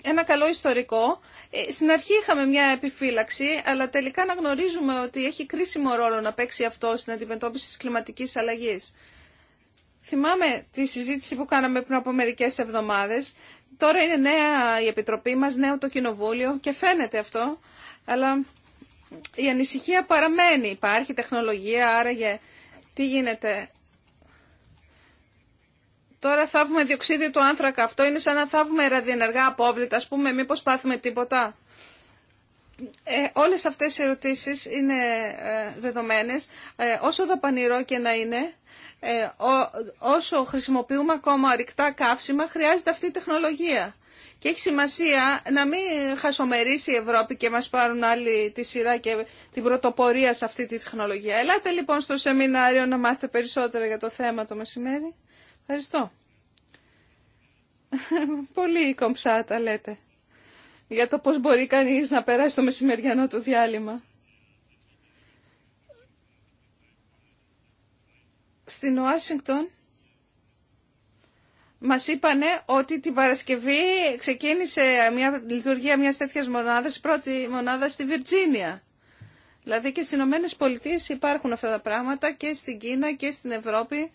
ένα καλό ιστορικό. Ε, στην αρχή είχαμε μια επιφύλαξη, αλλά τελικά να γνωρίζουμε ότι έχει κρίσιμο ρόλο να παίξει αυτό στην αντιμετώπιση της κλιματικής αλλαγής. Θυμάμαι τη συζήτηση που κάναμε πριν από μερικές εβδομάδες. Τώρα είναι νέα η Επιτροπή μας, νέο το Κοινοβούλιο και φαίνεται αυτό, αλλά η ανησυχία παραμένει. Υπάρχει τεχνολογία, άραγε τι γίνεται. Τώρα θαύουμε διοξίδιο του άνθρακα. Αυτό είναι σαν να θαύουμε ραδιενεργά απόβλητα. Ας πούμε, μήπως πάθουμε τίποτα. Ε, όλες αυτές οι ερωτήσεις είναι ε, δεδομένες. Ε, όσο δαπανηρό και να είναι, ε, όσο χρησιμοποιούμε ακόμα ρηκτά καύσιμα, χρειάζεται αυτή η τεχνολογία. Και έχει σημασία να μην χασομερίσει η Ευρώπη και μας πάρουν άλλη τη σειρά και την πρωτοπορία σε αυτή τη τεχνολογία. Ελάτε λοιπόν στο σεμινάριο να μάθετε περισσότερα για το θέμα το μεσημέρι. Ευχαριστώ. (laughs) Πολύ κομψά τα λέτε. Για το πώς μπορεί κανείς να περάσει το μεσημεριανό του διάλειμμα. Στην Ουάσιγκτον μας είπανε ότι την Παρασκευή ξεκίνησε μια λειτουργία μια τέτοια μονάδα, η πρώτη μονάδα στη Βιρτζίνια. Δηλαδή και στι Ηνωμένε Πολιτείε υπάρχουν αυτά τα πράγματα και στην Κίνα και στην Ευρώπη.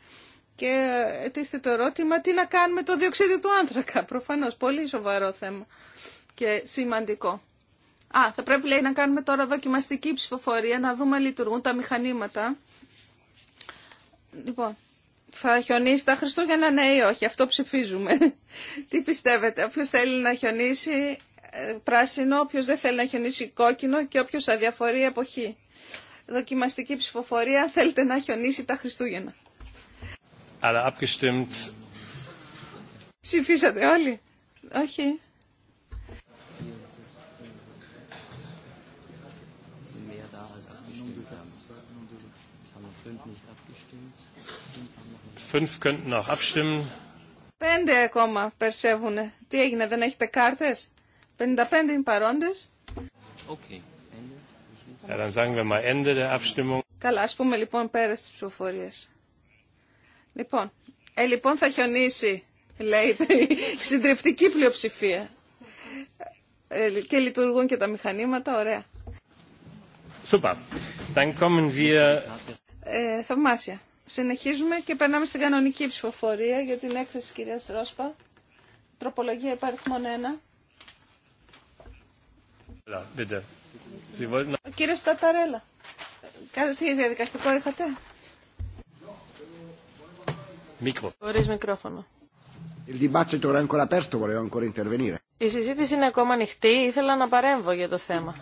Και τίθεται το ερώτημα τι να κάνουμε το διοξίδιο του άνθρακα. Προφανώς πολύ σοβαρό θέμα και σημαντικό. Α, θα πρέπει λέει να κάνουμε τώρα δοκιμαστική ψηφοφορία, να δούμε αν λειτουργούν τα μηχανήματα. Λοιπόν, θα χιονίσει τα Χριστούγεννα, ναι ή όχι, αυτό ψηφίζουμε. (laughs) Τι πιστεύετε, όποιος θέλει να χιονίσει ε, πράσινο, όποιος δεν θέλει να χιονίσει κόκκινο και όποιος αδιαφορεί εποχή. Δοκιμαστική ψηφοφορία, θέλετε να χιονίσει τα Χριστούγεννα. Αλλά abgestimmt. Ψηφίσατε όλοι. Όχι. Fünf könnten auch abstimmen. Πέντε ακόμα περσεύουνε. Τι έγινε, δεν έχετε κάρτες. 55 είναι παρόντες. Okay. Ja, dann sagen wir mal Ende der Abstimmung. Καλά, ας πούμε λοιπόν πέρα στις ψηφοφορίες. Λοιπόν, ε, λοιπόν θα χιονίσει, λέει η συντριπτική πλειοψηφία. Ε, και λειτουργούν και τα μηχανήματα, ωραία. Super. Dann kommen wir... Ε, θαυμάσια. Συνεχίζουμε και περνάμε στην κανονική ψηφοφορία για την έκθεση της κυρίας Ρόσπα. Τροπολογία υπαριθμών 1. Ο κύριος Ταταρέλα, κάτι διαδικαστικό είχατε. Μικρό. μικρόφωνο. Η συζήτηση είναι ακόμα ανοιχτή. Ήθελα να παρέμβω για το θέμα.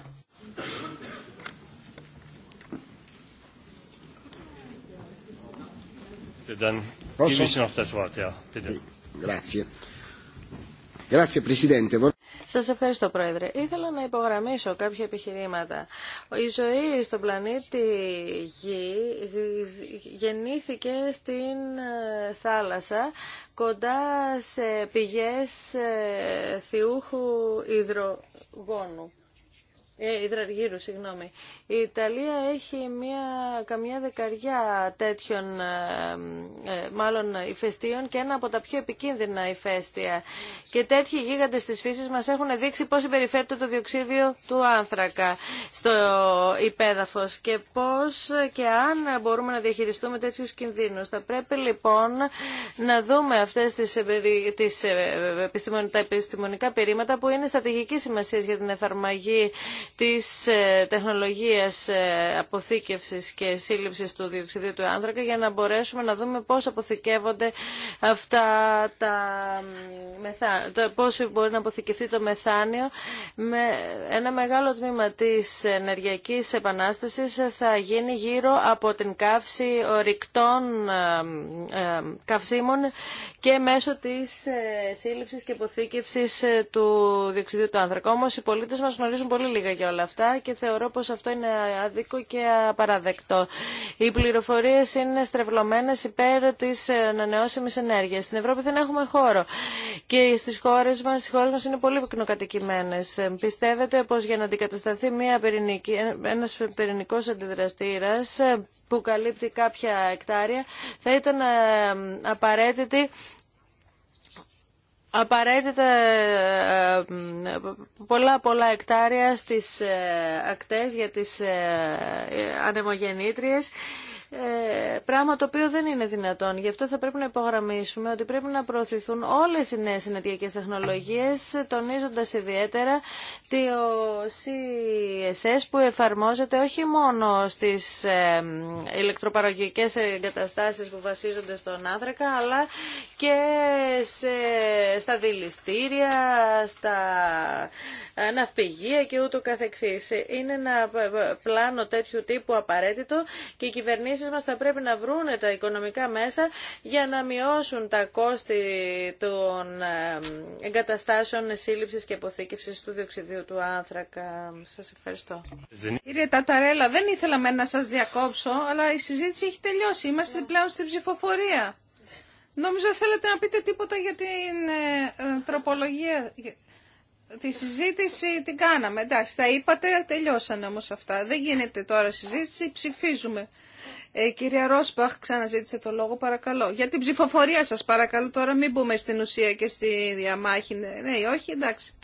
Σα ευχαριστώ Πρόεδρε. Ήθελα να υπογραμμίσω κάποια επιχειρήματα. Η ζωή στον πλανήτη Γη γεννήθηκε στην ε, θάλασσα κοντά σε πηγές ε, θιούχου υδρογόνου ε, υδραργύρου, συγγνώμη. Η Ιταλία έχει μια, καμιά δεκαριά τέτοιων ε, ε, μάλλον ηφαιστείων και ένα από τα πιο επικίνδυνα ηφαίστεια. Και τέτοιοι γίγαντες της φύσης μας έχουν δείξει πώς συμπεριφέρεται το διοξίδιο του άνθρακα στο υπέδαφος και πώς και αν μπορούμε να διαχειριστούμε τέτοιους κινδύνους. Θα πρέπει λοιπόν να δούμε αυτές ε, τα επιστημονικά περίμετα που είναι στρατηγική σημασία για την εφαρμογή της ε, τεχνολογίας ε, αποθήκευσης και σύλληψης του διοξιδίου του άνθρακα για να μπορέσουμε να δούμε πώς αποθηκεύονται αυτά τα μεθάνιο, πώς μπορεί να αποθηκευτεί το μεθάνιο με ένα μεγάλο τμήμα της ενεργειακής επανάστασης θα γίνει γύρω από την καύση ορυκτών ε, καυσίμων και μέσω της σύλληψης και αποθήκευσης του διοξιδίου του άνθρακα. Όμως οι πολίτες μας γνωρίζουν πολύ λίγα όλα αυτά και θεωρώ πως αυτό είναι αδίκο και απαραδεκτό. Οι πληροφορίες είναι στρεβλωμένες υπέρ της ανανεώσιμης ενέργειας. Στην Ευρώπη δεν έχουμε χώρο και στις χώρες μας, οι χώρες μας είναι πολύ πυκνοκατοικημένες. Πιστεύετε πως για να αντικατασταθεί μια πυρηνική, ένας πυρηνικός αντιδραστήρας που καλύπτει κάποια εκτάρια θα ήταν ε, απαραίτητη απαραίτητα ε, πολλά πολλά εκτάρια στις ε, ακτές για τις ε, ανεμογεννήτριες ε, πράγμα το οποίο δεν είναι δυνατόν. Γι' αυτό θα πρέπει να υπογραμμίσουμε ότι πρέπει να προωθηθούν όλες οι νέες ενεργειακές τεχνολογίες, τονίζοντας ιδιαίτερα το CSS που εφαρμόζεται όχι μόνο στις ε, ηλεκτροπαραγωγικές εγκαταστάσεις που βασίζονται στον άνθρακα, αλλά και σε, στα δηληστήρια, στα ναυπηγεία και ούτω καθεξής. Είναι ένα πλάνο τέτοιου τύπου απαραίτητο και οι επιχειρήσεις μας θα πρέπει να βρουν τα οικονομικά μέσα για να μειώσουν τα κόστη των εγκαταστάσεων σύλληψης και αποθήκευσης του διοξιδίου του άνθρακα. Σας ευχαριστώ. Κύριε Ταταρέλα, δεν ήθελα να σας διακόψω, αλλά η συζήτηση έχει τελειώσει. Είμαστε πλέον στην ψηφοφορία. Νομίζω θέλετε να πείτε τίποτα για την ε, ε, τροπολογία. Τη συζήτηση την κάναμε. Εντάξει, τα είπατε, τελειώσανε όμως αυτά. Δεν γίνεται τώρα συζήτηση, ψηφίζουμε. Ε, κυρία Ρόσπαχ, ξαναζήτησε το λόγο, παρακαλώ. Για την ψηφοφορία σας, παρακαλώ, τώρα μην μπούμε στην ουσία και στη διαμάχη. Ναι ή ναι, όχι, εντάξει.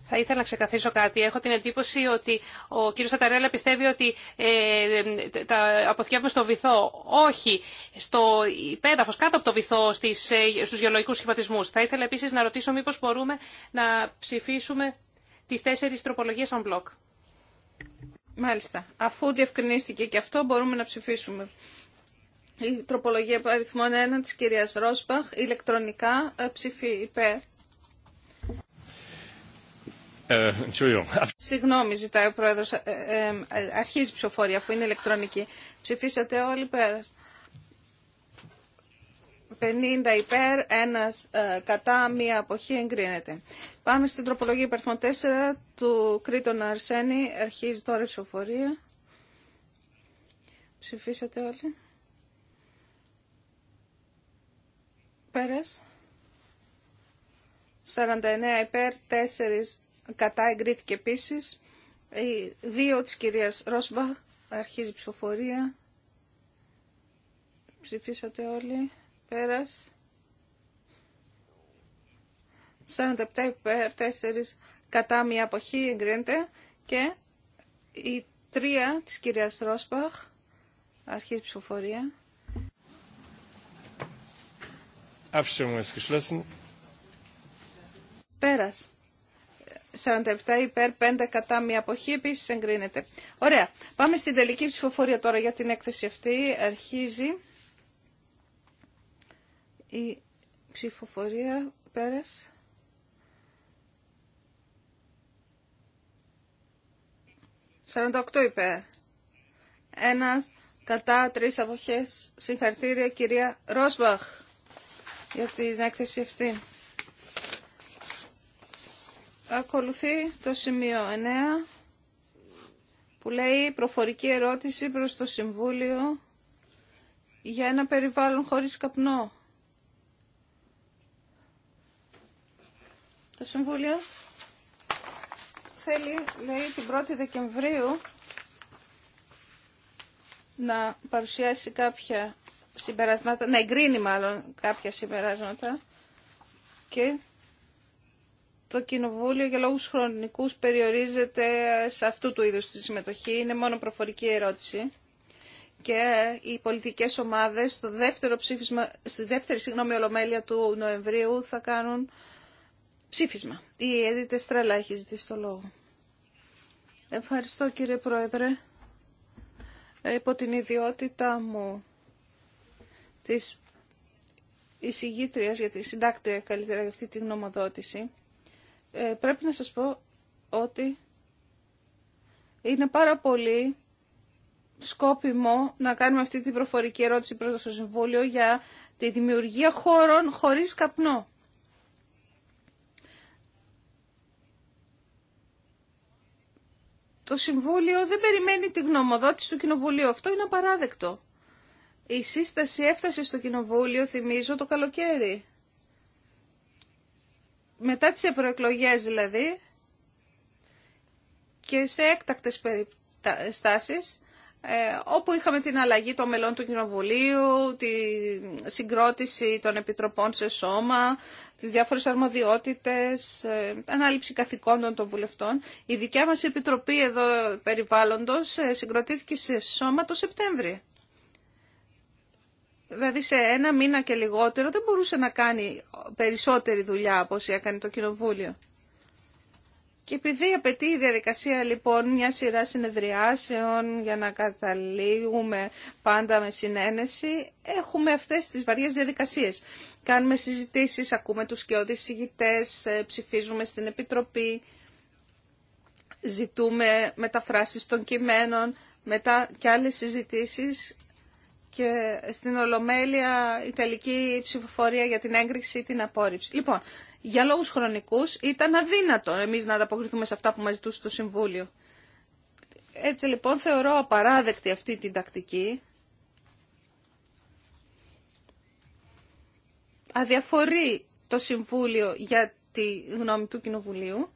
Θα ήθελα να ξεκαθίσω κάτι. Έχω την εντύπωση ότι ο κύριος Σαταρέλα πιστεύει ότι ε, τα αποθηκεύουμε στο βυθό. Όχι, στο πέδαφος, κάτω από το βυθό, στις, γεωλογικού στους γεωλογικούς σχηματισμούς. Θα ήθελα επίσης να ρωτήσω μήπως μπορούμε να ψηφίσουμε τις τέσσερις τροπολογίες on block. Μάλιστα. Αφού διευκρινίστηκε και αυτό μπορούμε να ψηφίσουμε. Η τροπολογία αριθμών 1 της κυρίας Ρόσπαχ ηλεκτρονικά ε, ψηφί υπέρ. Ε, Συγγνώμη, ζητάει ο πρόεδρος. Ε, αρχίζει η ψηφοφορία αφού είναι ηλεκτρονική. Ψηφίσατε όλοι πέρα. 50 υπέρ, 1 ε, κατά, μία αποχή εγκρίνεται. Πάμε στην τροπολογία υπερθμών 4 του Κρήτον Αρσένη. Αρχίζει τώρα η ψηφοφορία. Ψηφίσατε όλοι. Πέρας. 49 υπέρ, 4 κατά εγκρίθηκε επίση, 2 της κυρίας Ρόσμπαχ. Αρχίζει η ψηφοφορία. Ψηφίσατε όλοι. Πέρας. 47 υπέρ, 4 κατά μία αποχή εγκρίνεται και η 3 της κυρίας Ρόσπαχ, αρχή ψηφοφορία. Πέρας. 47 υπέρ, 5 κατά μία αποχή επίσης εγκρίνεται. Ωραία. Πάμε στην τελική ψηφοφορία τώρα για την έκθεση αυτή. Αρχίζει. Η ψηφοφορία πέρας. 48 υπέρ. Ένας κατά τρεις αποχές. Συγχαρτήρια κυρία Ρόσβαχ, για την έκθεση αυτή. Ακολουθεί το σημείο 9 που λέει προφορική ερώτηση προς το Συμβούλιο για ένα περιβάλλον χωρίς καπνό. Το Συμβούλιο θέλει, λέει, την 1η Δεκεμβρίου να παρουσιάσει κάποια συμπεράσματα, να εγκρίνει μάλλον κάποια συμπεράσματα και το Κοινοβούλιο για λόγους χρονικούς περιορίζεται σε αυτού του είδους τη συμμετοχή. Είναι μόνο προφορική ερώτηση και οι πολιτικές ομάδες στο δεύτερο ψήφισμα, στη δεύτερη συγγνώμη ολομέλεια του Νοεμβρίου θα κάνουν Ψήφισμα. Η έδιτε Στρέλα έχει ζητήσει το λόγο. Ευχαριστώ κύριε Πρόεδρε. Υπό την ιδιότητα μου της εισηγήτριας, τη συντάκτρια καλύτερα για αυτή τη γνωμοδότηση, ε, πρέπει να σας πω ότι είναι πάρα πολύ σκόπιμο να κάνουμε αυτή την προφορική ερώτηση προς το Συμβούλιο για τη δημιουργία χώρων χωρίς καπνό. το Συμβούλιο δεν περιμένει τη γνωμοδότηση του Κοινοβουλίου. Αυτό είναι απαράδεκτο. Η σύσταση έφτασε στο Κοινοβούλιο, θυμίζω, το καλοκαίρι. Μετά τις ευρωεκλογέ δηλαδή και σε έκτακτες περιστάσεις ε, όπου είχαμε την αλλαγή των μελών του Κοινοβουλίου, τη συγκρότηση των επιτροπών σε σώμα, τις διάφορες αρμοδιότητες, ε, ανάληψη καθηκόντων των βουλευτών. Η δικιά μας επιτροπή εδώ περιβάλλοντος ε, συγκροτήθηκε σε σώμα το Σεπτέμβριο. Δηλαδή σε ένα μήνα και λιγότερο δεν μπορούσε να κάνει περισσότερη δουλειά από όσοι έκανε το Κοινοβούλιο. Και επειδή απαιτεί η διαδικασία λοιπόν μια σειρά συνεδριάσεων για να καταλήγουμε πάντα με συνένεση, έχουμε αυτές τις βαριές διαδικασίες. Κάνουμε συζητήσεις, ακούμε τους και συγητές, ε, ψηφίζουμε στην Επιτροπή, ζητούμε μεταφράσεις των κειμένων, μετά και άλλες συζητήσεις και στην Ολομέλεια η τελική ψηφοφορία για την έγκριση ή την απόρριψη. Λοιπόν, για λόγους χρονικούς ήταν αδύνατο εμείς να ανταποκριθούμε σε αυτά που μας ζητούσε το Συμβούλιο. Έτσι λοιπόν θεωρώ απαράδεκτη αυτή την τακτική. Αδιαφορεί το Συμβούλιο για τη γνώμη του Κοινοβουλίου.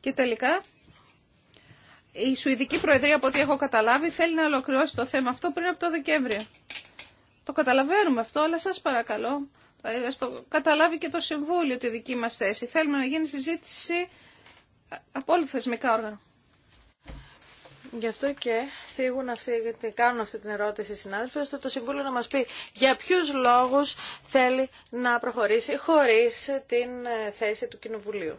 Και τελικά η Σουηδική Προεδρία, από ό,τι έχω καταλάβει, θέλει να ολοκληρώσει το θέμα αυτό πριν από το Δεκέμβριο. Το καταλαβαίνουμε αυτό, αλλά σας παρακαλώ, το καταλάβει και το Συμβούλιο τη δική μας θέση. Θέλουμε να γίνει συζήτηση από όλοι θεσμικά όργανα. Γι' αυτό και θίγουν αυτοί, κάνουν αυτή την ερώτηση οι συνάδελφοι, ώστε το Συμβούλιο να μας πει για ποιους λόγους θέλει να προχωρήσει χωρίς την ε, θέση του Κοινοβουλίου.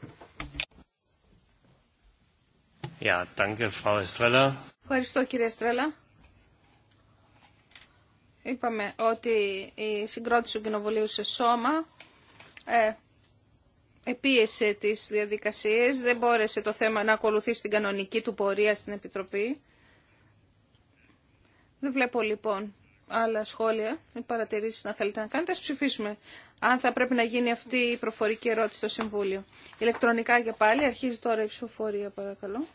Ευχαριστώ κύριε Στρέλα. Είπαμε ότι η συγκρότηση του Κοινοβουλίου σε σώμα ε, επίεσε τις διαδικασίες, δεν μπόρεσε το θέμα να ακολουθεί στην κανονική του πορεία στην Επιτροπή. Δεν βλέπω λοιπόν άλλα σχόλια ή παρατηρήσεις να θέλετε να κάνετε. Ας ψηφίσουμε αν θα πρέπει να γίνει αυτή η προφορική ερώτηση στο Συμβούλιο. Ηλεκτρονικά και πάλι αρχίζει τώρα η ψηφοφορία παρακαλώ.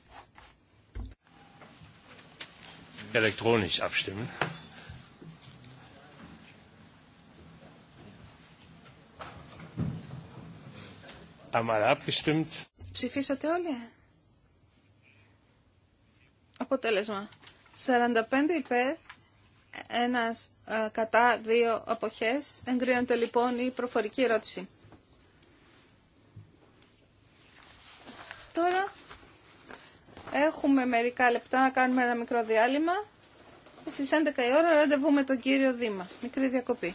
Ψηφίσατε όλοι. Αποτέλεσμα. 45 υπέρ, ένας ε, κατά, δύο αποχές. Εγκρίνεται λοιπόν η προφορική ερώτηση. Τώρα έχουμε μερικά λεπτά να κάνουμε ένα μικρό διάλειμμα. Στις 11 η ώρα ραντεβού με τον κύριο Δήμα. Μικρή διακοπή.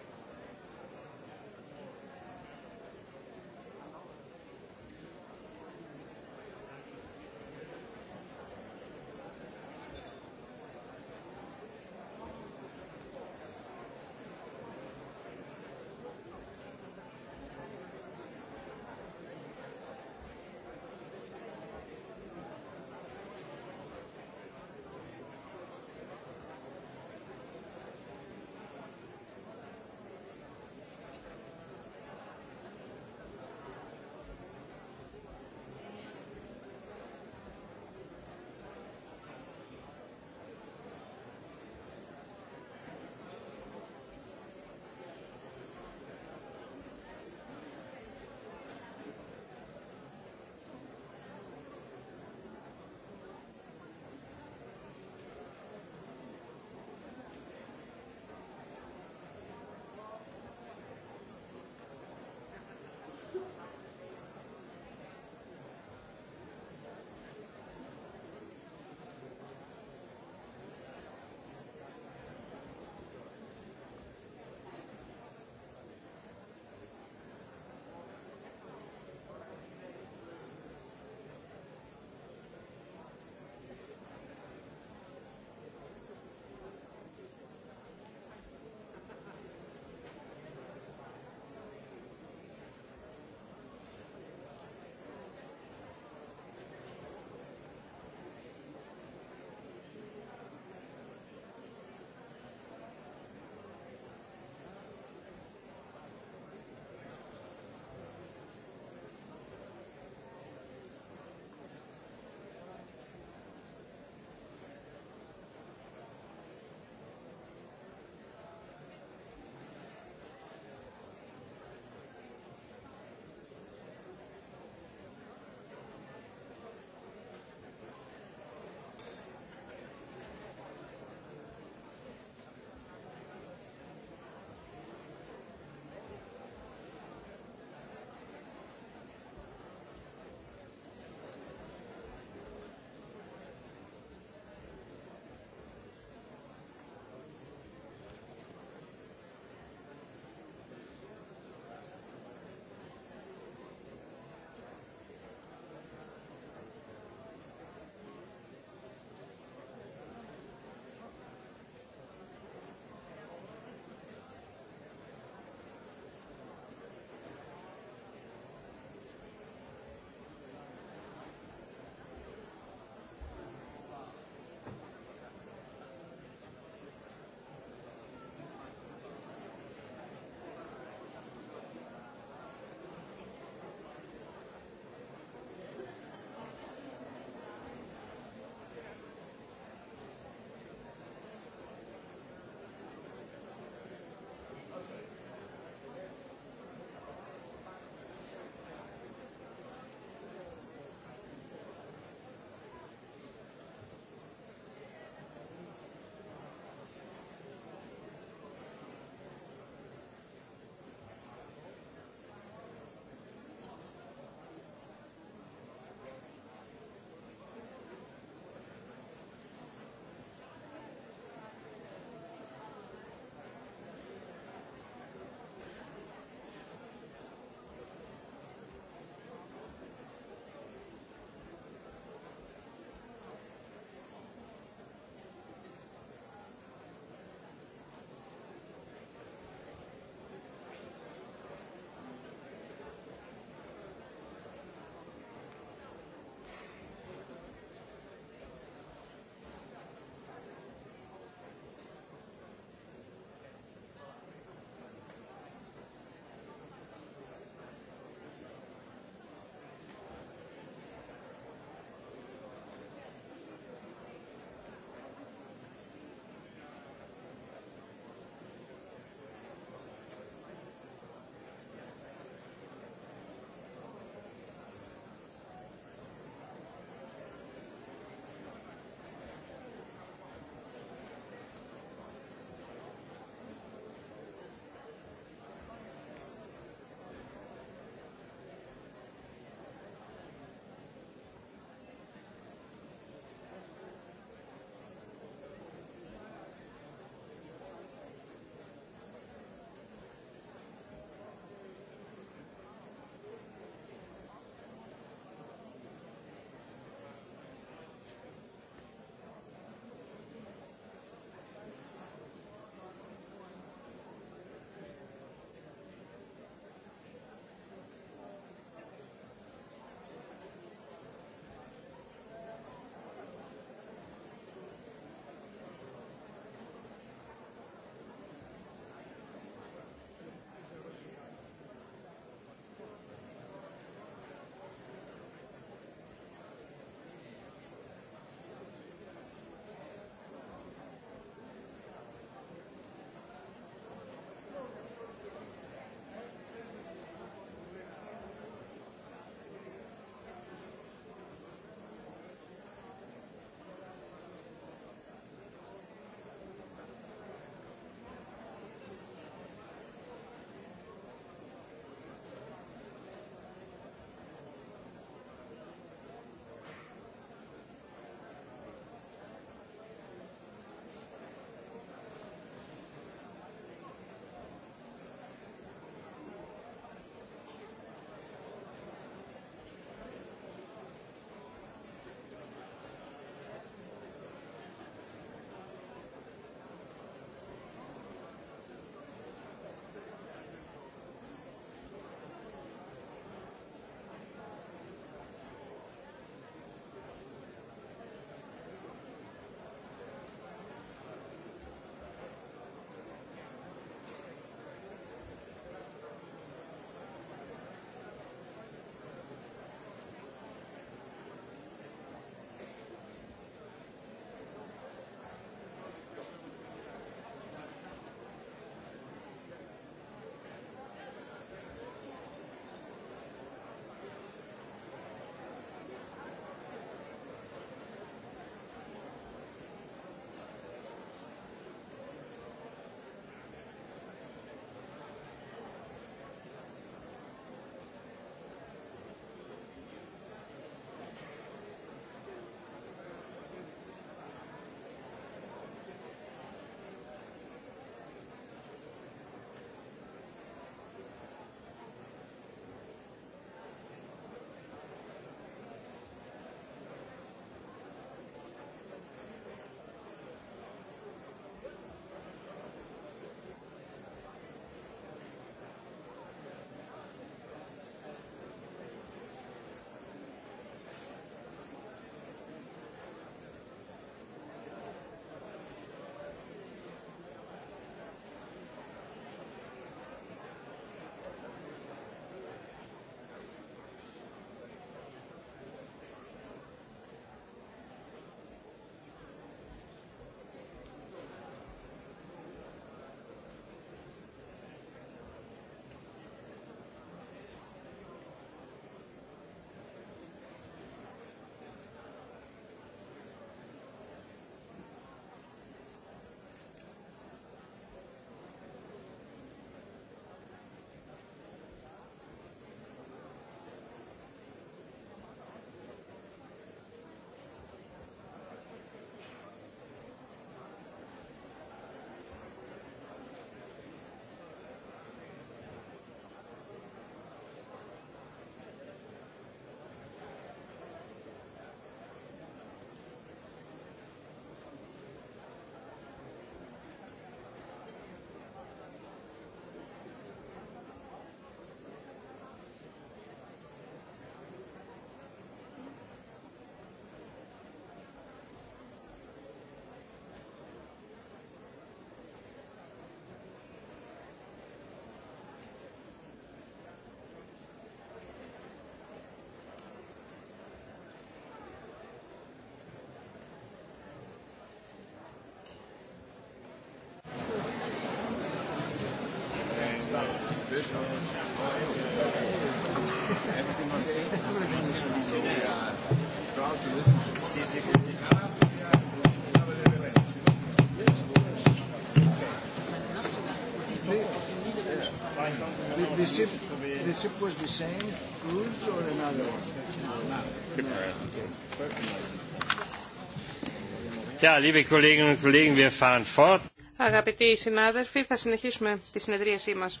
Αγαπητοί συνάδελφοι, θα συνεχίσουμε τη συνεδρίασή μας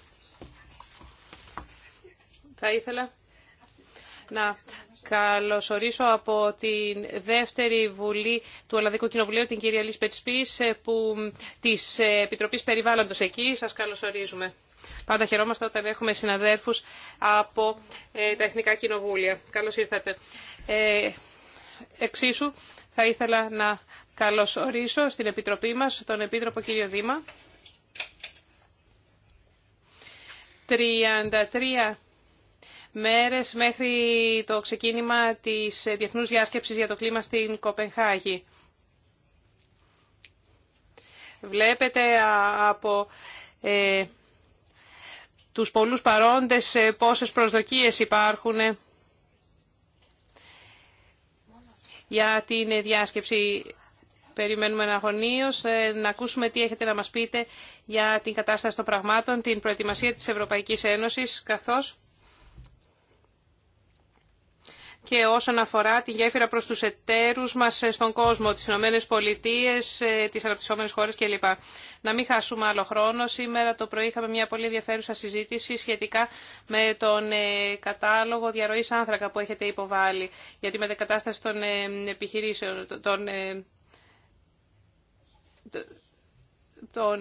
θα ήθελα να καλωσορίσω από την δεύτερη Βουλή του Ολλανδικού Κοινοβουλίου την κυρία Λίσπετ Σπίς που, της Επιτροπής Περιβάλλοντος εκεί. Σας καλωσορίζουμε. Πάντα χαιρόμαστε όταν έχουμε συναδέρφους από ε, τα Εθνικά Κοινοβούλια. Καλώς ήρθατε. Ε, εξίσου θα ήθελα να καλωσορίσω στην Επιτροπή μας τον Επίτροπο κύριο Δήμα. 33 μέρες μέχρι το ξεκίνημα της Διεθνούς Διάσκεψης για το Κλίμα στην Κοπενχάγη. Βλέπετε από ε, τους πολλούς παρόντες ε, πόσες προσδοκίες υπάρχουν για την διάσκεψη. Περιμένουμε αγωνίως ε, να ακούσουμε τι έχετε να μας πείτε για την κατάσταση των πραγμάτων, την προετοιμασία της Ευρωπαϊκής Ένωσης, καθώς και όσον αφορά τη γέφυρα προς τους εταίρους μας στον κόσμο, τις Ηνωμένες Πολιτείες, ε, τις αναπτυσσόμενες χώρες κλπ. Να μην χάσουμε άλλο χρόνο. Σήμερα το πρωί είχαμε μια πολύ ενδιαφέρουσα συζήτηση σχετικά με τον ε, κατάλογο διαρροής άνθρακα που έχετε υποβάλει για τη μετεκατάσταση των ε, επιχειρήσεων, των, των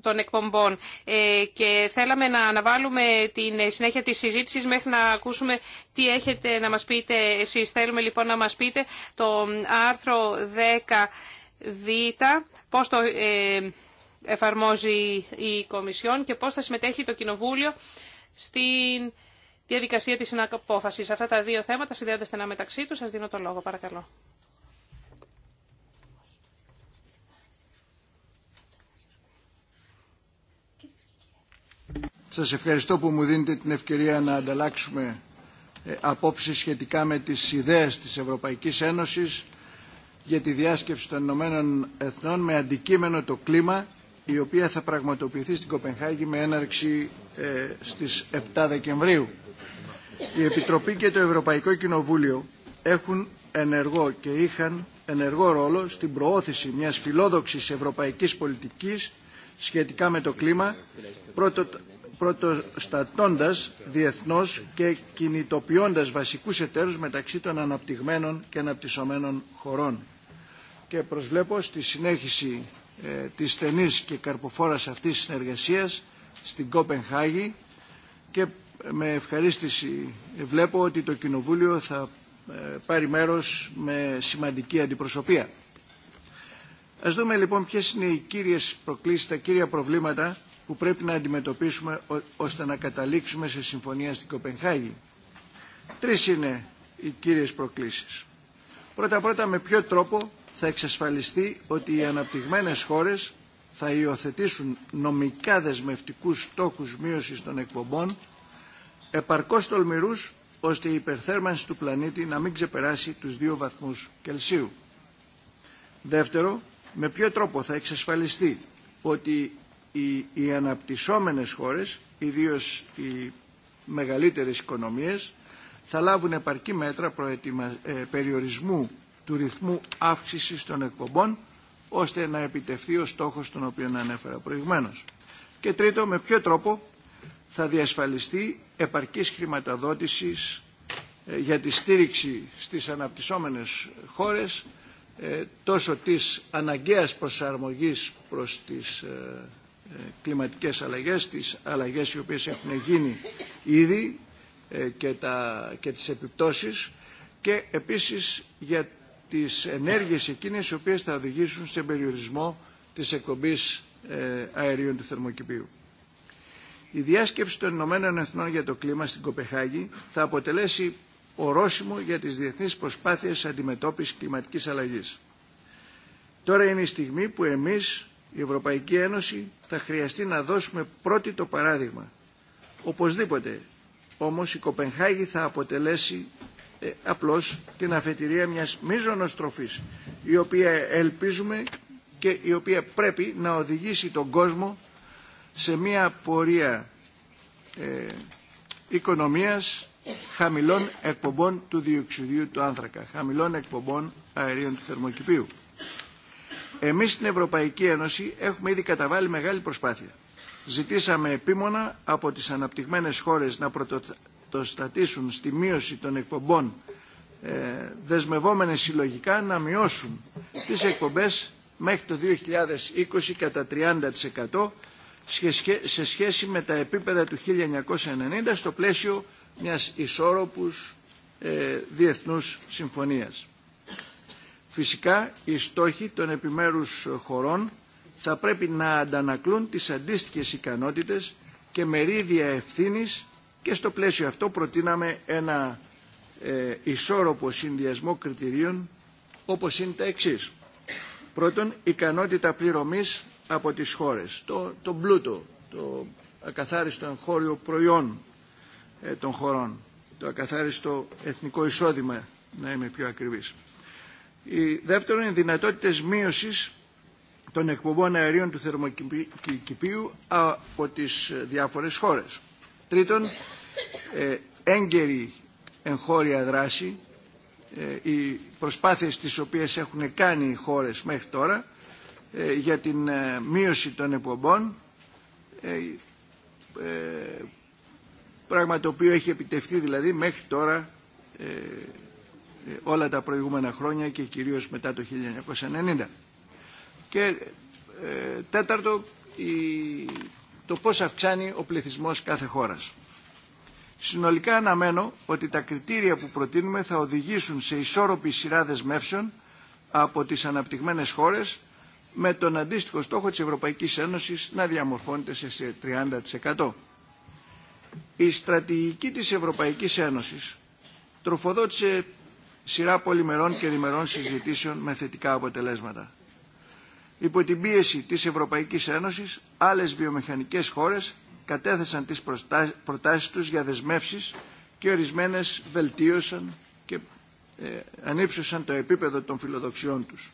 των εκπομπών ε, και θέλαμε να αναβάλουμε την συνέχεια της συζήτησης μέχρι να ακούσουμε τι έχετε να μας πείτε εσείς. Θέλουμε λοιπόν να μας πείτε το άρθρο 10β, πώς το ε, εφαρμόζει η Κομισιόν και πώς θα συμμετέχει το Κοινοβούλιο στην διαδικασία της συναπόφασης. Αυτά τα δύο θέματα συνδέονται στενά μεταξύ τους. Σας δίνω το λόγο, παρακαλώ. Σας ευχαριστώ που μου δίνετε την ευκαιρία να ανταλλάξουμε ε, απόψεις σχετικά με τις ιδέες της Ευρωπαϊκής Ένωσης για τη διάσκεψη των Ηνωμένων Εθνών με αντικείμενο το κλίμα η οποία θα πραγματοποιηθεί στην Κοπενχάγη με έναρξη ε, στις 7 Δεκεμβρίου. Η Επιτροπή και το Ευρωπαϊκό Κοινοβούλιο έχουν ενεργό και είχαν ενεργό ρόλο στην προώθηση μιας φιλόδοξης ευρωπαϊκής πολιτικής σχετικά με το κλίμα, πρωτοστατώντας διεθνώς και κινητοποιώντας βασικούς εταίρους μεταξύ των αναπτυγμένων και αναπτυσσομένων χωρών. Και προσβλέπω στη συνέχιση ε, της στενής και καρποφόρας αυτής της συνεργασίας στην Κόπενχάγη και με ευχαρίστηση βλέπω ότι το Κοινοβούλιο θα ε, πάρει μέρος με σημαντική αντιπροσωπεία. Ας δούμε λοιπόν ποιες είναι οι κύριες προκλήσεις, τα κύρια προβλήματα που πρέπει να αντιμετωπίσουμε ώστε να καταλήξουμε σε συμφωνία στην Κοπενχάγη. Τρεις είναι οι κύριες προκλήσεις. Πρώτα-πρώτα με ποιο τρόπο θα εξασφαλιστεί ότι οι αναπτυγμένες χώρες θα υιοθετήσουν νομικά δεσμευτικούς στόχους μείωσης των εκπομπών επαρκώς τολμηρούς ώστε η υπερθέρμανση του πλανήτη να μην ξεπεράσει τους δύο βαθμούς Κελσίου. Δεύτερο, με ποιο τρόπο θα εξασφαλιστεί ότι οι, οι αναπτυσσόμενες χώρες, ιδίως οι μεγαλύτερες οικονομίες, θα λάβουν επαρκή μέτρα προετοιμα... Ε, περιορισμού του ρυθμού αύξησης των εκπομπών, ώστε να επιτευχθεί ο στόχος τον οποίο ανέφερα προηγουμένως. Και τρίτο, με ποιο τρόπο θα διασφαλιστεί επαρκής χρηματοδότησης ε, για τη στήριξη στις αναπτυσσόμενες χώρες ε, τόσο της αναγκαίας προσαρμογής προς τις κλιματικές αλλαγές, τις αλλαγές οι οποίες έχουν γίνει ήδη ε, και, τα, και τις επιπτώσεις και επίσης για τις ενέργειες εκείνες οι οποίες θα οδηγήσουν σε περιορισμό της εκπομπής ε, αερίων του θερμοκηπίου. Η διάσκεψη των Ηνωμένων Εθνών για το κλίμα στην Κοπεχάγη θα αποτελέσει ορόσημο για τις διεθνείς προσπάθειες αντιμετώπισης κλιματικής αλλαγής. Τώρα είναι η στιγμή που εμείς η Ευρωπαϊκή Ένωση θα χρειαστεί να δώσουμε πρώτη το παράδειγμα. Οπωσδήποτε, όμως η Κοπενχάγη θα αποτελέσει ε, απλώς την αφετηρία μιας μίζωνος τροφής, η οποία ελπίζουμε και η οποία πρέπει να οδηγήσει τον κόσμο σε μια πορεία ε, οικονομίας χαμηλών εκπομπών του διοξιδίου του άνθρακα, χαμηλών εκπομπών αερίων του θερμοκηπίου. Εμείς στην Ευρωπαϊκή Ένωση έχουμε ήδη καταβάλει μεγάλη προσπάθεια. Ζητήσαμε επίμονα από τις αναπτυγμένες χώρες να πρωτοστατήσουν στη μείωση των εκπομπών ε, δεσμευόμενες συλλογικά να μειώσουν τις εκπομπές μέχρι το 2020 κατά 30% σε σχέση με τα επίπεδα του 1990 στο πλαίσιο μιας ισόρροπους ε, διεθνούς συμφωνίας. Φυσικά, οι στόχοι των επιμέρους χωρών θα πρέπει να αντανακλούν τις αντίστοιχες ικανότητες και μερίδια ευθύνης και στο πλαίσιο αυτό προτείναμε ένα ε, ισόρροπο συνδυασμό κριτηρίων όπως είναι τα εξής. Πρώτον, ικανότητα πληρωμής από τις χώρες, το, το πλούτο, το ακαθάριστο εγχώριο προϊόν ε, των χωρών, το ακαθάριστο εθνικό εισόδημα, να είμαι πιο ακριβής. Δεύτερον, οι δυνατότητες μείωσης των εκπομπών αερίων του θερμοκηπίου από τις διάφορες χώρες. Τρίτον, ε, έγκαιρη εγχώρια δράση, ε, οι προσπάθειες τις οποίες έχουν κάνει οι χώρες μέχρι τώρα ε, για την μείωση των εκπομπών, πράγμα το οποίο έχει επιτευχθεί δηλαδή μέχρι τώρα ε, όλα τα προηγούμενα χρόνια και κυρίως μετά το 1990. Και ε, τέταρτο, το πώς αυξάνει ο πληθυσμός κάθε χώρας. Συνολικά αναμένω ότι τα κριτήρια που προτείνουμε θα οδηγήσουν σε ισόρροπη σειρά δεσμεύσεων από τις αναπτυγμένες χώρες με τον αντίστοιχο στόχο της Ευρωπαϊκής Ένωσης να διαμορφώνεται σε 30%. Η στρατηγική της Ευρωπαϊκής Ένωσης τροφοδότησε σειρά πολυμερών και διμερών συζητήσεων με θετικά αποτελέσματα. Υπό την πίεση της Ευρωπαϊκής Ένωσης, άλλες βιομηχανικές χώρες κατέθεσαν τις προτάσεις τους για δεσμεύσεις και ορισμένες βελτίωσαν και ε, ανύψωσαν το επίπεδο των φιλοδοξιών τους.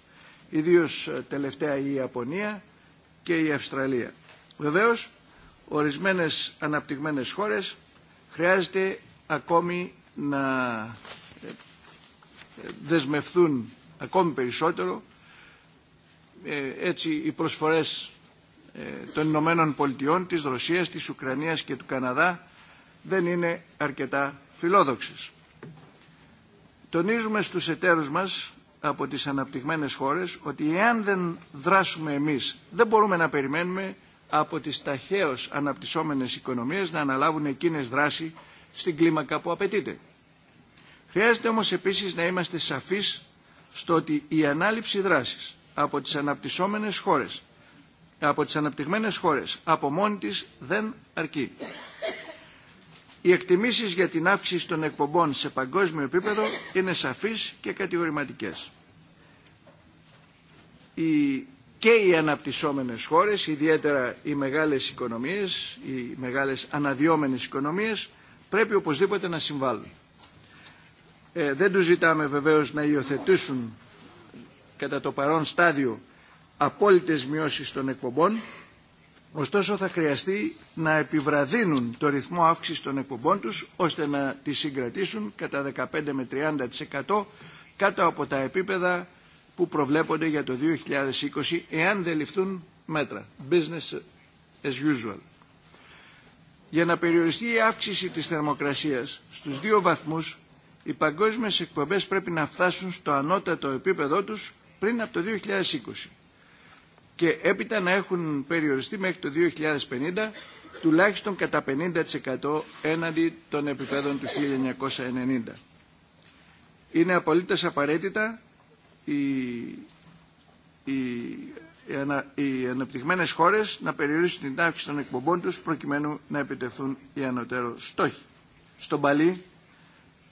Ιδίως ε, τελευταία η Ιαπωνία και η Αυστραλία. Βεβαίως, ορισμένες αναπτυγμένες χώρες χρειάζεται ακόμη να δεσμευθούν ακόμη περισσότερο ε, έτσι οι προσφορές ε, των Ηνωμένων Πολιτειών, της Ρωσίας, της Ουκρανίας και του Καναδά δεν είναι αρκετά φιλόδοξες. Τονίζουμε στους εταίρους μας από τις αναπτυγμένες χώρες ότι εάν δεν δράσουμε εμείς δεν μπορούμε να περιμένουμε από τις ταχαίως αναπτυσσόμενες οικονομίες να αναλάβουν εκείνες δράση στην κλίμακα που απαιτείται. Χρειάζεται όμως επίσης να είμαστε σαφείς στο ότι η ανάληψη δράσης από τις αναπτυσσόμενες χώρες, από τις αναπτυγμένες χώρες, από μόνη της δεν αρκεί. Οι εκτιμήσεις για την αύξηση των εκπομπών σε παγκόσμιο επίπεδο είναι σαφείς και κατηγορηματικές. και οι αναπτυσσόμενες χώρες, ιδιαίτερα οι μεγάλες οικονομίες, οι μεγάλες αναδυόμενες οικονομίες, πρέπει οπωσδήποτε να συμβάλλουν. Ε, δεν τους ζητάμε βεβαίως να υιοθετήσουν κατά το παρόν στάδιο απόλυτες μειώσεις των εκπομπών, ωστόσο θα χρειαστεί να επιβραδύνουν το ρυθμό αύξησης των εκπομπών τους, ώστε να τις συγκρατήσουν κατά 15 με 30% κάτω από τα επίπεδα που προβλέπονται για το 2020, εάν δεν ληφθούν μέτρα. Business as usual. Για να περιοριστεί η αύξηση της θερμοκρασίας στους δύο βαθμούς οι παγκόσμιες εκπομπές πρέπει να φτάσουν στο ανώτατο επίπεδό τους πριν από το 2020 και έπειτα να έχουν περιοριστεί μέχρι το 2050 τουλάχιστον κατά 50% έναντι των επιπέδων του 1990. Είναι απολύτως απαραίτητα οι, οι, οι, αναπτυγμένες χώρες να περιορίσουν την αύξηση των εκπομπών τους προκειμένου να επιτευχθούν οι ανωτέρω στόχοι. Στον Παλί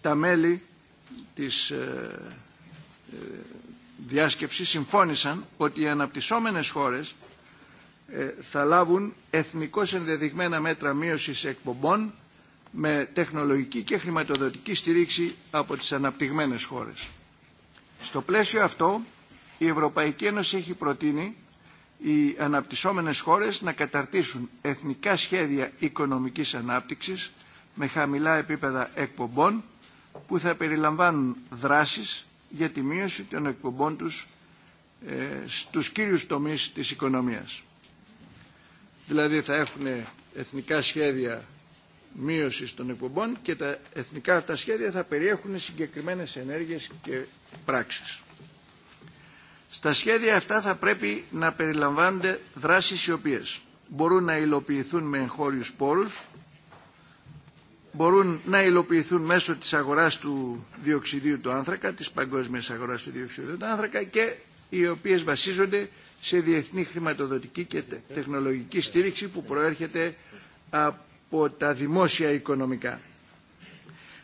τα μέλη της ε, ε, διάσκεψης συμφώνησαν ότι οι αναπτυσσόμενες χώρες ε, θα λάβουν εθνικώς ενδεδειγμένα μέτρα μείωσης εκπομπών με τεχνολογική και χρηματοδοτική στηρίξη από τις αναπτυγμένες χώρες. Στο πλαίσιο αυτό, η Ευρωπαϊκή Ένωση έχει προτείνει οι αναπτυσσόμενες χώρες να καταρτήσουν εθνικά σχέδια οικονομικής ανάπτυξης με χαμηλά επίπεδα εκπομπών που θα περιλαμβάνουν δράσεις για τη μείωση των εκπομπών τους ε, στους κύριους τομείς της οικονομίας. Δηλαδή θα έχουν εθνικά σχέδια μείωσης των εκπομπών και τα εθνικά αυτά σχέδια θα περιέχουν συγκεκριμένες ενέργειες και πράξεις. Στα σχέδια αυτά θα πρέπει να περιλαμβάνονται δράσεις οι οποίες μπορούν να υλοποιηθούν με εγχώριους πόρους μπορούν να υλοποιηθούν μέσω της αγοράς του διοξιδίου του άνθρακα, της παγκόσμιας αγοράς του διοξιδίου του άνθρακα και οι οποίες βασίζονται σε διεθνή χρηματοδοτική και τεχνολογική στήριξη που προέρχεται από τα δημόσια οικονομικά.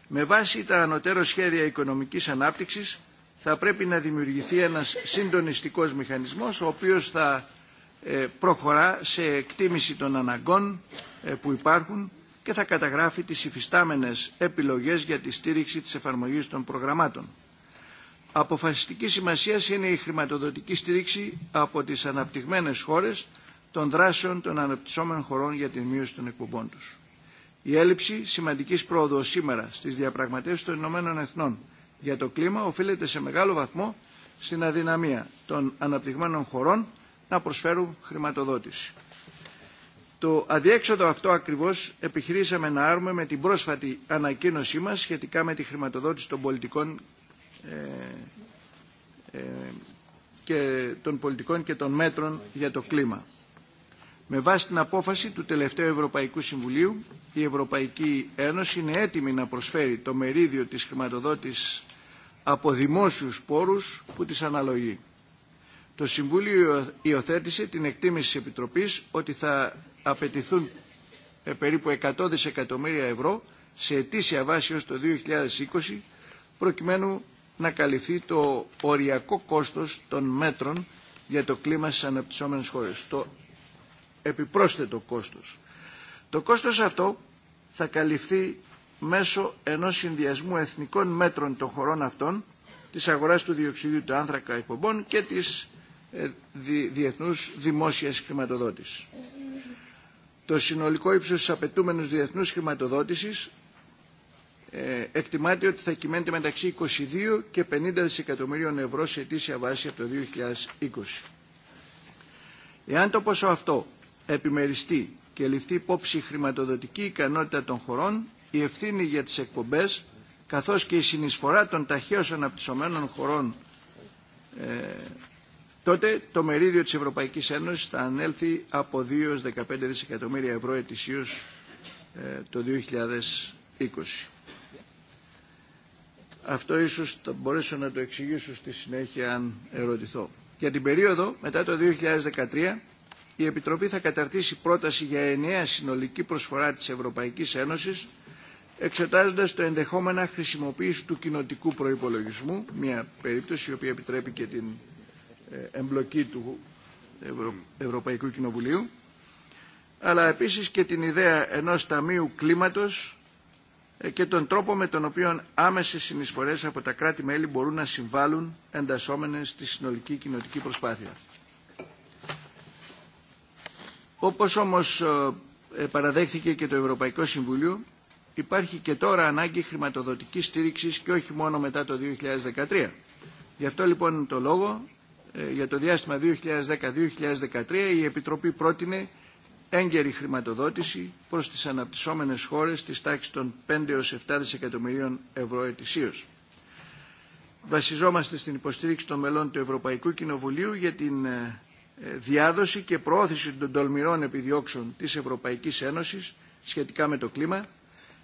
Με βάση τα ανωτέρω σχέδια οικονομικής ανάπτυξης θα πρέπει να δημιουργηθεί ένας συντονιστικός μηχανισμός ο οποίος θα ε, προχωρά σε εκτίμηση των αναγκών ε, που υπάρχουν και θα καταγράφει τις υφιστάμενες επιλογές για τη στήριξη της εφαρμογής των προγραμμάτων. Αποφασιστική σημασία είναι η χρηματοδοτική στήριξη από τις αναπτυγμένες χώρες των δράσεων των αναπτυσσόμενων χωρών για τη μείωση των εκπομπών τους. Η έλλειψη σημαντικής πρόοδος σήμερα στις διαπραγματεύσεις των Ηνωμένων Εθνών για το κλίμα οφείλεται σε μεγάλο βαθμό στην αδυναμία των αναπτυγμένων χωρών να προσφέρουν χρηματοδότηση. Το αδιέξοδο αυτό ακριβώς επιχειρήσαμε να άρουμε με την πρόσφατη ανακοίνωσή μας σχετικά με τη χρηματοδότηση των πολιτικών ε, ε, και των πολιτικών και των μέτρων για το κλίμα. Με βάση την απόφαση του τελευταίου Ευρωπαϊκού Συμβουλίου, η Ευρωπαϊκή Ένωση είναι έτοιμη να προσφέρει το μερίδιο της χρηματοδότησης από δημόσιους πόρους που της αναλογεί. Το Συμβούλιο υιοθέτησε την εκτίμηση της Επιτροπής ότι θα απαιτηθούν ε, περίπου 100 δισεκατομμύρια ευρώ σε ετήσια βάση ως το 2020 προκειμένου να καλυφθεί το οριακό κόστος των μέτρων για το κλίμα στις αναπτυσσόμενες χώρες, το επιπρόσθετο κόστος. Το κόστος αυτό θα καλυφθεί μέσω ενός συνδυασμού εθνικών μέτρων των χωρών αυτών, της αγοράς του διοξιδίου του άνθρακα εκπομπών και της ε, διεθνούς δημόσιας χρηματοδότησης. Το συνολικό ύψος της απαιτούμενης διεθνούς χρηματοδότησης ε, εκτιμάται ότι θα κυμαίνεται μεταξύ 22 και 50 δισεκατομμυρίων ευρώ σε αιτήσια βάση από το 2020. Εάν το ποσό αυτό επιμεριστεί και ληφθεί υπόψη η χρηματοδοτική ικανότητα των χωρών, η ευθύνη για τις εκπομπές, καθώς και η συνεισφορά των ταχαίως αναπτυσσομένων χωρών ε, τότε το μερίδιο της Ευρωπαϊκής Ένωσης θα ανέλθει από 2 15 δισεκατομμύρια ευρώ ετησίως ε, το 2020. Αυτό ίσως θα μπορέσω να το εξηγήσω στη συνέχεια αν ερωτηθώ. Για την περίοδο μετά το 2013 η Επιτροπή θα καταρτήσει πρόταση για ενιαία συνολική προσφορά της Ευρωπαϊκής Ένωσης εξετάζοντας το ενδεχόμενα χρησιμοποίηση του κοινοτικού προϋπολογισμού, μια περίπτωση η οποία επιτρέπει και την ε, εμπλοκή του Ευρωπαϊκού Κοινοβουλίου αλλά επίσης και την ιδέα ενός ταμείου κλίματος ε, και τον τρόπο με τον οποίο άμεσες συνεισφορές από τα κράτη-μέλη μπορούν να συμβάλλουν εντασσόμενες στη συνολική κοινωτική προσπάθεια. Όπως όμως ε, παραδέχθηκε και το Ευρωπαϊκό Συμβουλίο, υπάρχει και τώρα ανάγκη χρηματοδοτικής στήριξης και όχι μόνο μετά το 2013. Γι' αυτό λοιπόν το λόγο ε, για το διάστημα 2010-2013 η Επιτροπή πρότεινε έγκαιρη χρηματοδότηση προς τις αναπτυσσόμενες χώρες της τάξης των 5 7 δισεκατομμυρίων ευρώ ετησίως. Βασιζόμαστε στην υποστήριξη των μελών του Ευρωπαϊκού Κοινοβουλίου για την ε, ε, διάδοση και προώθηση των τολμηρών επιδιώξεων της Ευρωπαϊκής Ένωσης σχετικά με το κλίμα,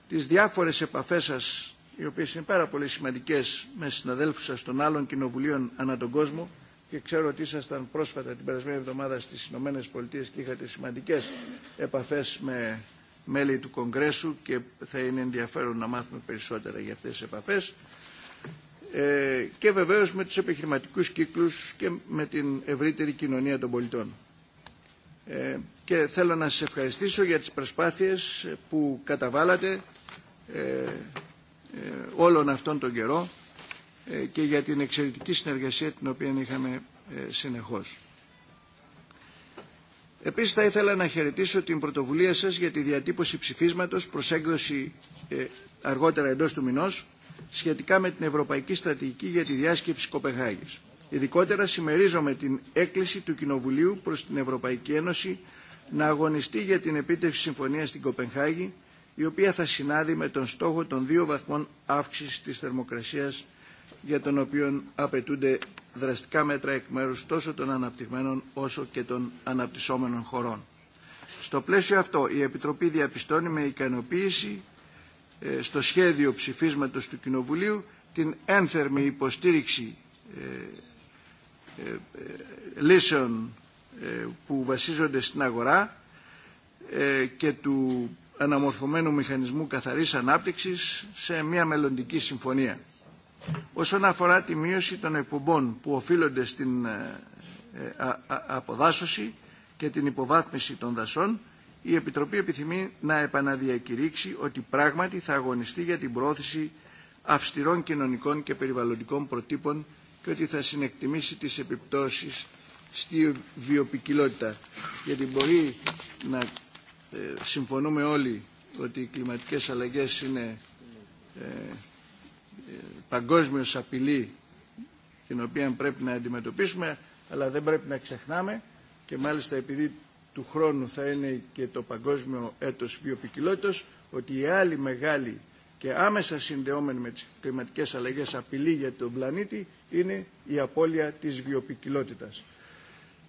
τις διάφορες επαφές σας, οι οποίες είναι πάρα πολύ σημαντικές με συναδέλφους σας των άλλων κοινοβουλίων ανά τον κόσμο, και ξέρω ότι ήσασταν πρόσφατα την περασμένη εβδομάδα στις Ηνωμένε Πολιτείε και είχατε σημαντικές επαφές με μέλη του Κογκρέσου και θα είναι ενδιαφέρον να μάθουμε περισσότερα για αυτές τις επαφές ε, και βεβαίως με τους επιχειρηματικούς κύκλους και με την ευρύτερη κοινωνία των πολιτών. Ε, και θέλω να σας ευχαριστήσω για τις προσπάθειες που καταβάλατε ε, ε όλον αυτόν τον καιρό ε, και για την εξαιρετική συνεργασία την οποία είχαμε ε, συνεχώς. Επίσης θα ήθελα να χαιρετήσω την πρωτοβουλία σας για τη διατύπωση ψηφίσματος προς έκδοση ε, αργότερα εντός του μηνός σχετικά με την Ευρωπαϊκή Στρατηγική για τη Διάσκεψη Κοπεχάγης. Ειδικότερα συμμερίζομαι την έκκληση του Κοινοβουλίου προς την Ευρωπαϊκή Ένωση να αγωνιστεί για την επίτευξη συμφωνίας στην Κοπενχάγη, η οποία θα συνάδει με τον στόχο των δύο βαθμών αύξησης της θερμοκρασίας για τον οποίο απαιτούνται δραστικά μέτρα εκ μέρους τόσο των αναπτυγμένων όσο και των αναπτυσσόμενων χωρών. Στο πλαίσιο αυτό η Επιτροπή διαπιστώνει με ικανοποίηση ε, στο σχέδιο ψηφίσματος του Κοινοβουλίου την ένθερμη υποστήριξη ε, ε, λύσεων που βασίζονται στην αγορά και του αναμορφωμένου μηχανισμού καθαρής ανάπτυξης σε μια μελλοντική συμφωνία όσον αφορά τη μείωση των εκπομπών που οφείλονται στην ε, ε, αποδάσωση και την υποβάθμιση των δασών, η Επιτροπή επιθυμεί να επαναδιακηρύξει ότι πράγματι θα αγωνιστεί για την πρόθεση αυστηρών κοινωνικών και περιβαλλοντικών προτύπων και ότι θα συνεκτιμήσει τις επιπτώσεις στη βιοπικιλότητα. Γιατί μπορεί να ε, συμφωνούμε όλοι ότι οι κλιματικές αλλαγές είναι παγκόσμιο απειλή την οποία πρέπει να αντιμετωπίσουμε αλλά δεν πρέπει να ξεχνάμε και μάλιστα επειδή του χρόνου θα είναι και το παγκόσμιο έτος βιοπικιλότητας, ότι η άλλη μεγάλη και άμεσα συνδεόμενη με τις κλιματικές αλλαγές απειλή για τον πλανήτη είναι η απώλεια της βιοπικιλότητας.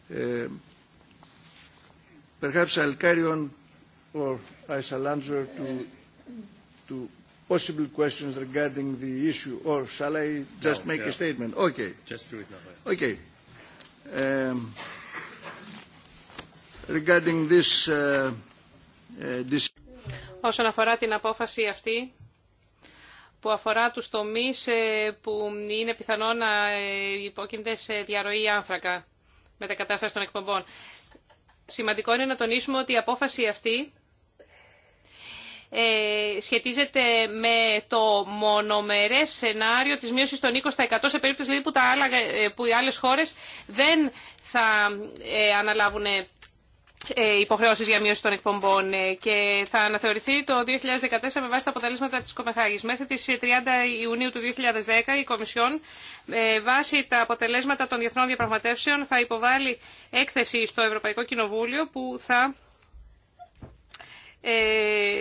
Ε, perhaps I'll carry on possible questions regarding the issue, or shall I just make a statement? Okay. Just do it now. Okay. Um, regarding uh, uh, this, Όσον αφορά την απόφαση αυτή που αφορά τους τομείς ε, που είναι πιθανό να ε, υπόκεινται σε διαρροή άνθρακα κατάσταση των εκπομπών. Σημαντικό είναι να τονίσουμε ότι η απόφαση αυτή ε, σχετίζεται με το μονομερές σενάριο της μείωσης των 20% σε περίπτωση ε, που, οι άλλες χώρες δεν θα ε, αναλάβουν υποχρεώσεις για μείωση των εκπομπών και θα αναθεωρηθεί το 2014 με βάση τα αποτελέσματα της Κοπεχάγης. Μέχρι τις 30 Ιουνίου του 2010 η Κομισιόν βάσει τα αποτελέσματα των διεθνών διαπραγματεύσεων θα υποβάλει έκθεση στο Ευρωπαϊκό Κοινοβούλιο που θα ε,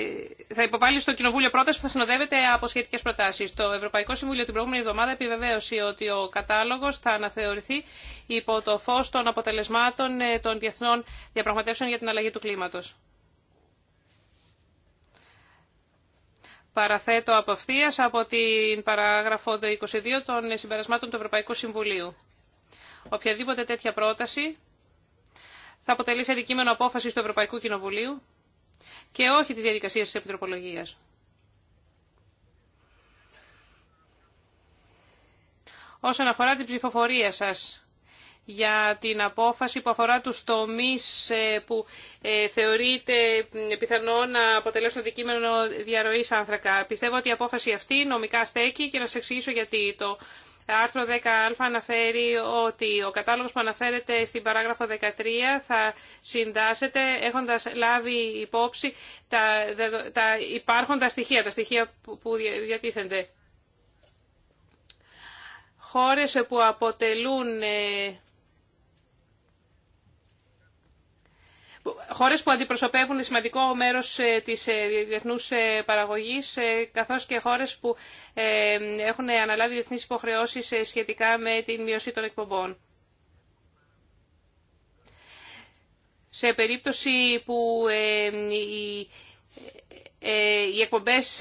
θα υποβάλει στο Κοινοβούλιο πρόταση που θα συνοδεύεται από σχετικέ προτάσει. Το Ευρωπαϊκό Συμβούλιο την προηγούμενη εβδομάδα επιβεβαίωσε ότι ο κατάλογο θα αναθεωρηθεί υπό το φω των αποτελεσμάτων ε, των διεθνών διαπραγματεύσεων για την αλλαγή του κλίματο. Παραθέτω απευθεία από την παράγραφο 22 των συμπερασμάτων του Ευρωπαϊκού Συμβουλίου. Οποιαδήποτε τέτοια πρόταση θα αποτελεί σε αντικείμενο απόφαση του Ευρωπαϊκού Κοινοβουλίου και όχι της διαδικασίας της επιτροπολογίας. Όσον αφορά την ψηφοφορία σας για την απόφαση που αφορά τους τομείς ε, που ε, θεωρείται πιθανό να αποτελέσουν αντικείμενο διαρροής άνθρακα. Πιστεύω ότι η απόφαση αυτή νομικά στέκει και να σας εξηγήσω γιατί το άρθρο 10α αναφέρει ότι ο κατάλογος που αναφέρεται στην παράγραφο 13 θα συντάσσεται έχοντας λάβει υπόψη τα, τα υπάρχοντα στοιχεία, τα στοιχεία που διατίθενται. Χώρες που αποτελούν ε, χώρες που αντιπροσωπεύουν σημαντικό μέρος ε, της ε, διεθνούς ε, παραγωγής, καθώς και χώρες που έχουν αναλάβει διεθνείς υποχρεώσεις σχετικά με την μειωσή των εκπομπών. Σε περίπτωση που οι εκπομπές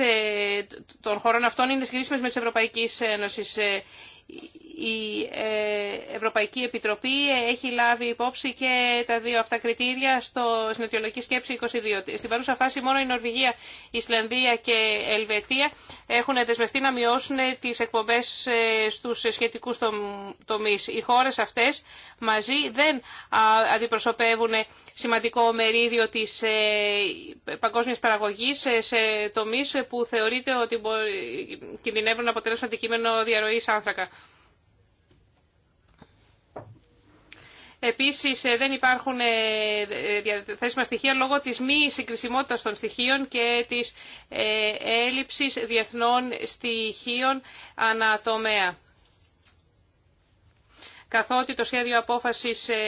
των χωρών αυτών είναι συγκρίσιμες με τις Ευρωπαϊκή Ένωσης, η ε, Ευρωπαϊκή Επιτροπή έχει λάβει υπόψη και τα δύο αυτά κριτήρια στο, στην αιτιολογική σκέψη 22. Στην παρούσα φάση μόνο η Νορβηγία, η Ισλανδία και η Ελβετία έχουν δεσμευτεί να μειώσουν τις εκπομπές ε, στους σχετικούς τομείς. Οι χώρες αυτές μαζί δεν αντιπροσωπεύουν σημαντικό μερίδιο της ε, παγκόσμιας παραγωγής σε τομείς που θεωρείται ότι κινδυνεύουν να αποτελέσουν αντικείμενο διαρροής άνθρακα. Επίσης ε, δεν υπάρχουν ε, ε, διαθέσιμα στοιχεία λόγω της μη συγκρισιμότητα των στοιχείων και της έλλειψη διεθνών στοιχείων ανατομέα καθότι το σχέδιο απόφασης ε,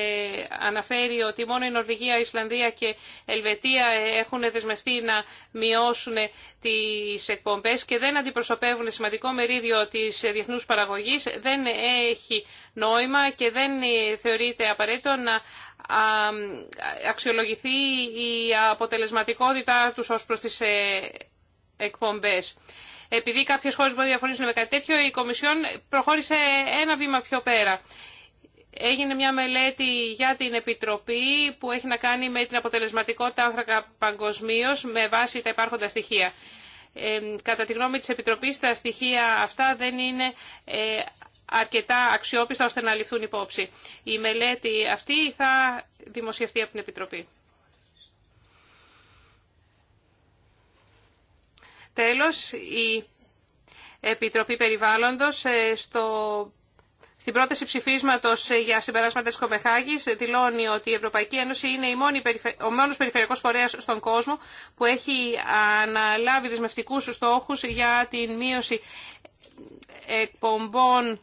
αναφέρει ότι μόνο η Νορβηγία, η Ισλανδία και Ελβετία ε, έχουν δεσμευτεί να μειώσουν τις εκπομπές και δεν αντιπροσωπεύουν σημαντικό μερίδιο της διεθνούς παραγωγής, δεν έχει νόημα και δεν ε, θεωρείται απαραίτητο να αξιολογηθεί η αποτελεσματικότητά τους ως προς τις εκπομπές. Επειδή κάποιες χώρες μπορεί να διαφωνήσουν με κάτι τέτοιο, η Κομισιόν προχώρησε ένα βήμα πιο πέρα. Έγινε μια μελέτη για την Επιτροπή που έχει να κάνει με την αποτελεσματικότητα άνθρακα παγκοσμίω με βάση τα υπάρχοντα στοιχεία. Ε, κατά τη γνώμη της Επιτροπής τα στοιχεία αυτά δεν είναι ε, αρκετά αξιόπιστα ώστε να ληφθούν υπόψη. Η μελέτη αυτή θα δημοσιευτεί από την Επιτροπή. Τέλος, η Επιτροπή Περιβάλλοντος ε, στο στην πρόταση ψηφίσματο για συμπεράσματα τη Κοπεχάγη δηλώνει ότι η Ευρωπαϊκή Ένωση είναι η μόνη, ο μόνο περιφερειακό φορέα στον κόσμο που έχει αναλάβει δεσμευτικού στόχου για την μείωση εκπομπών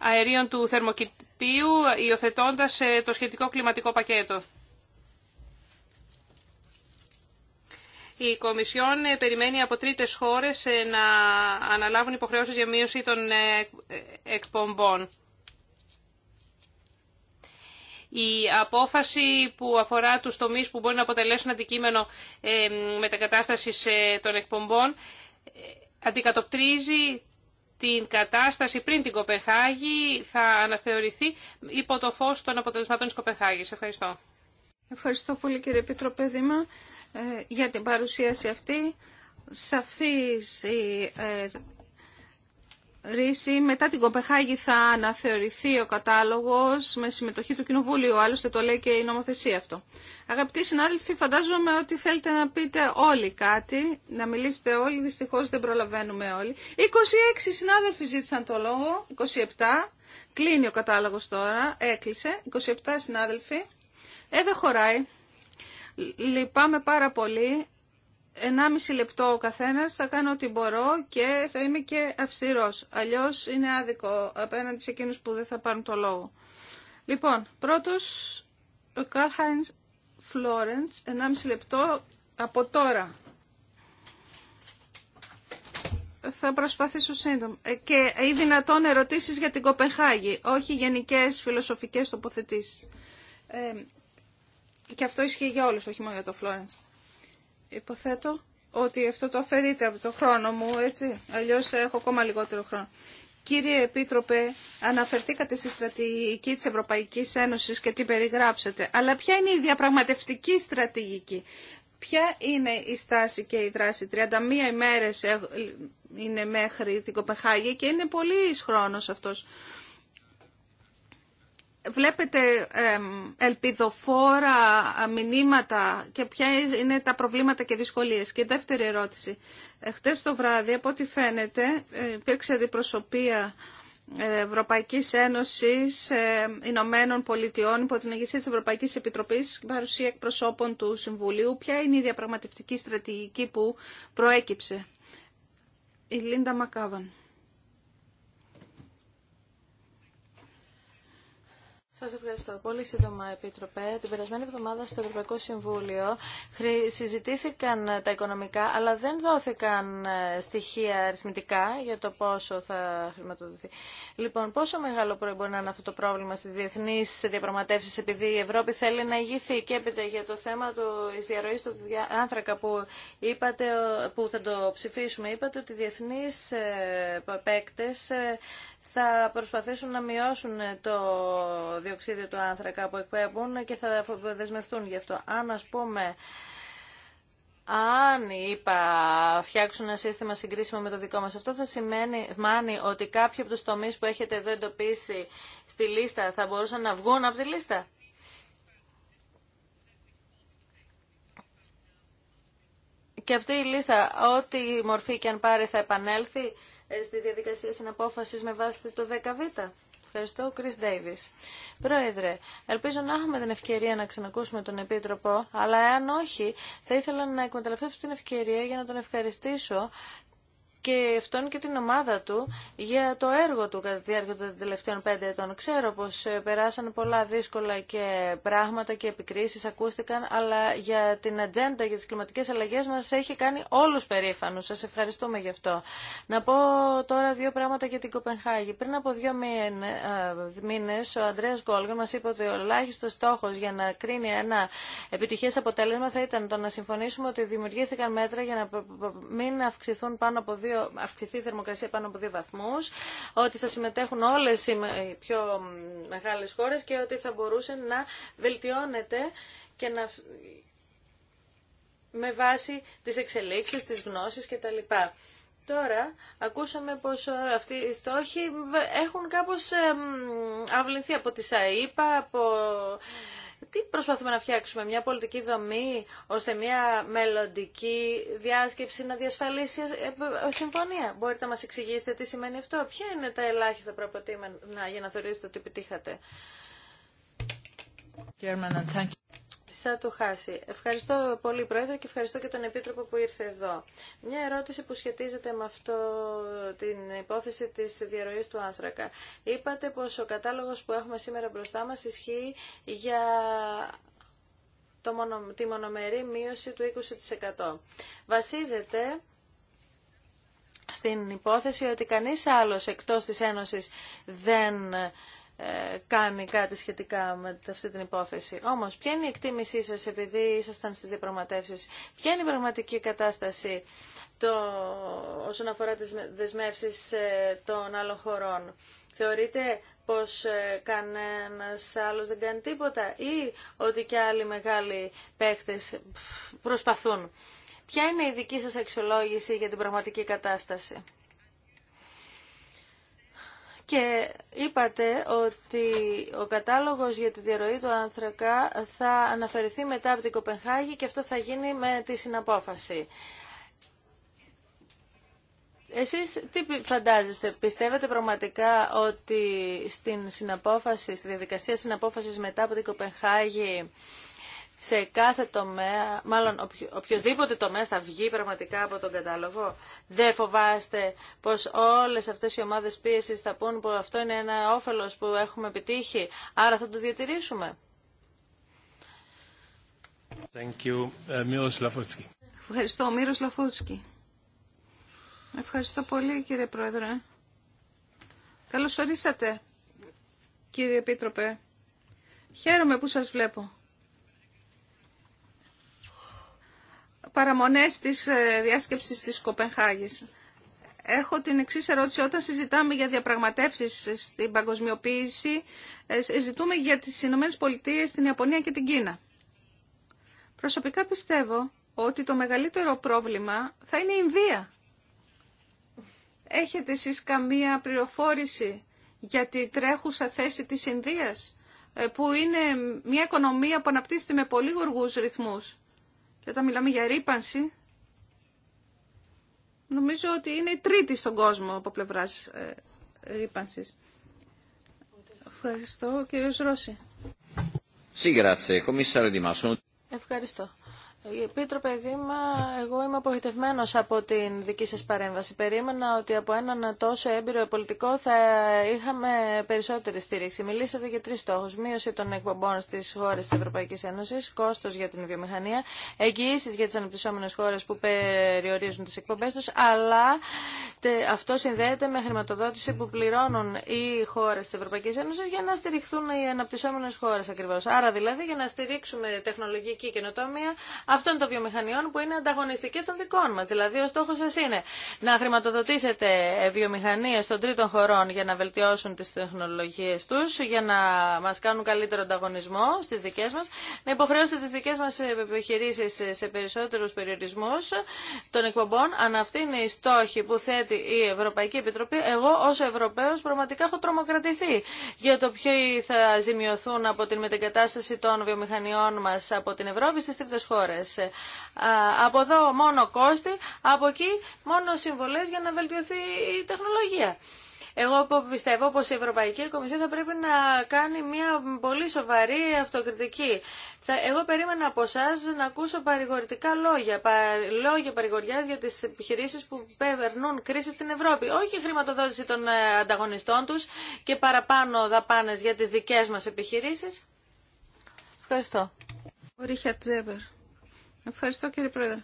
αερίων του θερμοκηπίου, υιοθετώντα ε, το σχετικό κλιματικό πακέτο. η Κομισιόν ε, περιμένει από τρίτες χώρες ε, να αναλάβουν υποχρεώσεις για μείωση των ε, εκπομπών. Η απόφαση που αφορά τους τομείς που μπορεί να αποτελέσουν αντικείμενο μετακατάστασης των εκπομπών αντικατοπτρίζει την κατάσταση πριν την Κοπεχάγη θα αναθεωρηθεί υπό το φως των αποτελεσμάτων της Κοπεχάγης. Ευχαριστώ. Ευχαριστώ πολύ κύριε Επίτροπε ε, για την παρουσίαση αυτή. Σαφής η ε, ρίση. Μετά την Κοπεχάγη θα αναθεωρηθεί ο κατάλογος με συμμετοχή του Κοινοβουλίου. Άλλωστε το λέει και η νομοθεσία αυτό. Αγαπητοί συνάδελφοι, φαντάζομαι ότι θέλετε να πείτε όλοι κάτι, να μιλήσετε όλοι. Δυστυχώς δεν προλαβαίνουμε όλοι. 26 συνάδελφοι ζήτησαν το λόγο, 27. Κλείνει ο κατάλογος τώρα, έκλεισε. 27 συνάδελφοι. Ε, δεν χωράει. Λυπάμαι πάρα πολύ. 1,5 λεπτό ο καθένας, θα κάνω ό,τι μπορώ και θα είμαι και αυστηρός. Αλλιώς είναι άδικο απέναντι σε εκείνους που δεν θα πάρουν το λόγο. Λοιπόν, πρώτος ο Καρχάινς Φλόρεντς, 1,5 λεπτό από τώρα. Θα προσπαθήσω σύντομα. Ε, και ή δυνατόν ερωτήσεις για την Κοπεχάγη όχι γενικές φιλοσοφικές τοποθετήσεις. Ε, και αυτό ισχύει για όλους, όχι μόνο για το Florence. Υποθέτω ότι αυτό το αφαιρείται από το χρόνο μου, έτσι. Αλλιώς έχω ακόμα λιγότερο χρόνο. Κύριε Επίτροπε, αναφερθήκατε στη στρατηγική της Ευρωπαϊκής Ένωσης και την περιγράψατε. Αλλά ποια είναι η διαπραγματευτική στρατηγική. Ποια είναι η στάση και η δράση. 31 ημέρες ε, είναι μέχρι την Κοπεχάγη και είναι πολύ χρόνος αυτός βλέπετε ελπιδοφόρα μηνύματα και ποια είναι τα προβλήματα και δυσκολίες. Και δεύτερη ερώτηση. Ε, χτες το βράδυ, από ό,τι φαίνεται, ε, υπήρξε αντιπροσωπεία ε, Ευρωπαϊκής Ένωσης Ηνωμένων Πολιτειών υπό την αιγησία της Ευρωπαϊκής Επιτροπής παρουσία εκπροσώπων του Συμβουλίου. Ποια είναι η διαπραγματευτική στρατηγική που προέκυψε. Η Λίντα Μακάβαν. Σα ευχαριστώ πολύ σύντομα, Επίτροπε. Την περασμένη εβδομάδα στο Ευρωπαϊκό Συμβούλιο συζητήθηκαν τα οικονομικά, αλλά δεν δόθηκαν ε, στοιχεία αριθμητικά για το πόσο θα χρηματοδοθεί. Λοιπόν, πόσο μεγάλο μπορεί να είναι αυτό το πρόβλημα στι διεθνεί διαπραγματεύσει επειδή η Ευρώπη θέλει να ηγηθεί και έπειτα για το θέμα τη διαρροή του άνθρακα που, είπατε, που θα το ψηφίσουμε. Είπατε ότι οι διεθνεί ε, θα προσπαθήσουν να μειώσουν το διοξίδιο του άνθρακα που εκπέμπουν και θα δεσμευτούν γι' αυτό. Αν ας πούμε αν είπα φτιάξουν ένα σύστημα συγκρίσιμο με το δικό μας, αυτό θα σημαίνει μάνι, ότι κάποιοι από τους τομείς που έχετε εδώ εντοπίσει στη λίστα θα μπορούσαν να βγουν από τη λίστα. Και αυτή η λίστα, ό,τι μορφή και αν πάρει θα επανέλθει ε, στη διαδικασία συναπόφασης με βάση το 10β. Ευχαριστώ, Chris Davis. Πρόεδρε, ελπίζω να έχουμε την ευκαιρία να ξανακούσουμε τον Επίτροπο, αλλά εάν όχι, θα ήθελα να εκμεταλλευτώ την ευκαιρία για να τον ευχαριστήσω και αυτόν και την ομάδα του για το έργο του κατά τη διάρκεια των τελευταίων πέντε ετών. Ξέρω πως ε, περάσαν πολλά δύσκολα και πράγματα και επικρίσεις ακούστηκαν, αλλά για την ατζέντα για τις κλιματικές αλλαγές μας έχει κάνει όλους περήφανους. Σας ευχαριστούμε γι' αυτό. Να πω τώρα δύο πράγματα για την Κοπενχάγη. Πριν από δύο ε, μήνες ο Αντρέα Γκόλγαν μας είπε ότι ο ελάχιστο στόχος για να κρίνει ένα επιτυχές αποτέλεσμα θα ήταν το να συμφωνήσουμε ότι δημιουργήθηκαν μέτρα για να μην αυξηθούν πάνω από δύο αυξηθεί η θερμοκρασία πάνω από δύο βαθμού, ότι θα συμμετέχουν όλες οι πιο μεγάλες χώρε και ότι θα μπορούσε να βελτιώνεται και να με βάση τις εξελίξεις, τις γνώσεις κτλ. Τώρα ακούσαμε πως ε, αυτοί οι στόχοι έχουν κάπως αυληθεί από τη ΑΕΠΑ, από τι προσπαθούμε να φτιάξουμε, μια πολιτική δομή, ώστε μια μελλοντική διάσκεψη να διασφαλίσει ε, ε, ε, συμφωνία. Μπορείτε να μας εξηγήσετε τι σημαίνει αυτό, ποια είναι τα ελάχιστα προποτήματα για να θεωρήσετε ότι επιτύχατε θα το χάσει. Ευχαριστώ πολύ Πρόεδρε και ευχαριστώ και τον Επίτροπο που ήρθε εδώ. Μια ερώτηση που σχετίζεται με αυτό την υπόθεση της διαρροή του άνθρακα. Είπατε πως ο κατάλογος που έχουμε σήμερα μπροστά μα ισχύει για το μονο, τη μονομερή μείωση του 20%. Βασίζεται στην υπόθεση ότι κανείς άλλος εκτός της Ένωσης δεν ε, κάνει κάτι σχετικά με αυτή την υπόθεση. Όμως, ποια είναι η εκτίμησή σα επειδή ήσασταν στι διαπραγματεύσει, ποια είναι η πραγματική κατάσταση το, όσον αφορά τις δεσμεύσεις ε, των άλλων χωρών. Θεωρείτε πως ε, κανένας άλλος δεν κάνει τίποτα ή ότι και άλλοι μεγάλοι παίχτες προσπαθούν. Ποια είναι η δική σας αξιολόγηση για την πραγματική κατάσταση και είπατε ότι ο κατάλογος για τη διαρροή του άνθρακα θα αναφερθεί μετά από την Κοπενχάγη και αυτό θα γίνει με τη συναπόφαση. Εσείς τι φαντάζεστε, πιστεύετε πραγματικά ότι στην συναπόφαση, στη διαδικασία συναπόφασης μετά από την Κοπενχάγη σε κάθε τομέα, μάλλον οποιοδήποτε τομέα θα βγει πραγματικά από τον κατάλογο. Δεν φοβάστε πως όλες αυτές οι ομάδες πίεσης θα πούν που αυτό είναι ένα όφελος που έχουμε επιτύχει, άρα θα το διατηρήσουμε. Thank you. Ε, Ευχαριστώ, Μύρος Λαφούτσκι. Ευχαριστώ πολύ, κύριε Πρόεδρε. Καλώς ορίσατε, κύριε Επίτροπε. Χαίρομαι που σας βλέπω. παραμονές της ε, διάσκεψης της Κοπενχάγης. Έχω την εξή ερώτηση. Όταν συζητάμε για διαπραγματεύσεις στην παγκοσμιοποίηση, ε, ζητούμε για τις Ηνωμένες Πολιτείες, την Ιαπωνία και την Κίνα. Προσωπικά πιστεύω ότι το μεγαλύτερο πρόβλημα θα είναι η Ινδία. Έχετε εσείς καμία πληροφόρηση για τη τρέχουσα θέση της Ινδίας, ε, που είναι μια οικονομία που αναπτύσσεται με πολύ γοργούς ρυθμούς. Και όταν μιλάμε για ρήπανση, νομίζω ότι είναι η τρίτη στον κόσμο από πλευρά ε, ρήπανση. Ευχαριστώ, κύριο Ρώση. Ευχαριστώ. Ε, Επίτροπε Δήμα, εγώ είμαι απογοητευμένο από την δική σα παρέμβαση. Περίμενα ότι από έναν τόσο έμπειρο πολιτικό θα είχαμε περισσότερη στήριξη. Μιλήσατε για τρει στόχου. Μείωση των εκπομπών στι χώρε τη Ευρωπαϊκή Ένωση, κόστο για την βιομηχανία, εγγυήσει για τι αναπτυσσόμενες χώρε που περιορίζουν τι εκπομπέ του, αλλά αυτό συνδέεται με χρηματοδότηση που πληρώνουν οι χώρε τη Ευρωπαϊκή Ένωση για να στηριχθούν οι αναπτυσσόμενε χώρε ακριβώ. Άρα δηλαδή για να στηρίξουμε τεχνολογική καινοτομία, αυτών των βιομηχανιών που είναι ανταγωνιστικέ των δικών μα. Δηλαδή, ο στόχο σα είναι να χρηματοδοτήσετε ε, βιομηχανίε των τρίτων χωρών για να βελτιώσουν τι τεχνολογίε του, για να μα κάνουν καλύτερο ανταγωνισμό στι δικέ μα, να υποχρεώσετε τι δικέ μα ε, επιχειρήσει σε περισσότερου περιορισμού των εκπομπών. Αν αυτή είναι η στόχη που θέτει η Ευρωπαϊκή Επιτροπή, εγώ ω Ευρωπαίο πραγματικά έχω τρομοκρατηθεί για το ποιοι θα ζημιωθούν από την μετεγκατάσταση των βιομηχανιών μα από την Ευρώπη στι τρίτε χώρε. Ε, από εδώ μόνο κόστη, από εκεί μόνο συμβολές για να βελτιωθεί η τεχνολογία. Εγώ πιστεύω πως η Ευρωπαϊκή Κομισιόν θα πρέπει να κάνει μια πολύ σοβαρή αυτοκριτική. εγώ περίμενα από εσά να ακούσω παρηγορητικά λόγια, λόγια παρηγοριάς για τις επιχειρήσεις που περνούν κρίση στην Ευρώπη. Όχι χρηματοδότηση των ε, ανταγωνιστών τους και παραπάνω δαπάνες για τις δικές μας επιχειρήσεις. Ευχαριστώ. Ρίχα Ευχαριστώ κύριε Πρόεδρε.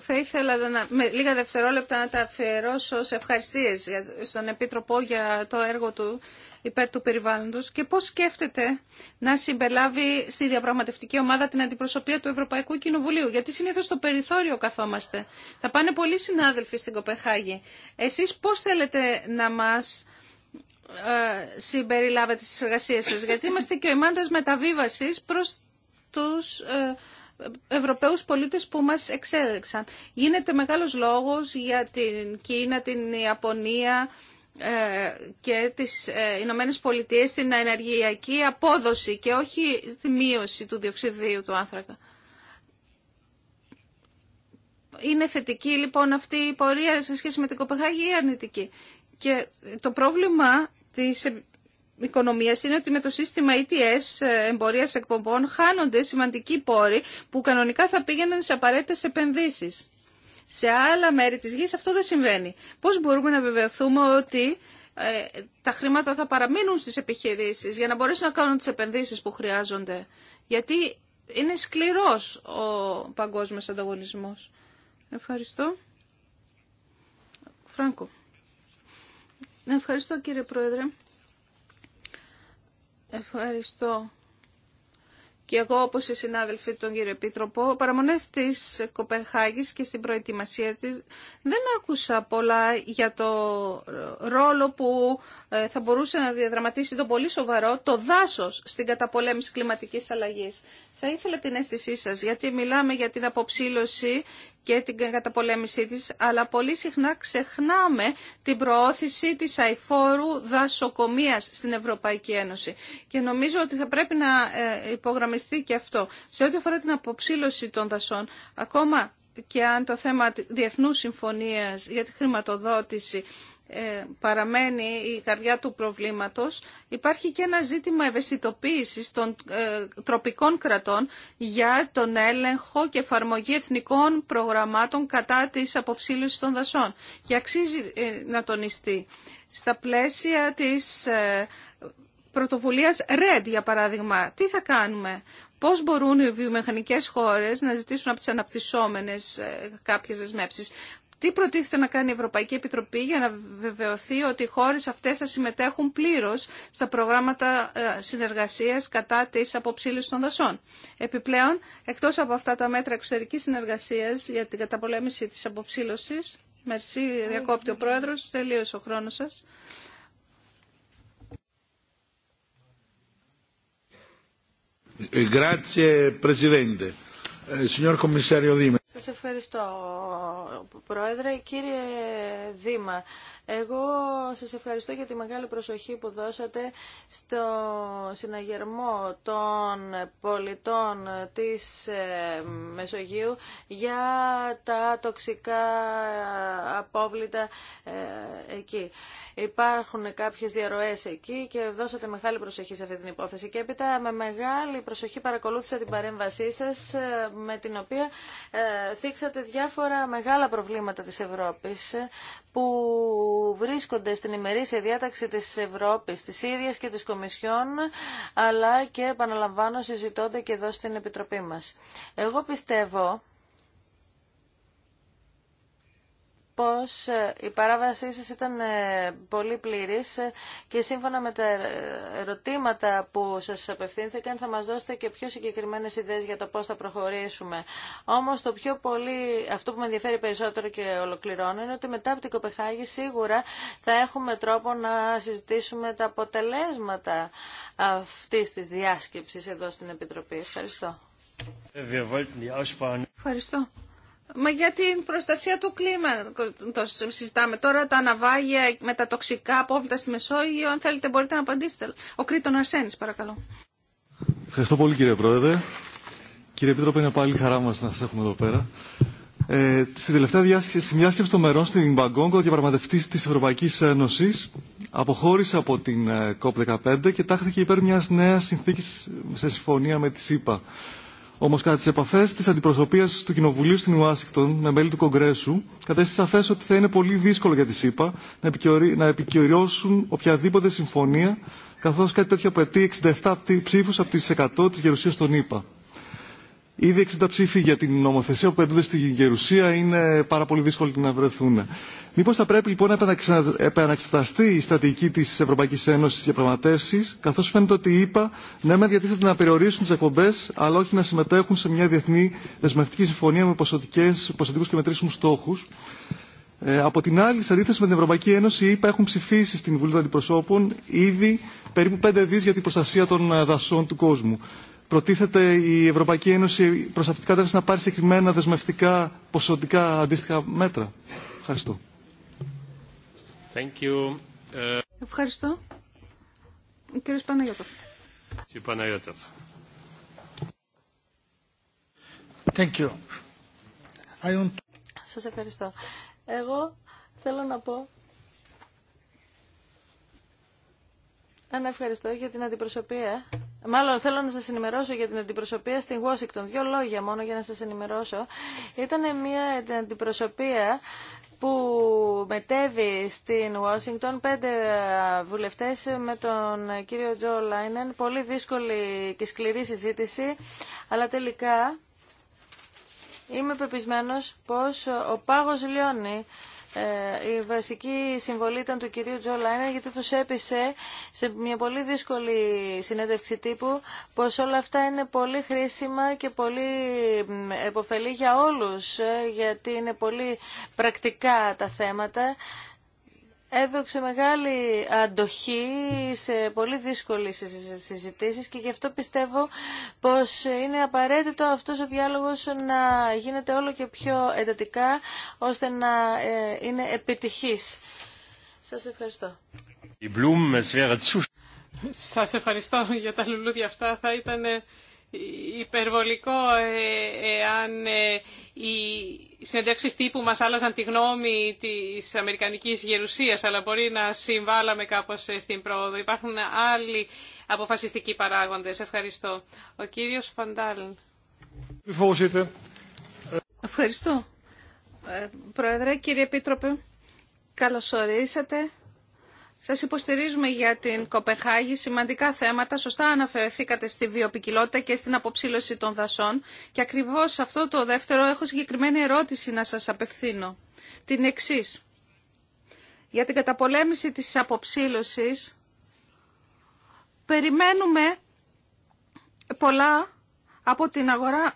Θα ήθελα να, με λίγα δευτερόλεπτα να τα αφιερώσω σε ευχαριστίες στον Επίτροπο για το έργο του υπέρ του περιβάλλοντος και πώς σκέφτεται να συμπελάβει στη διαπραγματευτική ομάδα την αντιπροσωπεία του Ευρωπαϊκού Κοινοβουλίου. Γιατί συνήθω στο περιθώριο καθόμαστε. Θα πάνε πολλοί συνάδελφοι στην Κοπεχάγη. Εσείς πώς θέλετε να μας ε, συμπεριλάβετε στις εργασίες σας, γιατί είμαστε και ο ημάντας μεταβίβασης προς τους ε, Ευρωπαίους πολίτες που μας εξέλεξαν. Γίνεται μεγάλος λόγος για την Κίνα, την Ιαπωνία ε, και τις ε, Ηνωμένε Πολιτείες στην ενεργειακή απόδοση και όχι τη μείωση του διοξιδίου του άνθρακα. Είναι θετική λοιπόν αυτή η πορεία σε σχέση με την Κοπεχάγη ή αρνητική. Και το πρόβλημα της οικονομίας είναι ότι με το σύστημα ETS ε, εμπορίας εκπομπών χάνονται σημαντικοί πόροι που κανονικά θα πήγαιναν σε απαραίτητες επενδύσεις. Σε άλλα μέρη της γης αυτό δεν συμβαίνει. Πώς μπορούμε να βεβαιωθούμε ότι ε, τα χρήματα θα παραμείνουν στις επιχειρήσεις για να μπορέσουν να κάνουν τις επενδύσεις που χρειάζονται. Γιατί είναι σκληρός ο παγκόσμιος ανταγωνισμός. Ευχαριστώ. Ναι, ευχαριστώ κύριε Πρόεδρε. Ευχαριστώ. Και εγώ, όπως οι συνάδελφοι τον κύριο Επίτροπο, παραμονές της Κοπενχάγης και στην προετοιμασία της, δεν άκουσα πολλά για το ρόλο που ε, θα μπορούσε να διαδραματίσει το πολύ σοβαρό το δάσος στην καταπολέμηση κλιματικής αλλαγής. Θα ήθελα την αίσθησή σας, γιατί μιλάμε για την αποψήλωση και την καταπολέμησή της, αλλά πολύ συχνά ξεχνάμε την προώθηση της αηφόρου δασοκομείας στην Ευρωπαϊκή Ένωση. Και νομίζω ότι θα πρέπει να ε, υπογραμμιστεί και αυτό. Σε ό,τι αφορά την αποψήλωση των δασών, ακόμα και αν το θέμα διεθνούς συμφωνίας για τη χρηματοδότηση ε, παραμένει η καρδιά του προβλήματος, υπάρχει και ένα ζήτημα ευαισθητοποίησης των ε, τροπικών κρατών για τον έλεγχο και εφαρμογή εθνικών προγραμμάτων κατά της αποψήλωσης των δασών. Και αξίζει ε, να τονιστεί. Στα πλαίσια της πρωτοβουλίας RED, για παράδειγμα, τι θα κάνουμε πώς μπορούν οι βιομηχανικές χώρες να ζητήσουν από τις αναπτυσσόμενες κάποιες δεσμεύσεις. Τι προτίθεται να κάνει η Ευρωπαϊκή Επιτροπή για να βεβαιωθεί ότι οι χώρες αυτές θα συμμετέχουν πλήρως στα προγράμματα ε, συνεργασίας κατά της αποψήλωσης των δασών. Επιπλέον, εκτός από αυτά τα μέτρα εξωτερικής συνεργασίας για την καταπολέμηση της αποψήλωσης, Μερσή, διακόπτει ο Πρόεδρος, τελείωσε ο χρόνος σας. Ε, ε, σας ευχαριστώ, Πρόεδρε. Κύριε Δήμα, εγώ σας ευχαριστώ για τη μεγάλη προσοχή που δώσατε στο συναγερμό των πολιτών της ε, Μεσογείου για τα τοξικά απόβλητα ε, εκεί. Υπάρχουν κάποιες διαρροές εκεί και δώσατε μεγάλη προσοχή σε αυτή την υπόθεση. Και έπειτα με μεγάλη προσοχή παρακολούθησα την παρέμβασή σας ε, με την οποία θίξατε διάφορα μεγάλα προβλήματα της Ευρώπης που βρίσκονται στην ημερήσια διάταξη της Ευρώπης, της ίδιας και της Κομισιόν, αλλά και επαναλαμβάνω συζητώνται και εδώ στην Επιτροπή μας. Εγώ πιστεύω πως ε, η παράβασή σας ήταν ε, πολύ πλήρης ε, και σύμφωνα με τα ερωτήματα που σας απευθύνθηκαν θα μας δώσετε και πιο συγκεκριμένες ιδέες για το πώς θα προχωρήσουμε. Όμως το πιο πολύ, αυτό που με ενδιαφέρει περισσότερο και ολοκληρώνω είναι ότι μετά από την Κοπεχάγη σίγουρα θα έχουμε τρόπο να συζητήσουμε τα αποτελέσματα αυτής της διάσκεψης εδώ στην Επιτροπή. Ευχαριστώ. Ευχαριστώ. Μα για την προστασία του κλίματος συζητάμε τώρα τα αναβάγια με τα τοξικά απόβλητα στη Μεσόγειο. Αν θέλετε μπορείτε να απαντήσετε. Ο Κρήτον Αρσένης παρακαλώ. Ευχαριστώ πολύ κύριε Πρόεδρε. Κύριε Επίτροπε, είναι πάλι χαρά μας να σας έχουμε εδώ πέρα. Ε, στη τελευταία διάσκεψη, στη διάσκεψη των μερών στην Μπαγκόγκο, διαπραγματευτή τη Ευρωπαϊκή Ένωση αποχώρησε από την ε, COP15 και τάχθηκε υπέρ μια νέα συνθήκη σε συμφωνία με τη ΣΥΠΑ. Όμω, κατά τι επαφέ τη αντιπροσωπεία του Κοινοβουλίου στην Ουάσιγκτον με μέλη του Κογκρέσου, κατέστησε σαφέ ότι θα είναι πολύ δύσκολο για τη ΣΥΠΑ να επικυριώσουν οποιαδήποτε συμφωνία, καθώ κάτι τέτοιο απαιτεί 67 ψήφου από τι 100 τη γερουσία των ΗΠΑ. Ήδη 60 ψήφοι για την νομοθεσία που πετούνται στη Γερουσία είναι πάρα πολύ δύσκολοι να βρεθούν. Μήπω θα πρέπει λοιπόν να επαναξεταστεί η στρατηγική τη Ευρωπαϊκή Ένωση για πραγματεύσει, καθώ φαίνεται ότι η ΗΠΑ ναι, με διατίθεται να περιορίσουν τι εκπομπέ, αλλά όχι να συμμετέχουν σε μια διεθνή δεσμευτική συμφωνία με ποσοτικού και μετρήσιμου στόχου. Ε, από την άλλη, σε αντίθεση με την Ευρωπαϊκή Ένωση, οι ΗΠΑ έχουν ψηφίσει στην Βουλή των Αντιπροσώπων ήδη περίπου 5 δι για την προστασία των δασών του κόσμου προτίθεται η Ευρωπαϊκή Ένωση προς αυτήν την κατεύθυνση να πάρει συγκεκριμένα δεσμευτικά ποσοτικά αντίστοιχα μέτρα. Ευχαριστώ. Thank you. Ευχαριστώ. Ο κύριος Παναγιώτοφ. Παναγιώτοφ. Thank you. Σας ευχαριστώ. Εγώ θέλω να πω αν ευχαριστώ για την αντιπροσωπεία Μάλλον θέλω να σας ενημερώσω για την αντιπροσωπεία στην Washington. Δύο λόγια μόνο για να σας ενημερώσω. Ήταν μια αντιπροσωπεία που μετέβη στην Ουάσιγκτον πέντε βουλευτές με τον κύριο Τζο Λάινεν. Πολύ δύσκολη και σκληρή συζήτηση, αλλά τελικά είμαι πεπισμένος πως ο πάγος λιώνει ε, η βασική συμβολή ήταν του κυρίου Τζο Λάινερ γιατί τους έπεισε σε μια πολύ δύσκολη συνέντευξη τύπου πως όλα αυτά είναι πολύ χρήσιμα και πολύ επωφελή για όλους ε, γιατί είναι πολύ πρακτικά τα θέματα έδωξε μεγάλη αντοχή σε πολύ δύσκολες συζητήσεις και γι' αυτό πιστεύω πως είναι απαραίτητο αυτός ο διάλογος να γίνεται όλο και πιο εντατικά ώστε να ε, είναι επιτυχής. Σας ευχαριστώ. Ε, Σας ευχαριστώ για τα λουλούδια αυτά. Θα ήταν ε, υπερβολικό ε, εάν ε, οι συνεντεύξει τύπου μας άλλαζαν τη γνώμη της Αμερικανικής Γερουσίας, αλλά μπορεί να συμβάλαμε κάπως ε, στην πρόοδο. Υπάρχουν άλλοι αποφασιστικοί παράγοντες. Ευχαριστώ. Ο κύριος Φαντάλν. Ευχαριστώ. Πρόεδρε, κύριε Επίτροπε, καλώς ορίσατε σας υποστηρίζουμε για την Κοπεχάγη σημαντικά θέματα. Σωστά αναφερθήκατε στη βιοπικιλότητα και στην αποψήλωση των δασών. Και ακριβώς αυτό το δεύτερο έχω συγκεκριμένη ερώτηση να σας απευθύνω. Την εξή. Για την καταπολέμηση της αποψήλωσης περιμένουμε πολλά από την αγορά.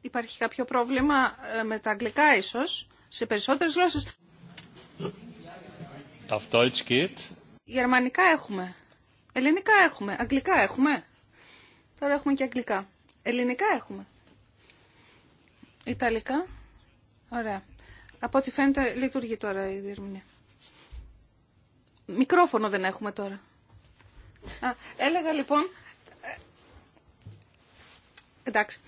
Υπάρχει κάποιο πρόβλημα ε, με τα αγγλικά ίσως, σε περισσότερες γλώσσες. Γερμανικά έχουμε. Ελληνικά έχουμε. Αγγλικά έχουμε. Τώρα έχουμε και αγγλικά. Ελληνικά έχουμε. Ιταλικά. Ωραία. Από ό,τι φαίνεται λειτουργεί τώρα η διερμηνία. Μικρόφωνο δεν έχουμε τώρα. έλεγα λοιπόν... Ε, εντάξει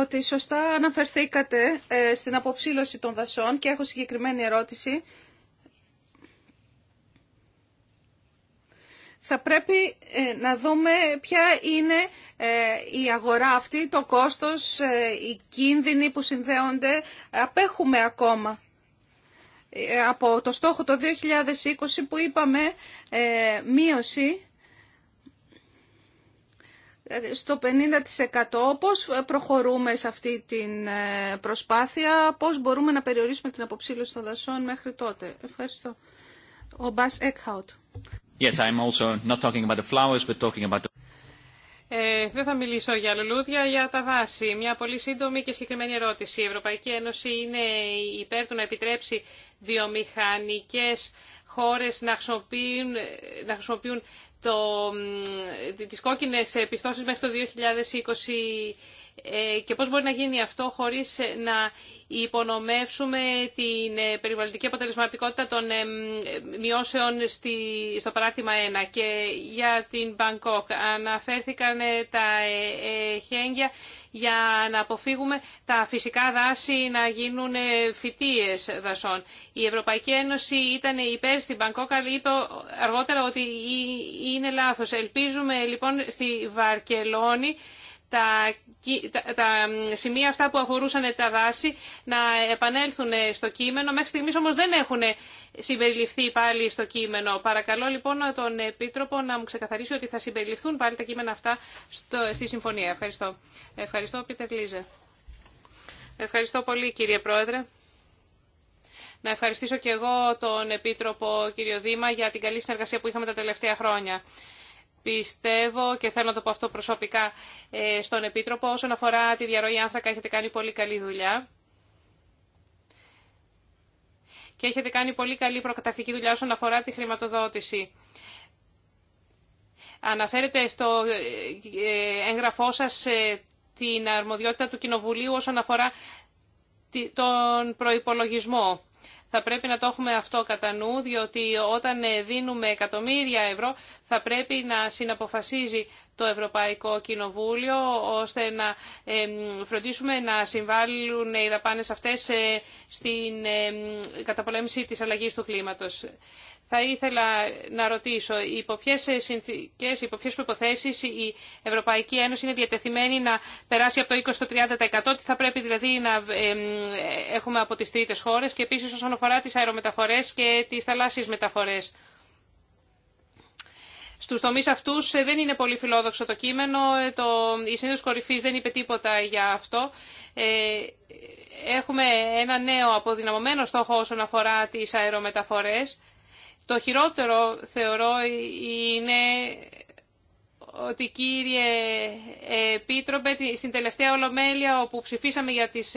ότι σωστά αναφερθήκατε ε, στην αποψήλωση των δασών και έχω συγκεκριμένη ερώτηση θα πρέπει ε, να δούμε ποια είναι ε, η αγορά αυτή, το κόστος, ε, οι κίνδυνοι που συνδέονται. Απέχουμε ακόμα από το στόχο το 2020 που είπαμε μείωση στο 50% πώς προχωρούμε σε αυτή την προσπάθεια, πώς μπορούμε να περιορίσουμε την αποψήλωση των δασών μέχρι τότε. Ευχαριστώ. Ο Μπάς Εκχάουτ. Yes, I'm also not talking about the flowers, but talking about ε, δεν θα μιλήσω για λουλούδια, για τα βάση. Μια πολύ σύντομη και συγκεκριμένη ερώτηση. Η Ευρωπαϊκή Ένωση είναι υπέρ του να επιτρέψει βιομηχανικές χώρες να χρησιμοποιούν, να χρησιμοποιούν το, τις κόκκινες πιστώσεις μέχρι το 2020 ε, και πώς μπορεί να γίνει αυτό χωρίς ε, να υπονομεύσουμε την ε, περιβαλλοντική αποτελεσματικότητα των μειώσεων στο παράρτημα 1. Και για την Μπαγκόκ αναφέρθηκαν τα χέγγια για να αποφύγουμε τα φυσικά δάση να γίνουν φυτίες δασών. Η Ευρωπαϊκή Ένωση ήταν υπέρ στην Μπαγκόκ, αλλά είπε αργότερα ότι είναι λάθος. Ελπίζουμε λοιπόν στη Βαρκελόνη τα, τα, σημεία αυτά που αφορούσαν τα δάση να επανέλθουν στο κείμενο. Μέχρι στιγμής όμως δεν έχουν συμπεριληφθεί πάλι στο κείμενο. Παρακαλώ λοιπόν τον Επίτροπο να μου ξεκαθαρίσει ότι θα συμπεριληφθούν πάλι τα κείμενα αυτά στη συμφωνία. Ευχαριστώ. Ευχαριστώ Πίτερ Λίζε. Ευχαριστώ πολύ κύριε Πρόεδρε. Να ευχαριστήσω και εγώ τον Επίτροπο κύριο Δήμα για την καλή συνεργασία που είχαμε τα τελευταία χρόνια. Πιστεύω και θέλω να το πω αυτό προσωπικά ε, στον Επίτροπο. Όσον αφορά τη διαρροή άνθρακα έχετε κάνει πολύ καλή δουλειά. Και έχετε κάνει πολύ καλή προκαταρκτική δουλειά όσον αφορά τη χρηματοδότηση. Αναφέρετε στο ε, ε, έγγραφό σας την αρμοδιότητα του Κοινοβουλίου όσον αφορά τον προϋπολογισμό. Θα πρέπει να το έχουμε αυτό κατά νου, διότι όταν δίνουμε εκατομμύρια ευρώ θα πρέπει να συναποφασίζει το Ευρωπαϊκό Κοινοβούλιο, ώστε να φροντίσουμε να συμβάλλουν οι δαπάνες αυτές ε, στην καταπολέμηση της αλλαγής του κλίματος. Θα ήθελα να ρωτήσω, υπό ποιε συνθήκε, υπό ποιε προποθέσει η Ευρωπαϊκή Ένωση είναι διατεθειμένη να περάσει από το 20% στο 30%, τι θα πρέπει δηλαδή να έχουμε από τις τρίτες χώρε και επίσης όσον αφορά τις αερομεταφορές και τις θαλάσσιες μεταφορές. Στους τομείς αυτούς ε, δεν είναι πολύ φιλόδοξο το κείμενο, ε, το, η Σύνδεση Κορυφή δεν είπε τίποτα για αυτό. Ε, έχουμε ένα νέο αποδυναμωμένο στόχο όσον αφορά τι αερομεταφορές. Το χειρότερο θεωρώ είναι ότι κύριε πίτροπε στην τελευταία ολομέλεια όπου ψηφίσαμε για τις,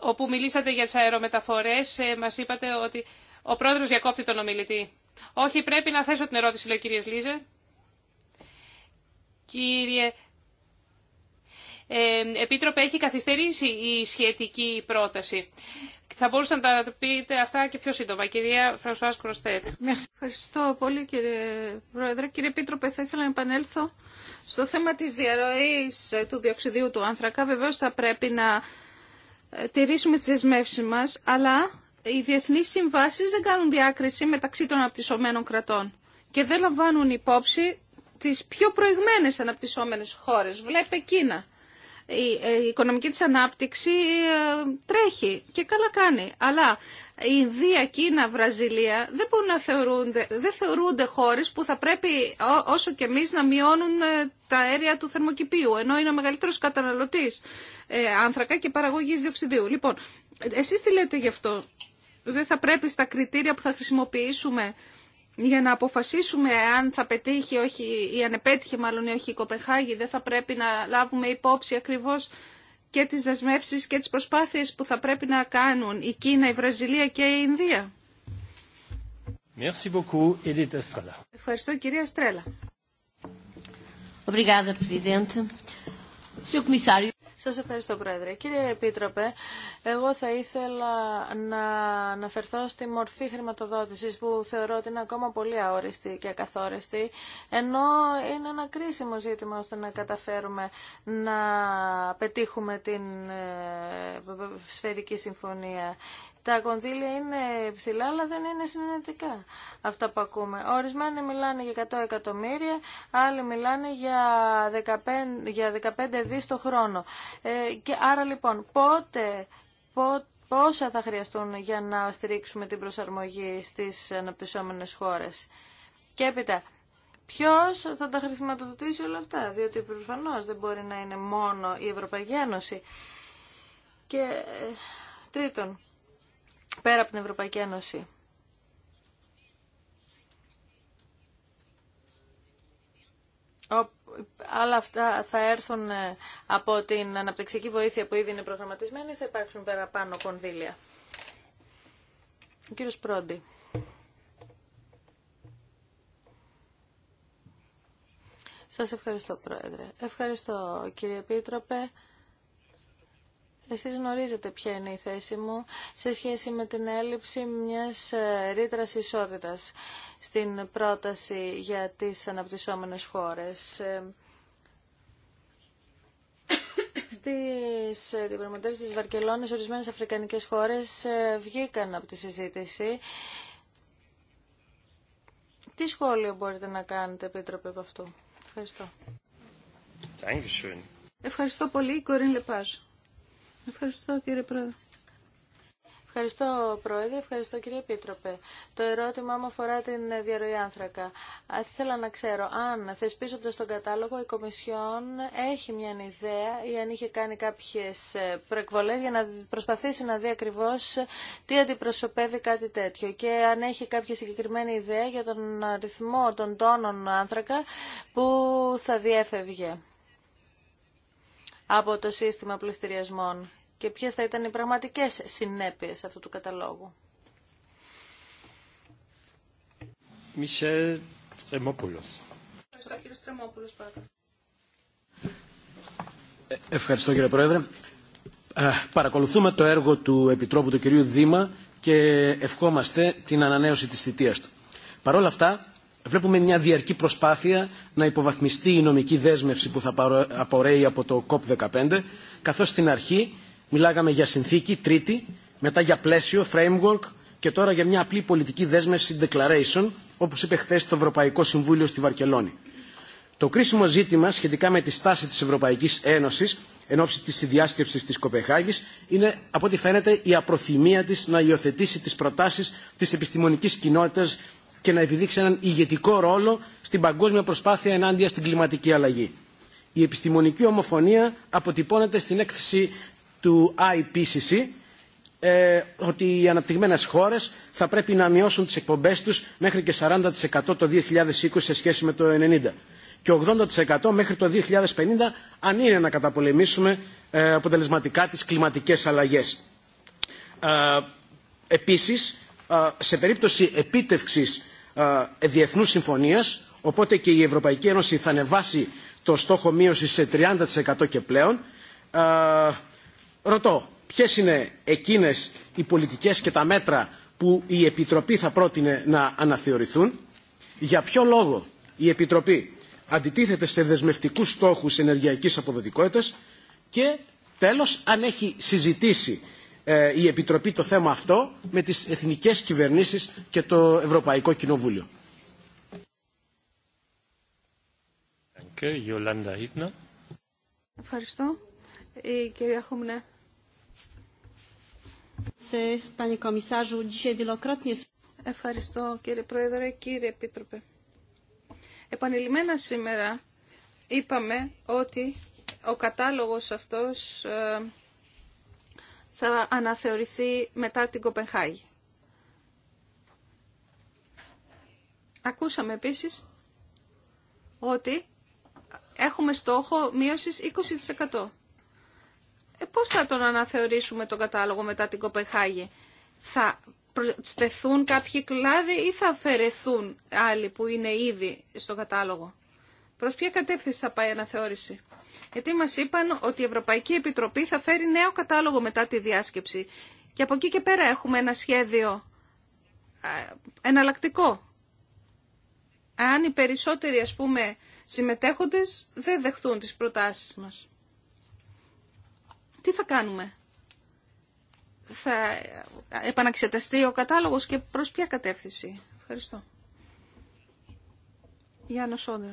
όπου μιλήσατε για τις αερομεταφορές, μας είπατε ότι ο πρόεδρος διακόπτει τον ομιλητή. Όχι, πρέπει να θέσω την ερώτηση, λέει ο κύριε Λίζε. Κύριε ε, Επίτροπε, έχει καθυστερήσει η σχετική πρόταση. Θα μπορούσατε να τα πείτε αυτά και πιο σύντομα. Κυρία Φρανσουά Κροστέτ. Ευχαριστώ πολύ κύριε Πρόεδρε. Κύριε Επίτροπε, θα ήθελα να επανέλθω στο θέμα της διαρροής ε, του διοξιδίου του άνθρακα. Βεβαίως θα πρέπει να ε, τηρήσουμε τις δεσμεύσει μας, αλλά οι διεθνείς συμβάσεις δεν κάνουν διάκριση μεταξύ των αναπτυσσομένων κρατών και δεν λαμβάνουν υπόψη τις πιο προηγμένες αναπτυσσόμενες χώρες. Βλέπε Κίνα. Η ε, οικονομική της ανάπτυξη ε, τρέχει και καλά κάνει. Αλλά η Ινδία, Κίνα, Βραζιλία δεν μπορούν να θεωρούνται, δεν θεωρούνται χώρες που θα πρέπει όσο και εμείς να μειώνουν ε, τα αέρια του θερμοκηπίου, ενώ είναι ο μεγαλύτερος καταναλωτής άνθρακα και παραγωγής διοξιδίου. Λοιπόν, εσείς τι λέτε γι' αυτό δεν θα πρέπει στα κριτήρια που θα χρησιμοποιήσουμε για να αποφασίσουμε αν θα πετύχει όχι, ή αν επέτυχε μάλλον ή όχι η Κοπεχάγη, δεν θα πρέπει να λάβουμε υπόψη ακριβώς και τις δεσμεύσει και τις προσπάθειες που θα πρέπει να κάνουν η Κίνα, η Βραζιλία και η Ινδία. Merci beaucoup, Edith Estrella. Ευχαριστώ κυρία Στρέλα. Σας ευχαριστώ, Πρόεδρε. Κύριε Επίτροπε, εγώ θα ήθελα να αναφερθώ στη μορφή χρηματοδότησης που θεωρώ ότι είναι ακόμα πολύ αόριστη και ακαθόριστη, ενώ είναι ένα κρίσιμο ζήτημα ώστε να καταφέρουμε να πετύχουμε την ε, σφαιρική συμφωνία τα κονδύλια είναι ψηλά, αλλά δεν είναι συνενετικά αυτά που ακούμε. Ορισμένοι μιλάνε για 100 εκατομμύρια, άλλοι μιλάνε για 15, για 15 δις το χρόνο. Ε, και άρα λοιπόν, πότε, πόσα θα χρειαστούν για να στηρίξουμε την προσαρμογή στις αναπτυσσόμενες χώρες. Και έπειτα, ποιος θα τα χρηματοδοτήσει όλα αυτά, διότι προφανώ δεν μπορεί να είναι μόνο η Ευρωπαϊκή Ένωση. Και ε, τρίτον, πέρα από την Ευρωπαϊκή Ένωση. Άλλα αυτά θα έρθουν ε, από την αναπτυξιακή βοήθεια που ήδη είναι προγραμματισμένη θα υπάρξουν παραπάνω κονδύλια. Ο κύριος Πρόντι. Σας ευχαριστώ, Πρόεδρε. Ευχαριστώ, κύριε Επίτροπε. Εσείς γνωρίζετε ποια είναι η θέση μου σε σχέση με την έλλειψη μιας ε, ρήτρα ισότητας στην πρόταση για τις αναπτυσσόμενες χώρες. Ε, στις ε, διαπραγματεύσει τη Βαρκελόνη, ορισμένες αφρικανικές χώρες βγήκαν από τη συζήτηση. Τι σχόλιο μπορείτε να κάνετε, Επίτροπε, από αυτού. Ευχαριστώ. Ευχαριστώ πολύ, Κορίν Λεπάζ. Ευχαριστώ κύριε Πρόεδρε. Ευχαριστώ Πρόεδρε, ευχαριστώ κύριε Επίτροπε. Το ερώτημά μου αφορά την διαρροή άνθρακα. Θέλω να ξέρω αν θεσπίζοντας τον κατάλογο η Κομισιόν έχει μια ιδέα ή αν είχε κάνει κάποιες ε, προεκβολές για να προσπαθήσει να δει ακριβώ ε, τι αντιπροσωπεύει κάτι τέτοιο και αν έχει κάποια συγκεκριμένη ιδέα για τον αριθμό των τόνων άνθρακα που θα διέφευγε από το σύστημα πληστηριασμών και ποιες θα ήταν οι πραγματικές συνέπειες αυτού του καταλόγου. Ε, ευχαριστώ κύριε Πρόεδρε. Ε, παρακολουθούμε το έργο του Επιτρόπου του κυρίου Δήμα και ευχόμαστε την ανανέωση της θητείας του. Παρ' όλα αυτά, βλέπουμε μια διαρκή προσπάθεια να υποβαθμιστεί η νομική δέσμευση που θα απορρέει από το COP15, καθώς στην αρχή μιλάγαμε για συνθήκη, τρίτη, μετά για πλαίσιο, framework και τώρα για μια απλή πολιτική δέσμευση declaration, όπως είπε χθε το Ευρωπαϊκό Συμβούλιο στη Βαρκελόνη. Το κρίσιμο ζήτημα σχετικά με τη στάση της Ευρωπαϊκής Ένωσης εν ώψη της συνδιάσκεψης της Κοπεχάγης είναι από ό,τι φαίνεται η απροθυμία της να υιοθετήσει τις προτάσεις της επιστημονικής κοινότητας και να επιδείξει έναν ηγετικό ρόλο στην παγκόσμια προσπάθεια ενάντια στην κλιματική αλλαγή. Η επιστημονική ομοφωνία αποτυπώνεται στην έκθεση του IPCC ε, ότι οι αναπτυγμένες χώρες θα πρέπει να μειώσουν τις εκπομπές τους μέχρι και 40% το 2020 σε σχέση με το 1990 και 80% μέχρι το 2050 αν είναι να καταπολεμήσουμε ε, αποτελεσματικά τις κλιματικές αλλαγές. Ε, επίσης, ε, σε περίπτωση επίτευξης ε, ε, διεθνούς συμφωνίες, οπότε και η Ευρωπαϊκή Ένωση θα ανεβάσει το στόχο μείωση σε 30% και πλέον. Ε, ρωτώ, ποιες είναι εκείνες οι πολιτικές και τα μέτρα που η Επιτροπή θα πρότεινε να αναθεωρηθούν. Για ποιο λόγο η Επιτροπή αντιτίθεται σε δεσμευτικούς στόχους ενεργειακής αποδοτικότητας και τέλος αν έχει συζητήσει ε, η Επιτροπή το θέμα αυτό με τις εθνικές κυβερνήσεις και το Ευρωπαϊκό Κοινοβούλιο. Ευχαριστώ. Η κυρία Χουμνέ. Ευχαριστώ κύριε Πρόεδρε, κύριε Επίτροπε. Επανειλημμένα σήμερα είπαμε ότι ο κατάλογος αυτός ε, θα αναθεωρηθεί μετά την Κοπενχάγη. Ακούσαμε επίσης ότι έχουμε στόχο μείωσης 20%. Ε, πώς θα τον αναθεωρήσουμε τον κατάλογο μετά την Κοπενχάγη. Θα στεθούν κάποιοι κλάδοι ή θα αφαιρεθούν άλλοι που είναι ήδη στο κατάλογο. Προς ποια κατεύθυνση θα πάει η αναθεώρηση. Γιατί μας είπαν ότι η Ευρωπαϊκή Επιτροπή θα φέρει νέο κατάλογο μετά τη διάσκεψη. Και από εκεί και πέρα έχουμε ένα σχέδιο εναλλακτικό. Αν οι περισσότεροι ας πούμε συμμετέχοντες δεν δεχτούν τις προτάσεις μας. Τι θα κάνουμε. Θα επαναξεταστεί ο κατάλογος και προς ποια κατεύθυνση. Ευχαριστώ. να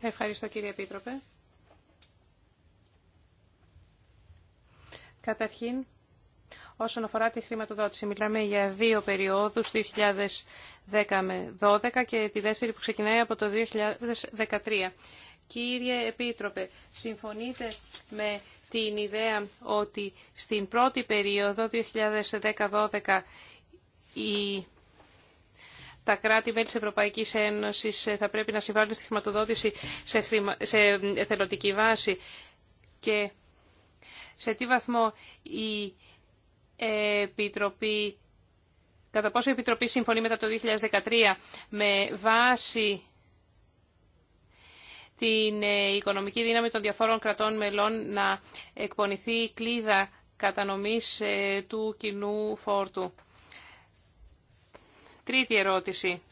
Ευχαριστώ κύριε Επίτροπε. Καταρχήν, όσον αφορά τη χρηματοδότηση, μιλάμε για δύο περιόδους, 2010 με 2012 και τη δεύτερη που ξεκινάει από το 2013. Κύριε Επίτροπε, συμφωνείτε με την ιδέα ότι στην πρώτη περίοδο 2010-2012 τα κράτη-μέλη της Ευρωπαϊκής Ένωσης ε, θα πρέπει να συμβάλλουν στη χρηματοδότηση σε, χρημα... εθελοντική βάση και σε τι βαθμό η Επιτροπή, κατά πόσο η Επιτροπή συμφωνεί μετά το 2013 με βάση την ε, οικονομική δύναμη των διαφόρων κρατών μελών να εκπονηθεί κλίδα κατανομής ε, του κοινού φόρτου. Τρίτη ερώτηση.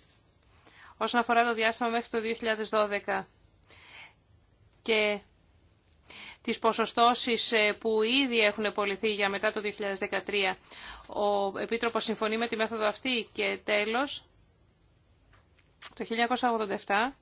Όσον αφορά το διάστημα μέχρι το 2012 και τις ποσοστώσεις ε, που ήδη έχουν πολιθεί για μετά το 2013, ο Επίτροπος συμφωνεί με τη μέθοδο αυτή και τέλος, το 1987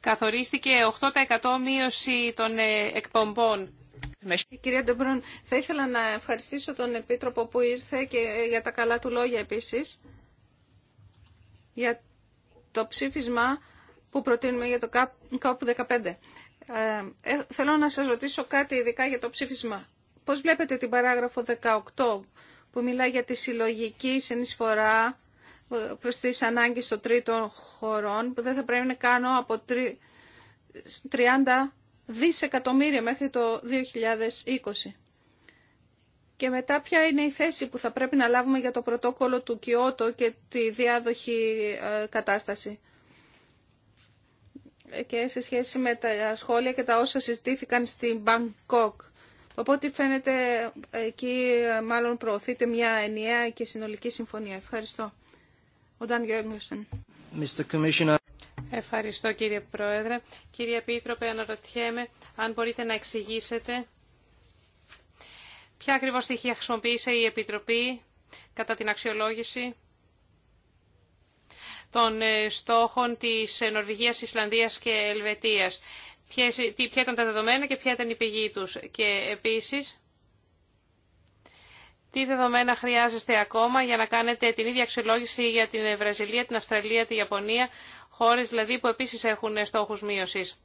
καθορίστηκε 8% μείωση των ε, εκπομπών. Ε, κυρία Ντεμπρούν, θα ήθελα να ευχαριστήσω τον Επίτροπο που ήρθε και ε, για τα καλά του λόγια επίσης για το ψήφισμα που προτείνουμε για το ΚΑΠ15. Ε, θέλω να σας ρωτήσω κάτι ειδικά για το ψήφισμα. Πώς βλέπετε την παράγραφο 18 που μιλά για τη συλλογική συνεισφορά προς τις ανάγκες των τρίτων χωρών που δεν θα πρέπει να κάνω από 30 δισεκατομμύρια μέχρι το 2020. Και μετά ποια είναι η θέση που θα πρέπει να λάβουμε για το πρωτόκολλο του Κιώτο και τη διάδοχη ε, κατάσταση. Και σε σχέση με τα σχόλια και τα όσα συζητήθηκαν στην Μπαγκόκ. Οπότε φαίνεται ε, εκεί ε, μάλλον προωθείται μια ενιαία και συνολική συμφωνία. Ευχαριστώ. Ευχαριστώ κύριε Πρόεδρε. Κύριε Επίτροπε, αναρωτιέμαι αν μπορείτε να εξηγήσετε ποια ακριβώς στοιχεία χρησιμοποίησε η Επιτροπή κατά την αξιολόγηση των ε, στόχων της Νορβηγίας, Ισλανδίας και Ελβετίας. ποια ήταν τα δεδομένα και ποια ήταν η πηγή τους. Και επίσης, τι δεδομένα χρειάζεστε ακόμα για να κάνετε την ίδια αξιολόγηση για την Βραζιλία, την Αυστραλία, τη Ιαπωνία, χώρες δηλαδή που επίσης έχουν στόχους μείωσης.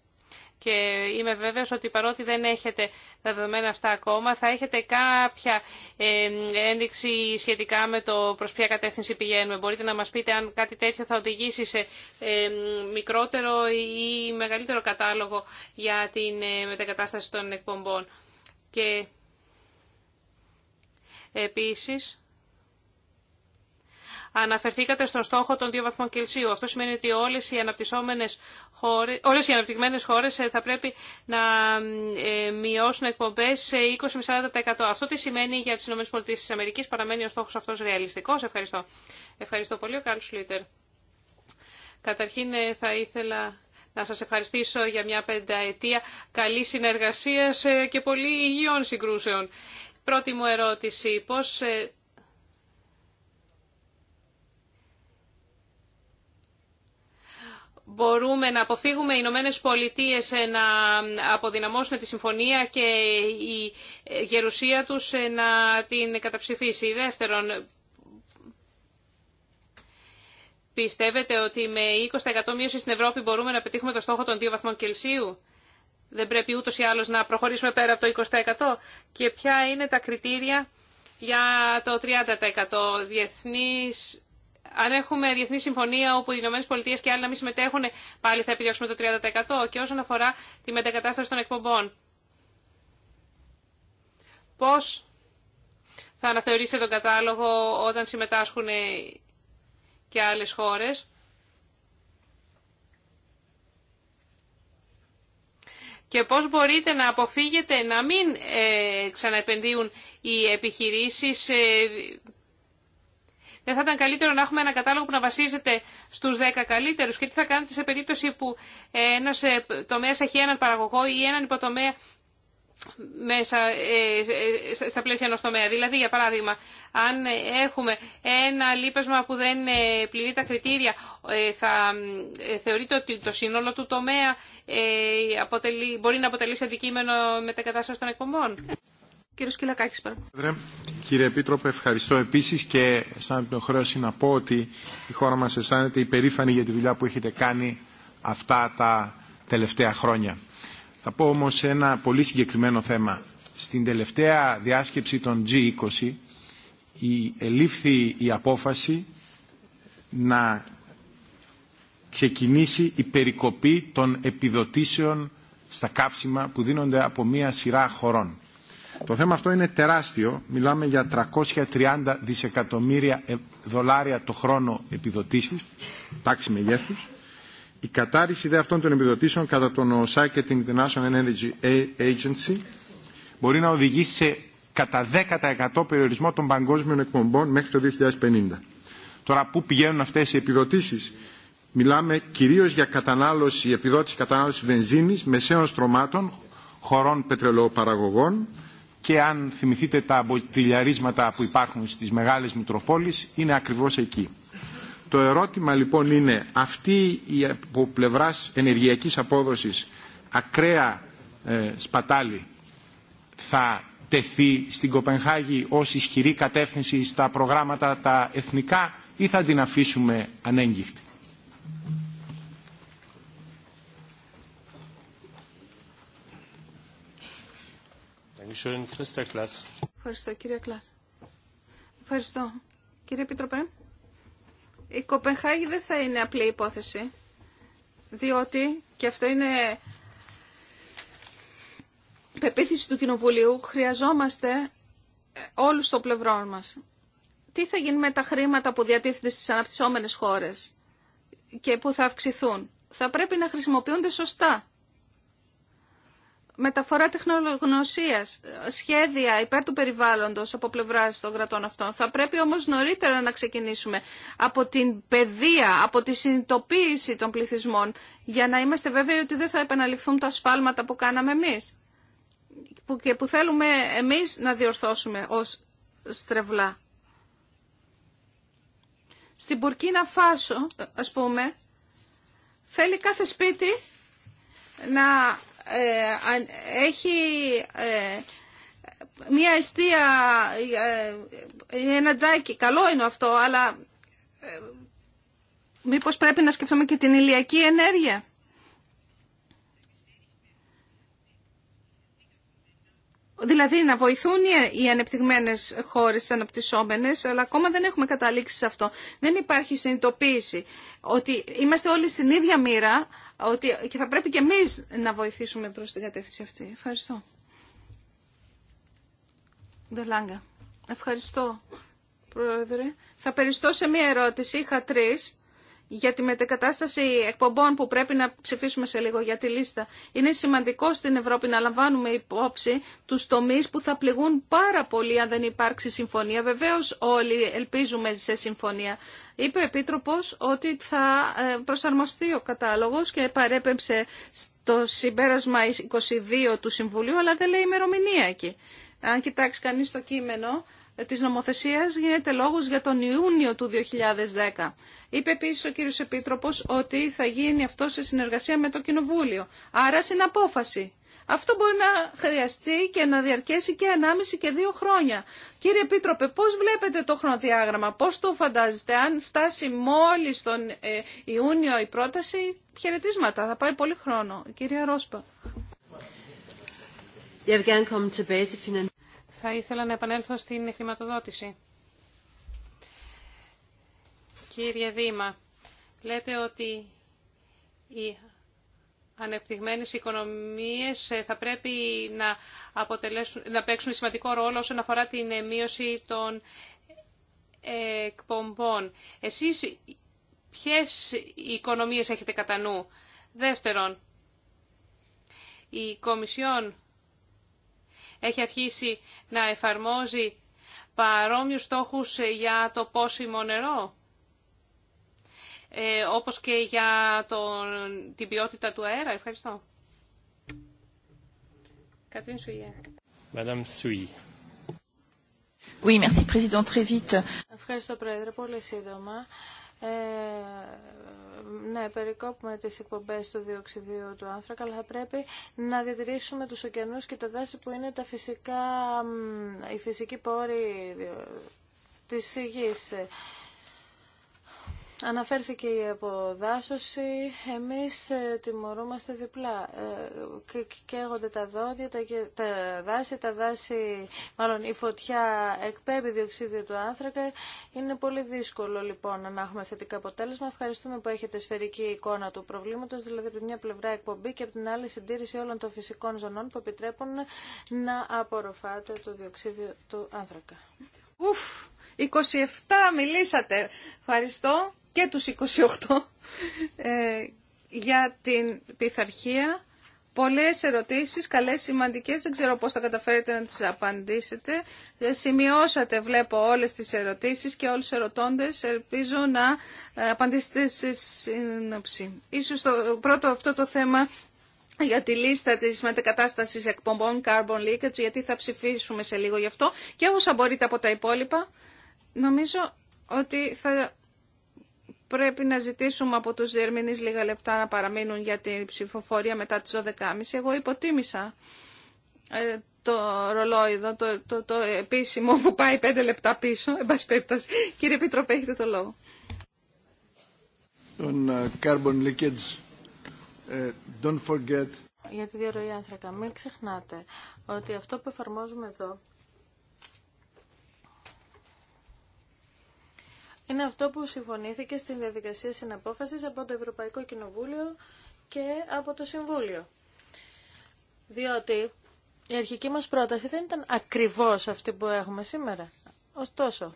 Και είμαι βέβαιος ότι παρότι δεν έχετε τα δεδομένα αυτά ακόμα, θα έχετε κάποια ε, ένδειξη σχετικά με το προς ποια κατεύθυνση πηγαίνουμε. Μπορείτε να μας πείτε αν κάτι τέτοιο θα οδηγήσει σε ε, μικρότερο ή μεγαλύτερο κατάλογο για την ε, μετακατάσταση των εκπομπών. Και Επίσης, αναφερθήκατε στον στόχο των 2 βαθμών Κελσίου. Αυτό σημαίνει ότι όλες οι, αναπτυσσόμενες χώρες, όλες οι αναπτυγμένες χώρες ε, θα πρέπει να ε, μειώσουν εκπομπές σε 20 40%. Αυτό τι σημαίνει για τις ΗΠΑ. Παραμένει ο στόχος αυτός ρεαλιστικός. Ευχαριστώ. Ευχαριστώ πολύ ο Καρλ Σλίτερ. Καταρχήν ε, θα ήθελα να σας ευχαριστήσω για μια πενταετία καλή συνεργασία και πολύ υγιών συγκρούσεων. Πρώτη μου ερώτηση, πώς ε, μπορούμε να αποφύγουμε οι Ηνωμένε Πολιτείε ε, να αποδυναμώσουν τη συμφωνία και η ε, γερουσία τους να την καταψηφίσει. Δεύτερον, πιστεύετε ότι με 20% μείωση στην Ευρώπη μπορούμε να πετύχουμε το στόχο των 2 βαθμών Κελσίου δεν πρέπει ούτως ή άλλως να προχωρήσουμε πέρα από το 20% και ποια είναι τα κριτήρια για το 30% διεθνής αν έχουμε διεθνή συμφωνία όπου οι Ηνωμένε Πολιτείε και άλλοι να μην συμμετέχουν, πάλι θα επιδιώξουμε το 30%. Και όσον αφορά τη μετακατάσταση των εκπομπών, πώ θα αναθεωρήσετε τον κατάλογο όταν συμμετάσχουν και άλλες χώρες. και πώς μπορείτε να αποφύγετε να μην ε, ξαναεπενδύουν οι επιχειρήσεις. Ε, δεν θα ήταν καλύτερο να έχουμε ένα κατάλογο που να βασίζεται στους 10 καλύτερους και τι θα κάνετε σε περίπτωση που ένας ε, τομέας έχει έναν παραγωγό ή έναν υποτομέα μέσα ε, στα πλαίσια ενός τομέα. Δηλαδή, για παράδειγμα, αν έχουμε ένα λείπασμα που δεν ε, πληρεί τα κριτήρια, ε, θα θεωρείται ότι το σύνολο του τομέα μπορεί να αποτελεί σε αντικείμενο μετακατάσταση των εκπομπών. Κύριο Σκυλακάκη, παρακαλώ. Κύριε Επίτροπε, ευχαριστώ επίσης και σαν την χρέωση να πω ότι η χώρα μας αισθάνεται υπερήφανη για τη δουλειά που έχετε κάνει αυτά τα τελευταία χρόνια. Θα πω όμως ένα πολύ συγκεκριμένο θέμα. Στην τελευταία διάσκεψη των G20 η, ελήφθη η απόφαση να ξεκινήσει η περικοπή των επιδοτήσεων στα καύσιμα που δίνονται από μία σειρά χωρών. Το θέμα αυτό είναι τεράστιο. Μιλάμε για 330 δισεκατομμύρια ε, δολάρια το χρόνο επιδοτήσεις, τάξη μεγέθους. Η κατάρρηση δε αυτών των επιδοτήσεων κατά τον ΟΣΑ και την International Energy Agency μπορεί να οδηγήσει σε κατά 10% περιορισμό των παγκόσμιων εκπομπών μέχρι το 2050. Τώρα, πού πηγαίνουν αυτές οι επιδοτήσεις. Μιλάμε κυρίως για κατανάλωση, επιδότηση κατανάλωση βενζίνης, μεσαίων στρωμάτων, χωρών πετρελαιοπαραγωγών και αν θυμηθείτε τα μποτιλιαρίσματα που υπάρχουν στις μεγάλες μητροπόλεις, είναι ακριβώς εκεί. Το ερώτημα λοιπόν είναι αυτή η από πλευράς ενεργειακής απόδοσης ακραία ε, σπατάλη θα τεθεί στην Κοπενχάγη ως ισχυρή κατεύθυνση στα προγράμματα τα εθνικά ή θα την αφήσουμε ανέγγιχτη. Ευχαριστώ κύριε Κλάς. Ευχαριστώ. Κύριε Επιτροπέ η Κοπενχάγη δεν θα είναι απλή υπόθεση, διότι, και αυτό είναι πεποίθηση του Κοινοβουλίου, χρειαζόμαστε όλους το πλευρό μας. Τι θα γίνει με τα χρήματα που διατίθενται στις αναπτυσσόμενες χώρες και που θα αυξηθούν. Θα πρέπει να χρησιμοποιούνται σωστά μεταφορά τεχνογνωσίας, σχέδια υπέρ του περιβάλλοντος από πλευράς των κρατών αυτών. Θα πρέπει όμως νωρίτερα να ξεκινήσουμε από την παιδεία, από τη συνειδητοποίηση των πληθυσμών, για να είμαστε βέβαιοι ότι δεν θα επαναληφθούν τα σφάλματα που κάναμε εμείς και που θέλουμε εμείς να διορθώσουμε ως στρεβλά. Στην Πουρκίνα Φάσο, ας πούμε, θέλει κάθε σπίτι να ε, έχει ε, μία αιστεία, ε, ένα τζάκι. Καλό είναι αυτό, αλλά μήπως πρέπει να σκεφτούμε και την ηλιακή ενέργεια. δηλαδή να βοηθούν οι ανεπτυγμένες χώρες, οι αναπτυσσόμενες, αλλά ακόμα δεν έχουμε καταλήξει σε αυτό. Δεν υπάρχει συνειδητοποίηση ότι είμαστε όλοι στην ίδια μοίρα ότι και θα πρέπει και εμείς να βοηθήσουμε προς την κατεύθυνση αυτή. Ευχαριστώ. Ευχαριστώ, Πρόεδρε. Θα περιστώ σε μία ερώτηση. Είχα τρεις για τη μετεκατάσταση εκπομπών που πρέπει να ψηφίσουμε σε λίγο για τη λίστα. Είναι σημαντικό στην Ευρώπη να λαμβάνουμε υπόψη τους τομεί που θα πληγούν πάρα πολύ αν δεν υπάρξει συμφωνία. Βεβαίως όλοι ελπίζουμε σε συμφωνία. Είπε ο Επίτροπος ότι θα ε, προσαρμοστεί ο κατάλογο και παρέπεμψε στο συμπέρασμα 22 του Συμβουλίου, αλλά δεν λέει ημερομηνία εκεί. Αν κοιτάξει κανεί το κείμενο, της νομοθεσίας γίνεται λόγος για τον Ιούνιο του 2010. Είπε επίσης ο κύριος Επίτροπος ότι θα γίνει αυτό σε συνεργασία με το Κοινοβούλιο. Άρα συναπόφαση. Αυτό μπορεί να χρειαστεί και να διαρκέσει και 1,5 και 2 χρόνια. Κύριε Επίτροπε, πώς βλέπετε το χρονοδιάγραμμα, πώς το φαντάζεστε, αν φτάσει μόλις τον ε, Ιούνιο η πρόταση, χαιρετίσματα, θα πάει πολύ χρόνο. Κύριε Ρόσπα. Θα ήθελα να επανέλθω στην χρηματοδότηση. Κύριε Δήμα, λέτε ότι οι ανεπτυγμένες οικονομίες ε, θα πρέπει να, αποτελέσουν, να παίξουν σημαντικό ρόλο όσον αφορά την ε, μείωση των εκπομπών. Εσείς ποιες οικονομίες έχετε κατά νου. Δεύτερον, η Κομισιόν έχει αρχίσει να εφαρμόζει παρόμοιους στόχους για το πόσιμο νερό, ε, όπως και για την ποιότητα του αέρα. Ευχαριστώ. Κατρίν Σουγιέ. Madame Sui. Oui, merci, Président. Très vite. Ευχαριστώ, Πρόεδρε. Πολύ σύντομα ε, ναι, περικόπουμε τις εκπομπές του διοξιδίου του άνθρακα, αλλά θα πρέπει να διατηρήσουμε τους ωκεανούς και τα δάση που είναι τα φυσικά, οι φυσικοί πόροι ε, της γης. Αναφέρθηκε η αποδάσωση, εμείς ε, τιμωρούμαστε διπλά. Ε, Καίγονται τα δόντια, τα δάση, τα δάση, μάλλον η φωτιά εκπέμπει διοξίδιο του άνθρακα. Είναι πολύ δύσκολο λοιπόν να έχουμε θετικά αποτέλεσμα. Ευχαριστούμε που έχετε σφαιρική εικόνα του προβλήματος, δηλαδή από μια πλευρά εκπομπή και από την άλλη συντήρηση όλων των φυσικών ζωνών που επιτρέπουν να απορροφάτε το διοξίδιο του άνθρακα. Ουφ, 27 μιλήσατε. Ευχαριστώ και τους 28 ε, για την πειθαρχία. Πολλές ερωτήσεις, καλές σημαντικές, δεν ξέρω πώς θα καταφέρετε να τις απαντήσετε. Ε, σημειώσατε, βλέπω, όλες τις ερωτήσεις και όλους τους ερωτώντες. Ελπίζω να ε, απαντήσετε σε σύνοψη. Ίσως το πρώτο αυτό το θέμα για τη λίστα της μετεκατάστασης εκπομπών Carbon Leakage, γιατί θα ψηφίσουμε σε λίγο γι' αυτό. Και όσα μπορείτε από τα υπόλοιπα, νομίζω ότι θα Πρέπει να ζητήσουμε από τους διερμηνείς λίγα λεπτά να παραμείνουν για την ψηφοφορία μετά τις 12.30. Εγώ υποτίμησα ε, το ρολόι εδώ, το, το, επίσημο που πάει πέντε λεπτά πίσω. Εν Κύριε Πίτροπε, έχετε το λόγο. On ε, carbon leakage, ε, don't Για τη διαρροή άνθρακα. Μην ξεχνάτε ότι αυτό που εφαρμόζουμε εδώ είναι αυτό που συμφωνήθηκε στην διαδικασία συναπόφασης από το Ευρωπαϊκό Κοινοβούλιο και από το Συμβούλιο. Διότι η αρχική μας πρόταση δεν ήταν ακριβώς αυτή που έχουμε σήμερα. Ωστόσο,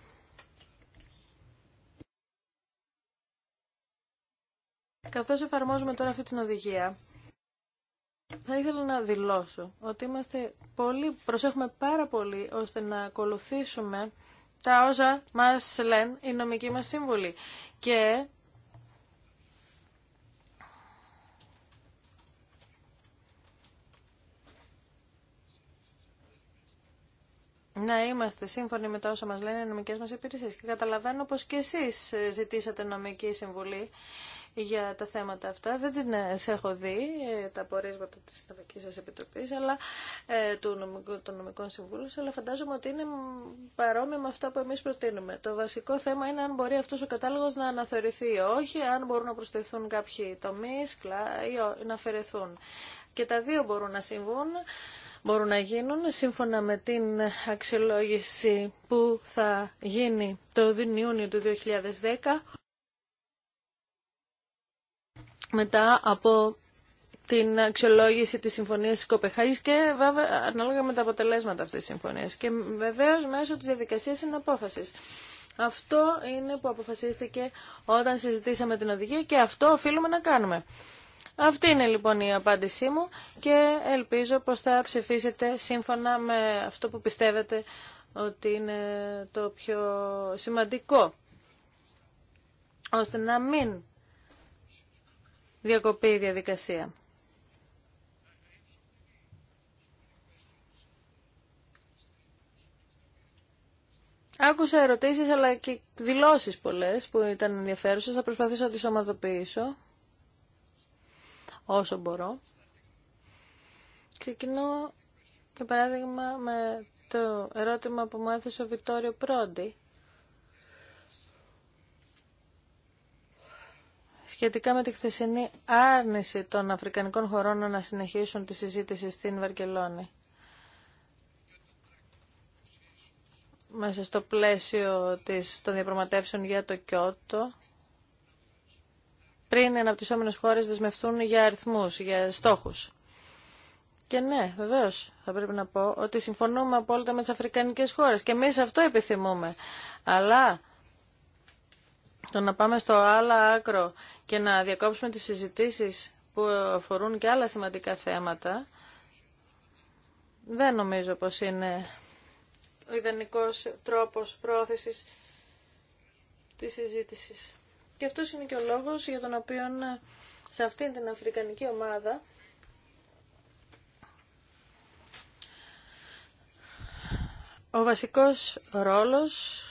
καθώς εφαρμόζουμε τώρα αυτή την οδηγία, θα ήθελα να δηλώσω ότι είμαστε πολύ, προσέχουμε πάρα πολύ ώστε να ακολουθήσουμε τα όσα μας λένε οι νομικοί μας σύμβουλοι. Και Να είμαστε σύμφωνοι με τα όσα μας λένε οι νομικές μας υπηρεσίες και καταλαβαίνω πως και εσείς ζητήσατε νομική συμβουλή για τα θέματα αυτά. Δεν την ε, έχω δει ε, τα απορίσματα της Ευρωπαϊκής σα Επιτροπής αλλά, ε, του νομικού, των νομικών συμβούλων, αλλά φαντάζομαι ότι είναι παρόμοια με αυτά που εμείς προτείνουμε. Το βασικό θέμα είναι αν μπορεί αυτός ο κατάλογος να αναθεωρηθεί ή όχι, αν μπορούν να προσθεθούν κάποιοι τομείς ή να αφαιρεθούν. Και τα δύο μπορούν να συμβούν μπορούν να γίνουν σύμφωνα με την αξιολόγηση που θα γίνει το Ιούνιο του 2010 μετά από την αξιολόγηση της Συμφωνίας της Κοπεχάγης και βέβαια ανάλογα με τα αποτελέσματα αυτής της συμφωνίας και βεβαίως μέσω της διαδικασίας συναπόφασης. Αυτό είναι που αποφασίστηκε όταν συζητήσαμε την οδηγία και αυτό οφείλουμε να κάνουμε. Αυτή είναι λοιπόν η απάντησή μου και ελπίζω πως θα ψηφίσετε σύμφωνα με αυτό που πιστεύετε ότι είναι το πιο σημαντικό ώστε να μην διακοπεί η διαδικασία. Άκουσα ερωτήσεις αλλά και δηλώσεις πολλές που ήταν ενδιαφέρουσες. Θα προσπαθήσω να τις ομαδοποιήσω όσο μπορώ. Ξεκινώ, για παράδειγμα, με το ερώτημα που μου έθεσε ο Βιτόριο Πρόντι σχετικά με τη χθεσινή άρνηση των Αφρικανικών χωρών να συνεχίσουν τη συζήτηση στην Βαρκελόνη. Μέσα στο πλαίσιο της, των διαπραγματεύσεων για το Κιώτο, πριν οι αναπτυσσόμενες χώρες δεσμευτούν για αριθμούς, για στόχους. Και ναι, βεβαίω θα πρέπει να πω ότι συμφωνούμε απόλυτα με τι αφρικανικέ χώρε και εμεί αυτό επιθυμούμε. Αλλά το να πάμε στο άλλο άκρο και να διακόψουμε τις συζητήσεις που αφορούν και άλλα σημαντικά θέματα, δεν νομίζω πως είναι ο ιδανικός τρόπος πρόθεσης της συζήτησης. Και αυτός είναι και ο λόγος για τον οποίο ε, σε αυτήν την αφρικανική ομάδα ο βασικός ρόλος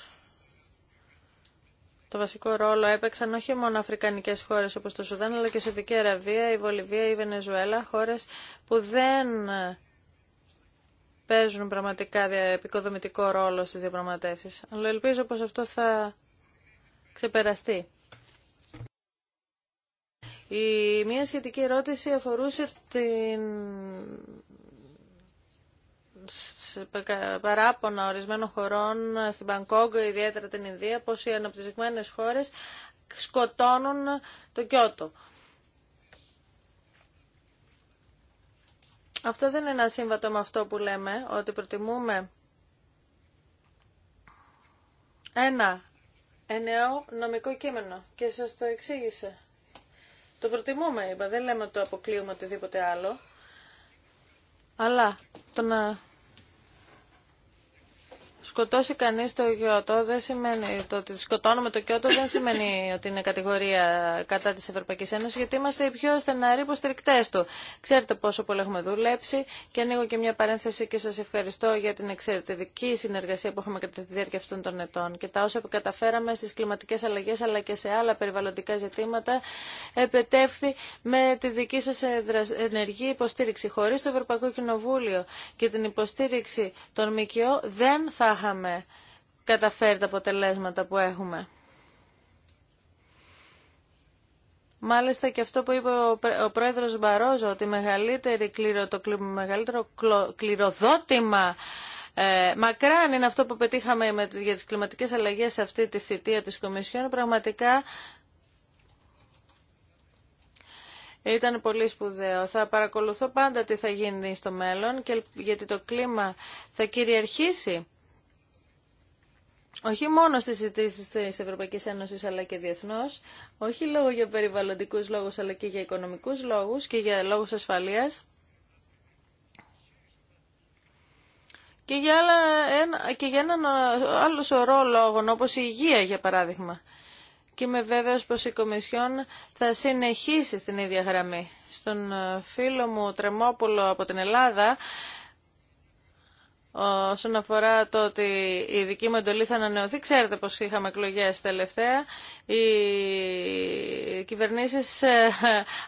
το βασικό ρόλο έπαιξαν όχι μόνο αφρικανικές χώρες όπως το Σουδάν, αλλά και η Σουδική Αραβία, η Βολιβία, η Βενεζουέλα, χώρες που δεν ε, παίζουν πραγματικά επικοδομητικό ρόλο στι διαπραγματεύσει. Αλλά ελπίζω πως αυτό θα ξεπεραστεί. Η μία σχετική ερώτηση αφορούσε την παράπονα ορισμένων χωρών στην Πανκόγκο, ιδιαίτερα την Ινδία, πως οι αναπτυσσικμένες χώρες σκοτώνουν το Κιώτο. Αυτό δεν είναι ασύμβατο με αυτό που λέμε, ότι προτιμούμε ένα εννέο νομικό κείμενο και σας το εξήγησε. Το προτιμούμε, είπα, δεν λέμε ότι το αποκλείουμε οτιδήποτε άλλο. Αλλά το να σκοτώσει κανείς το Κιώτο δεν σημαίνει, το ότι σκοτώνουμε το Κιώτο δεν σημαίνει ότι είναι κατηγορία κατά της Ευρωπαϊκής Ένωσης γιατί είμαστε οι πιο στεναροί υποστηρικτέ του. Ξέρετε πόσο πολύ έχουμε δουλέψει και ανοίγω και μια παρένθεση και σας ευχαριστώ για την εξαιρετική συνεργασία που έχουμε κατά τη διάρκεια αυτών των ετών και τα όσα που καταφέραμε στις κλιματικές αλλαγές αλλά και σε άλλα περιβαλλοντικά ζητήματα επετεύθη με τη δική σας ενεργή υποστήριξη. Χωρίς το Ευρωπαϊκό Κοινοβούλιο και την υποστήριξη των ΜΚΟ δεν θα είχαμε καταφέρει τα αποτελέσματα που έχουμε. Μάλιστα και αυτό που είπε ο πρόεδρος Μπαρόζο, ότι μεγαλύτερη το μεγαλύτερο κληροδότημα ε, μακράν είναι αυτό που πετύχαμε με για τις κλιματικές αλλαγές σε αυτή τη θητεία της Κομισιόν, πραγματικά ήταν πολύ σπουδαίο. Θα παρακολουθώ πάντα τι θα γίνει στο μέλλον, και, γιατί το κλίμα θα κυριαρχήσει όχι μόνο στις ζητήσει της Ευρωπαϊκής Ένωσης αλλά και διεθνώς, όχι λόγω για περιβαλλοντικούς λόγους αλλά και για οικονομικούς λόγους και για λόγους ασφαλείας και για, άλλα, ένα, και για έναν άλλο σωρό λόγων όπως η υγεία για παράδειγμα. Και είμαι βέβαιος πως η Κομισιόν θα συνεχίσει στην ίδια γραμμή. Στον ε, φίλο μου Τρεμόπουλο από την Ελλάδα όσον αφορά το ότι η δική μου εντολή θα ανανεωθεί. Ξέρετε πως είχαμε εκλογέ τελευταία. Οι κυβερνήσεις ε,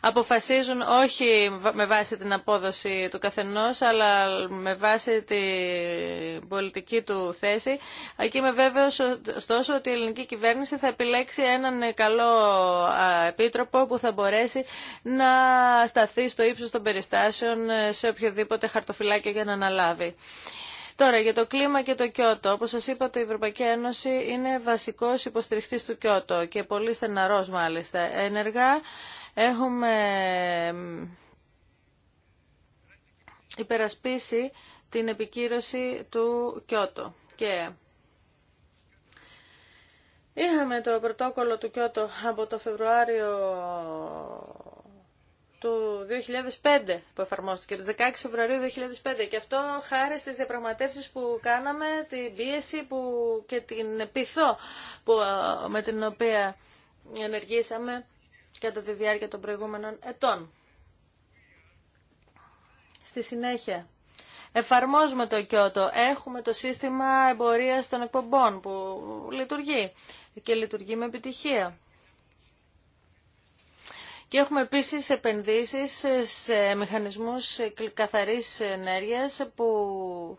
αποφασίζουν όχι με βάση την απόδοση του καθενός, αλλά με βάση την πολιτική του θέση. Εκεί είμαι βέβαιο ωστόσο, ότι η ελληνική κυβέρνηση θα επιλέξει έναν καλό επίτροπο που θα μπορέσει να σταθεί στο ύψος των περιστάσεων ε, σε οποιοδήποτε χαρτοφυλάκιο για να αναλάβει. Τώρα, για το κλίμα και το Κιώτο. Όπως σας είπα, το Ευρωπαϊκή Ένωση είναι βασικός υποστηριχτής του Κιώτο και πολύ στεναρό μάλιστα. Ενεργά έχουμε υπερασπίσει την επικύρωση του Κιώτο. Και είχαμε το πρωτόκολλο του Κιώτο από το Φεβρουάριο του 2005 που εφαρμόστηκε, του 16 Φεβρουαρίου 2005. Και αυτό χάρη στις διαπραγματεύσεις που κάναμε, την πίεση που, και την πειθό που, ε, με την οποία ενεργήσαμε κατά τη διάρκεια των προηγούμενων ετών. Στη συνέχεια, εφαρμόζουμε το Κιώτο. Έχουμε το σύστημα εμπορίας των εκπομπών που λειτουργεί και λειτουργεί με επιτυχία. Και έχουμε επίσης επενδύσεις σε μηχανισμούς καθαρής ενέργειας που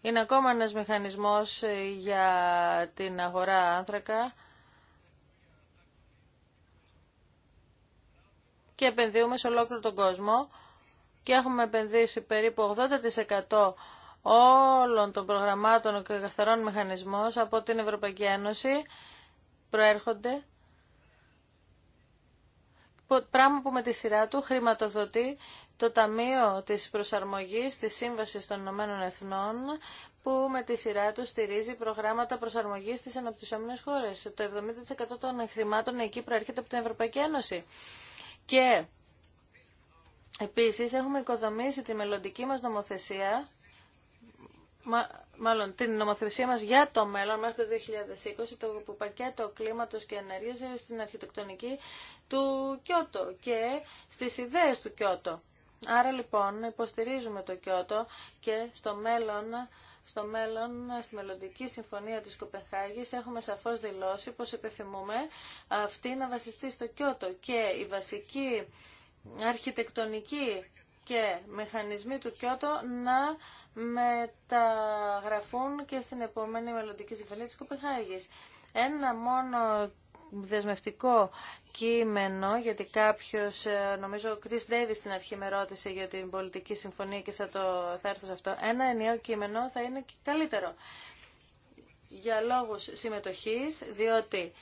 είναι ακόμα ένας μηχανισμός για την αγορά άνθρακα και επενδύουμε σε ολόκληρο τον κόσμο και έχουμε επενδύσει περίπου 80% όλων των προγραμμάτων και καθαρών μηχανισμών από την Ευρωπαϊκή Ένωση προέρχονται πράγμα που με τη σειρά του χρηματοδοτεί το Ταμείο της Προσαρμογής της Σύμβασης των Ηνωμένων Εθνών που με τη σειρά του στηρίζει προγράμματα προσαρμογής στις αναπτυσσόμενες χώρες. Το 70% των χρημάτων εκεί προέρχεται από την Ευρωπαϊκή Ένωση. Και επίσης έχουμε οικοδομήσει τη μελλοντική μας νομοθεσία μάλλον την νομοθεσία μας για το μέλλον μέχρι το 2020, το πακέτο κλίματος και ενέργειας στην αρχιτεκτονική του Κιώτο και στις ιδέες του Κιώτο. Άρα λοιπόν υποστηρίζουμε το Κιώτο και στο μέλλον στο μέλλον, στη μελλοντική συμφωνία της Κοπεχάγης, έχουμε σαφώς δηλώσει πως επιθυμούμε αυτή να βασιστεί στο Κιώτο και η βασική αρχιτεκτονική και μηχανισμοί του Κιώτο να μεταγραφούν και στην επόμενη μελλοντική συμφωνία της Κοπεχάγης. Ένα μόνο δεσμευτικό κείμενο, γιατί κάποιος, ε, νομίζω ο Κρις Ντέιβις στην αρχή με ρώτησε για την πολιτική συμφωνία και θα, το, θα έρθω σε αυτό, ένα ενιαίο κείμενο θα είναι καλύτερο για λόγους συμμετοχής, διότι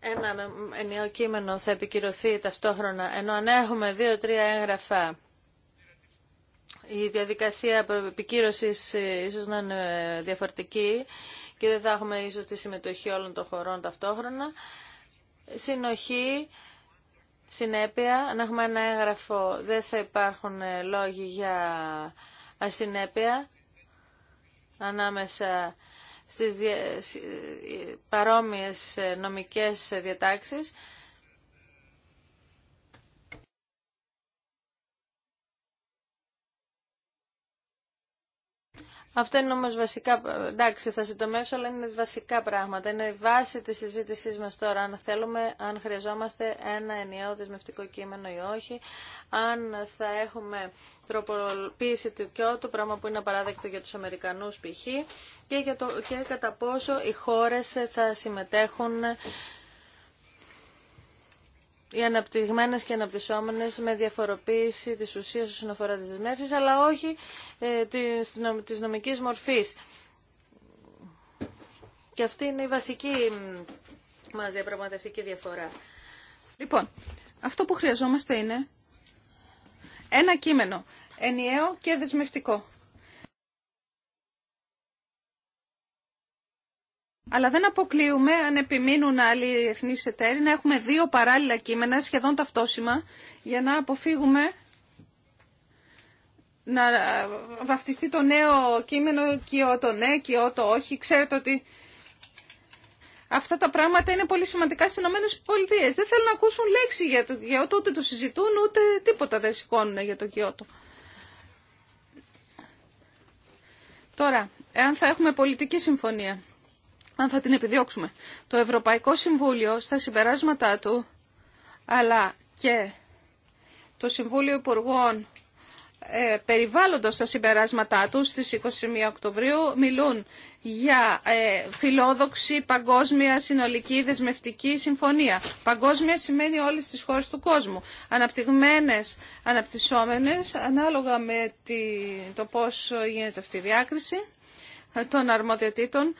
ένα ενιαίο κείμενο θα επικυρωθεί ταυτόχρονα, ενώ αν έχουμε δύο-τρία έγγραφα η διαδικασία επικύρωσης ε, ίσως να είναι ε, διαφορετική και δεν θα έχουμε ίσως τη συμμετοχή όλων των χωρών ταυτόχρονα. Συνοχή, συνέπεια, να έχουμε ένα έγγραφο, δεν θα υπάρχουν ε, λόγοι για ασυνέπεια ανάμεσα στις παρόμοιες νομικές διατάξεις Αυτό είναι όμως βασικά, εντάξει θα συντομεύσω, αλλά είναι βασικά πράγματα. Είναι η βάση της συζήτησή μας τώρα, αν θέλουμε, αν χρειαζόμαστε ένα ενιαίο δεσμευτικό κείμενο ή όχι, αν θα έχουμε τροποποίηση του Κιώτου, πράγμα που είναι απαράδεκτο για τους Αμερικανούς π.χ. Και, για το, και κατά πόσο οι χώρες θα συμμετέχουν οι αναπτυγμένε και αναπτυσσόμενε με διαφοροποίηση τη ουσία όσον αφορά τι δεσμεύσει, αλλά όχι ε, τη νομική μορφή. Και αυτή είναι η βασική μα διαπραγματευτική διαφορά. Λοιπόν, αυτό που χρειαζόμαστε είναι ένα κείμενο ενιαίο και δεσμευτικό. Αλλά δεν αποκλείουμε, αν επιμείνουν άλλοι εθνεί εταίροι, να έχουμε δύο παράλληλα κείμενα, σχεδόν ταυτόσημα, για να αποφύγουμε να βαφτιστεί το νέο κείμενο και το ναι και το όχι. Ξέρετε ότι αυτά τα πράγματα είναι πολύ σημαντικά στι Ηνωμένε Δεν θέλουν να ακούσουν λέξη για το Κιώτο, ούτε το συζητούν, ούτε τίποτα δεν σηκώνουν για το Κιώτο. Τώρα, εάν θα έχουμε πολιτική συμφωνία αν θα την επιδιώξουμε. Το Ευρωπαϊκό Συμβούλιο στα συμπεράσματά του, αλλά και το Συμβούλιο Υπουργών ε, περιβάλλοντος στα συμπεράσματά του στις 21 Οκτωβρίου μιλούν για ε, φιλόδοξη παγκόσμια συνολική δεσμευτική συμφωνία. Παγκόσμια σημαίνει όλες τις χώρες του κόσμου. Αναπτυγμένες, αναπτυσσόμενες, ανάλογα με το πώς γίνεται αυτή η διάκριση των αρμοδιοτήτων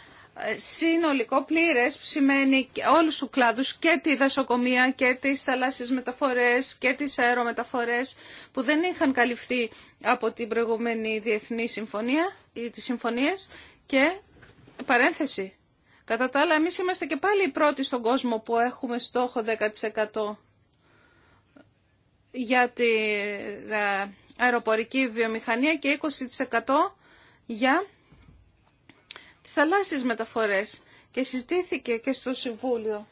συνολικό πλήρες που σημαίνει όλου του κλάδους και τη δασοκομεία και τις θαλάσσιε μεταφορές και τις αερομεταφορές που δεν είχαν καλυφθεί από την προηγούμενη διεθνή συμφωνία ή τι συμφωνίες και παρένθεση. Κατά τα άλλα εμείς είμαστε και πάλι οι πρώτοι στον κόσμο που έχουμε στόχο 10% για την ε, αεροπορική βιομηχανία και 20% για τις θαλάσσιες μεταφορές και συζητήθηκε και στο Συμβούλιο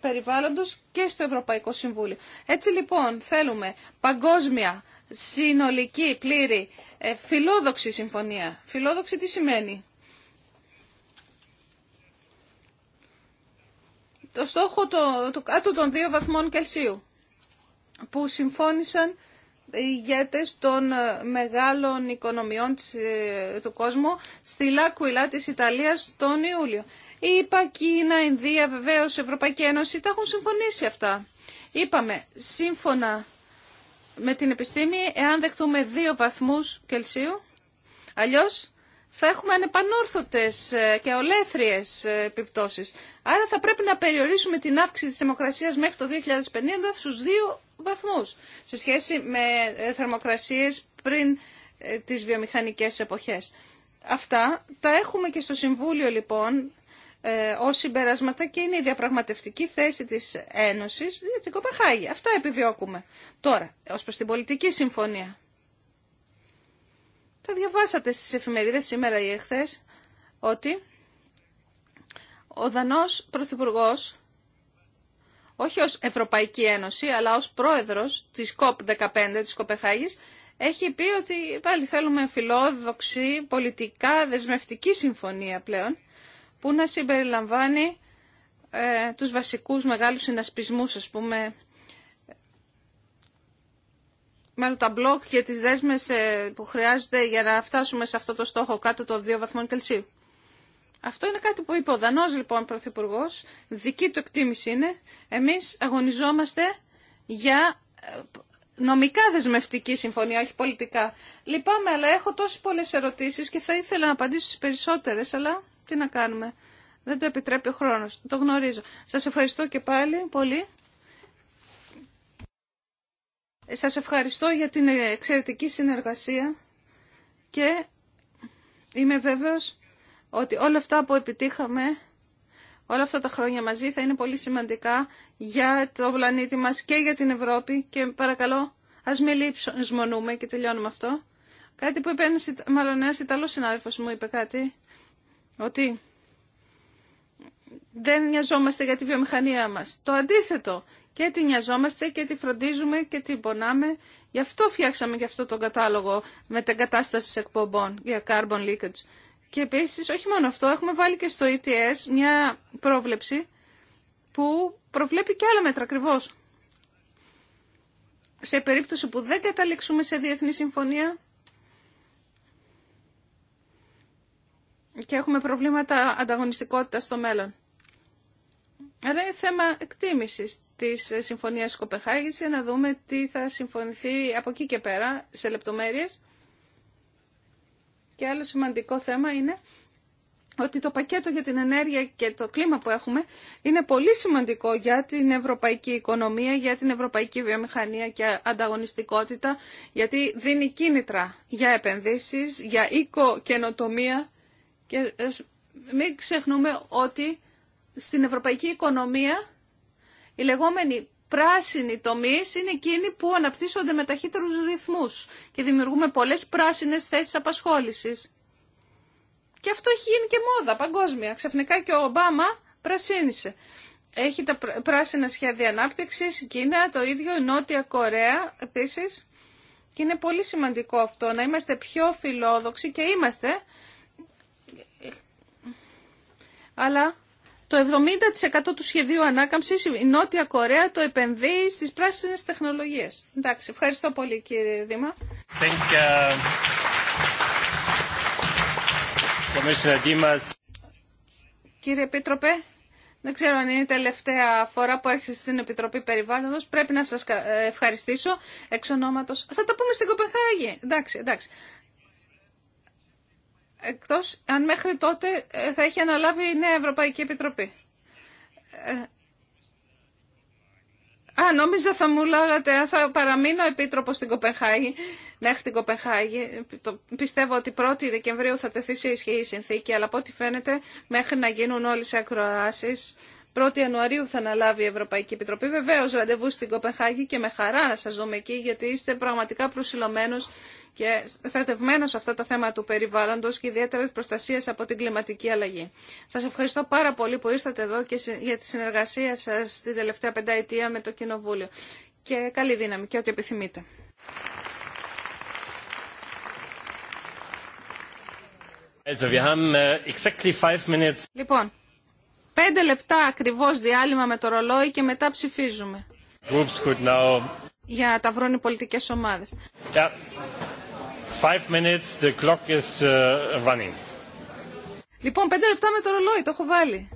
Περιβάλλοντος και στο Ευρωπαϊκό Συμβούλιο. Έτσι λοιπόν θέλουμε παγκόσμια, συνολική, πλήρη, ε, φιλόδοξη συμφωνία. Φιλόδοξη τι σημαίνει. Το στόχο του κάτω των δύο βαθμών Κελσίου που συμφώνησαν ηγέτες των ε, μεγάλων οικονομιών ε, του κόσμου στη Λάκουιλά της Ιταλίας τον Ιούλιο. Είπα Κίνα, Ινδία, βεβαίως Ευρωπαϊκή Ένωση, τα έχουν συμφωνήσει αυτά. Είπαμε, σύμφωνα με την επιστήμη, εάν δεχτούμε δύο βαθμούς Κελσίου, αλλιώς θα έχουμε ανεπανόρθωτες ε, και ολέθριες επιπτώσεις. Άρα θα πρέπει να περιορίσουμε την αύξηση της θερμοκρασίας μέχρι το 2050 στους δύο βαθμούς σε σχέση με ε, θερμοκρασίες πριν ε, τις βιομηχανικές εποχές. Αυτά τα έχουμε και στο Συμβούλιο λοιπόν ε, ως συμπεράσματα και είναι η διαπραγματευτική θέση της Ένωσης για την Κοπεχάγη. Αυτά επιδιώκουμε. Τώρα, ως προς την πολιτική συμφωνία. Θα διαβάσατε στις εφημερίδες σήμερα ή εχθές ότι ο Δανός Πρωθυπουργός όχι ως Ευρωπαϊκή Ένωση, αλλά ως πρόεδρος της COP15 της Κοπεχάγης, έχει πει ότι πάλι θέλουμε φιλόδοξη, πολιτικά, δεσμευτική συμφωνία πλέον, που να συμπεριλαμβάνει ε, τους βασικούς μεγάλους συνασπισμούς, ας πούμε, με τα μπλοκ και τις δέσμες ε, που χρειάζεται για να φτάσουμε σε αυτό το στόχο κάτω των 2 βαθμών Κελσίου. Αυτό είναι κάτι που είπε ο Δανός λοιπόν Πρωθυπουργό. Δική του εκτίμηση είναι. Εμείς αγωνιζόμαστε για ε, νομικά δεσμευτική συμφωνία, όχι πολιτικά. Λυπάμαι, αλλά έχω τόσες πολλές ερωτήσεις και θα ήθελα να απαντήσω στις περισσότερες, αλλά τι να κάνουμε. Δεν το επιτρέπει ο χρόνος. Το γνωρίζω. Σας ευχαριστώ και πάλι πολύ. Ε, σας ευχαριστώ για την εξαιρετική συνεργασία και είμαι βέβαιος ότι όλα αυτά που επιτύχαμε όλα αυτά τα χρόνια μαζί θα είναι πολύ σημαντικά για το πλανήτη μας και για την Ευρώπη και παρακαλώ ας μην λησμονούμε και τελειώνουμε αυτό. Κάτι που είπε ένας, μάλλον ένας Ιταλός συνάδελφος μου είπε κάτι, ότι δεν νοιαζόμαστε για τη βιομηχανία μας. Το αντίθετο, και τη νοιαζόμαστε και τη φροντίζουμε και την πονάμε. Γι' αυτό φτιάξαμε και αυτό τον κατάλογο με την κατάσταση εκπομπών για carbon leakage. Και επίση όχι μόνο αυτό, έχουμε βάλει και στο ETS μια πρόβλεψη που προβλέπει και άλλα μέτρα ακριβώ. Σε περίπτωση που δεν καταλήξουμε σε διεθνή συμφωνία και έχουμε προβλήματα ανταγωνιστικότητας στο μέλλον. Άρα είναι θέμα εκτίμησης της Συμφωνίας Κοπεχάγη για να δούμε τι θα συμφωνηθεί από εκεί και πέρα σε λεπτομέρειες και άλλο σημαντικό θέμα είναι ότι το πακέτο για την ενέργεια και το κλίμα που έχουμε είναι πολύ σημαντικό για την ευρωπαϊκή οικονομία, για την ευρωπαϊκή βιομηχανία και ανταγωνιστικότητα, γιατί δίνει κίνητρα για επενδύσεις, για οικοκαινοτομία και μην ξεχνούμε ότι στην ευρωπαϊκή οικονομία η λεγόμενη πράσινοι τομεί είναι εκείνοι που αναπτύσσονται με ταχύτερου ρυθμούς και δημιουργούμε πολλές πράσινες θέσεις απασχόλησης. Και αυτό έχει γίνει και μόδα παγκόσμια. Ξαφνικά και ο Ομπάμα πρασίνησε. Έχει τα πράσινα σχέδια ανάπτυξης, η Κίνα, το ίδιο η Νότια Κορέα επίσης. Και είναι πολύ σημαντικό αυτό να είμαστε πιο φιλόδοξοι και είμαστε. Αλλά το 70% του σχεδίου ανάκαμψης η Νότια Κορέα το επενδύει στις πράσινες τεχνολογίες. Εντάξει, ευχαριστώ πολύ κύριε Δήμα. Κύριε Επίτροπε, δεν ξέρω αν είναι η τελευταία φορά που έρχεσαι στην Επιτροπή Περιβάλλοντος. Πρέπει να σας ευχαριστήσω εξ ονόματος. Θα τα πούμε στην Κοπεχάγη. Εντάξει, εντάξει εκτός αν μέχρι τότε ε, θα έχει αναλάβει η Νέα Ευρωπαϊκή Επιτροπή. Ε, Α, νόμιζα θα μου λέγατε, θα παραμείνω επίτροπο στην Κοπεχάγη, μέχρι την Κοπεχάγη. Πιστεύω ότι 1η Δεκεμβρίου θα τεθεί σε ισχύ η συνθήκη, αλλά από ό,τι φαίνεται μέχρι να γίνουν όλες οι ακροάσεις 1η Ιανουαρίου θα αναλάβει η Ευρωπαϊκή Επιτροπή. Βεβαίως βεβαιω ραντεβου στην Κοπεχάγη και με χαρά να σας δούμε εκεί γιατί είστε πραγματικά προσιλωμένο και στρατευμένο σε αυτά τα θέματα του περιβάλλοντο και ιδιαίτερα τη προστασία από την κλιματική αλλαγή. Σα ευχαριστώ πάρα πολύ που ήρθατε εδώ και για τη συνεργασία σα την τελευταία πενταετία με το Κοινοβούλιο. Και καλή δύναμη και ό,τι επιθυμείτε. Äh, λοιπόν, Πέντε λεπτά ακριβώς διάλειμμα με το ρολόι και μετά ψηφίζουμε. now. Για τα βρώνει πολιτικές ομάδες. Yeah. Five minutes, the clock is uh, running. Λοιπόν, πέντε λεπτά με το ρολόι, το έχω βάλει.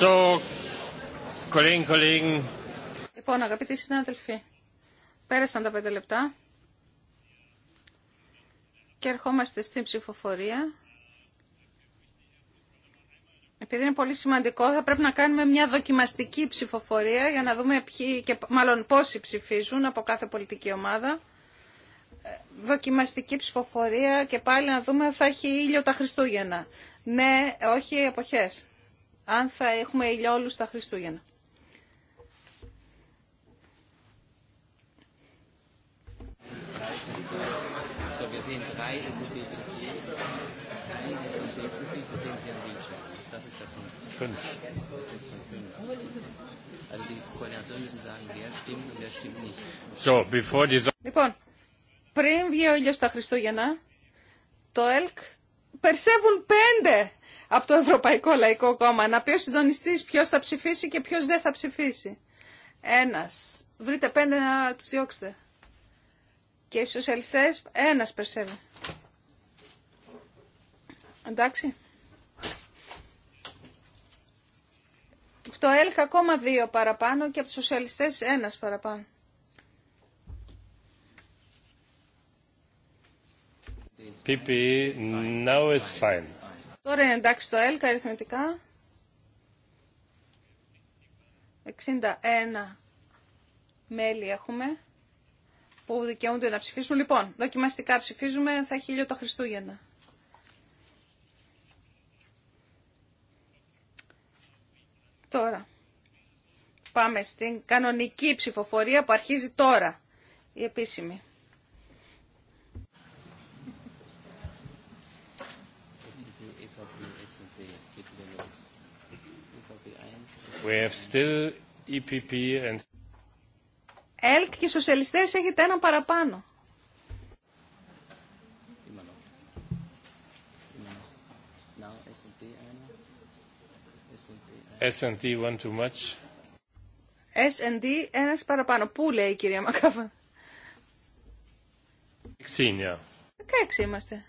So, kollegen, Λοιπόν, αγαπητοί συνάδελφοι, πέρασαν τα πέντε λεπτά και ερχόμαστε στην ψηφοφορία. Επειδή είναι πολύ σημαντικό, θα πρέπει να κάνουμε μια δοκιμαστική ψηφοφορία για να δούμε ποιοι και μάλλον πόσοι ψηφίζουν από κάθε πολιτική ομάδα. Ε, δοκιμαστική ψηφοφορία και πάλι να δούμε αν θα έχει ήλιο τα Χριστούγεννα. Ναι, όχι, εποχές αν θα έχουμε ηλιόλου στα Χριστούγεννα. Λοιπόν, πριν βγει ο ήλιος στα Χριστούγεννα, το ΕΛΚ περσεύουν πέντε από το Ευρωπαϊκό Λαϊκό Κόμμα. Να πει ο συντονιστή ποιο θα ψηφίσει και ποιο δεν θα ψηφίσει. Ένα. Βρείτε πέντε να του διώξετε. Και οι σοσιαλιστέ, ένα περσεύει. Εντάξει. Το ΕΛΚ ακόμα δύο παραπάνω και από τους σοσιαλιστές ένας παραπάνω. PPE, fine. Τώρα είναι εντάξει το ΕΛΚ αριθμητικά. 61 μέλη έχουμε που δικαιούνται να ψηφίσουν. Λοιπόν, δοκιμαστικά ψηφίζουμε, θα έχει ήλιο τα Χριστούγεννα. Τώρα. Πάμε στην κανονική ψηφοφορία που αρχίζει τώρα, η επίσημη. We have still EPP and... ΕΛΚ και οι σοσιαλιστές έχετε ένα παραπάνω. S&D one too much. S&D ένας παραπάνω. Πού λέει η κυρία Μακάβα. 16, yeah. 16 είμαστε.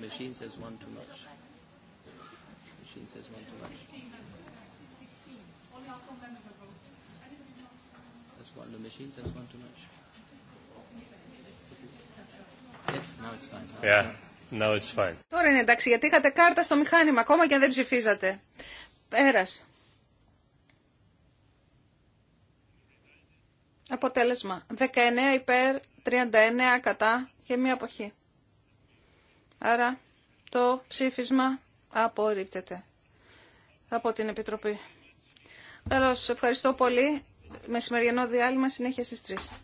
machine says one too much. machine says one too much. That's one. The machines That's one too much. Yes, now it's fine. Yeah. Now it's fine. Τώρα είναι εντάξει, γιατί είχατε κάρτα στο μηχάνημα, ακόμα και αν δεν ψηφίζατε. Πέρας. Αποτέλεσμα. 19 υπέρ, 39 κατά και μία αποχή. Άρα το ψήφισμα απορρίπτεται από την Επιτροπή. Καλώς, ευχαριστώ πολύ. Μεσημεριανό διάλειμμα, συνέχεια στις 3.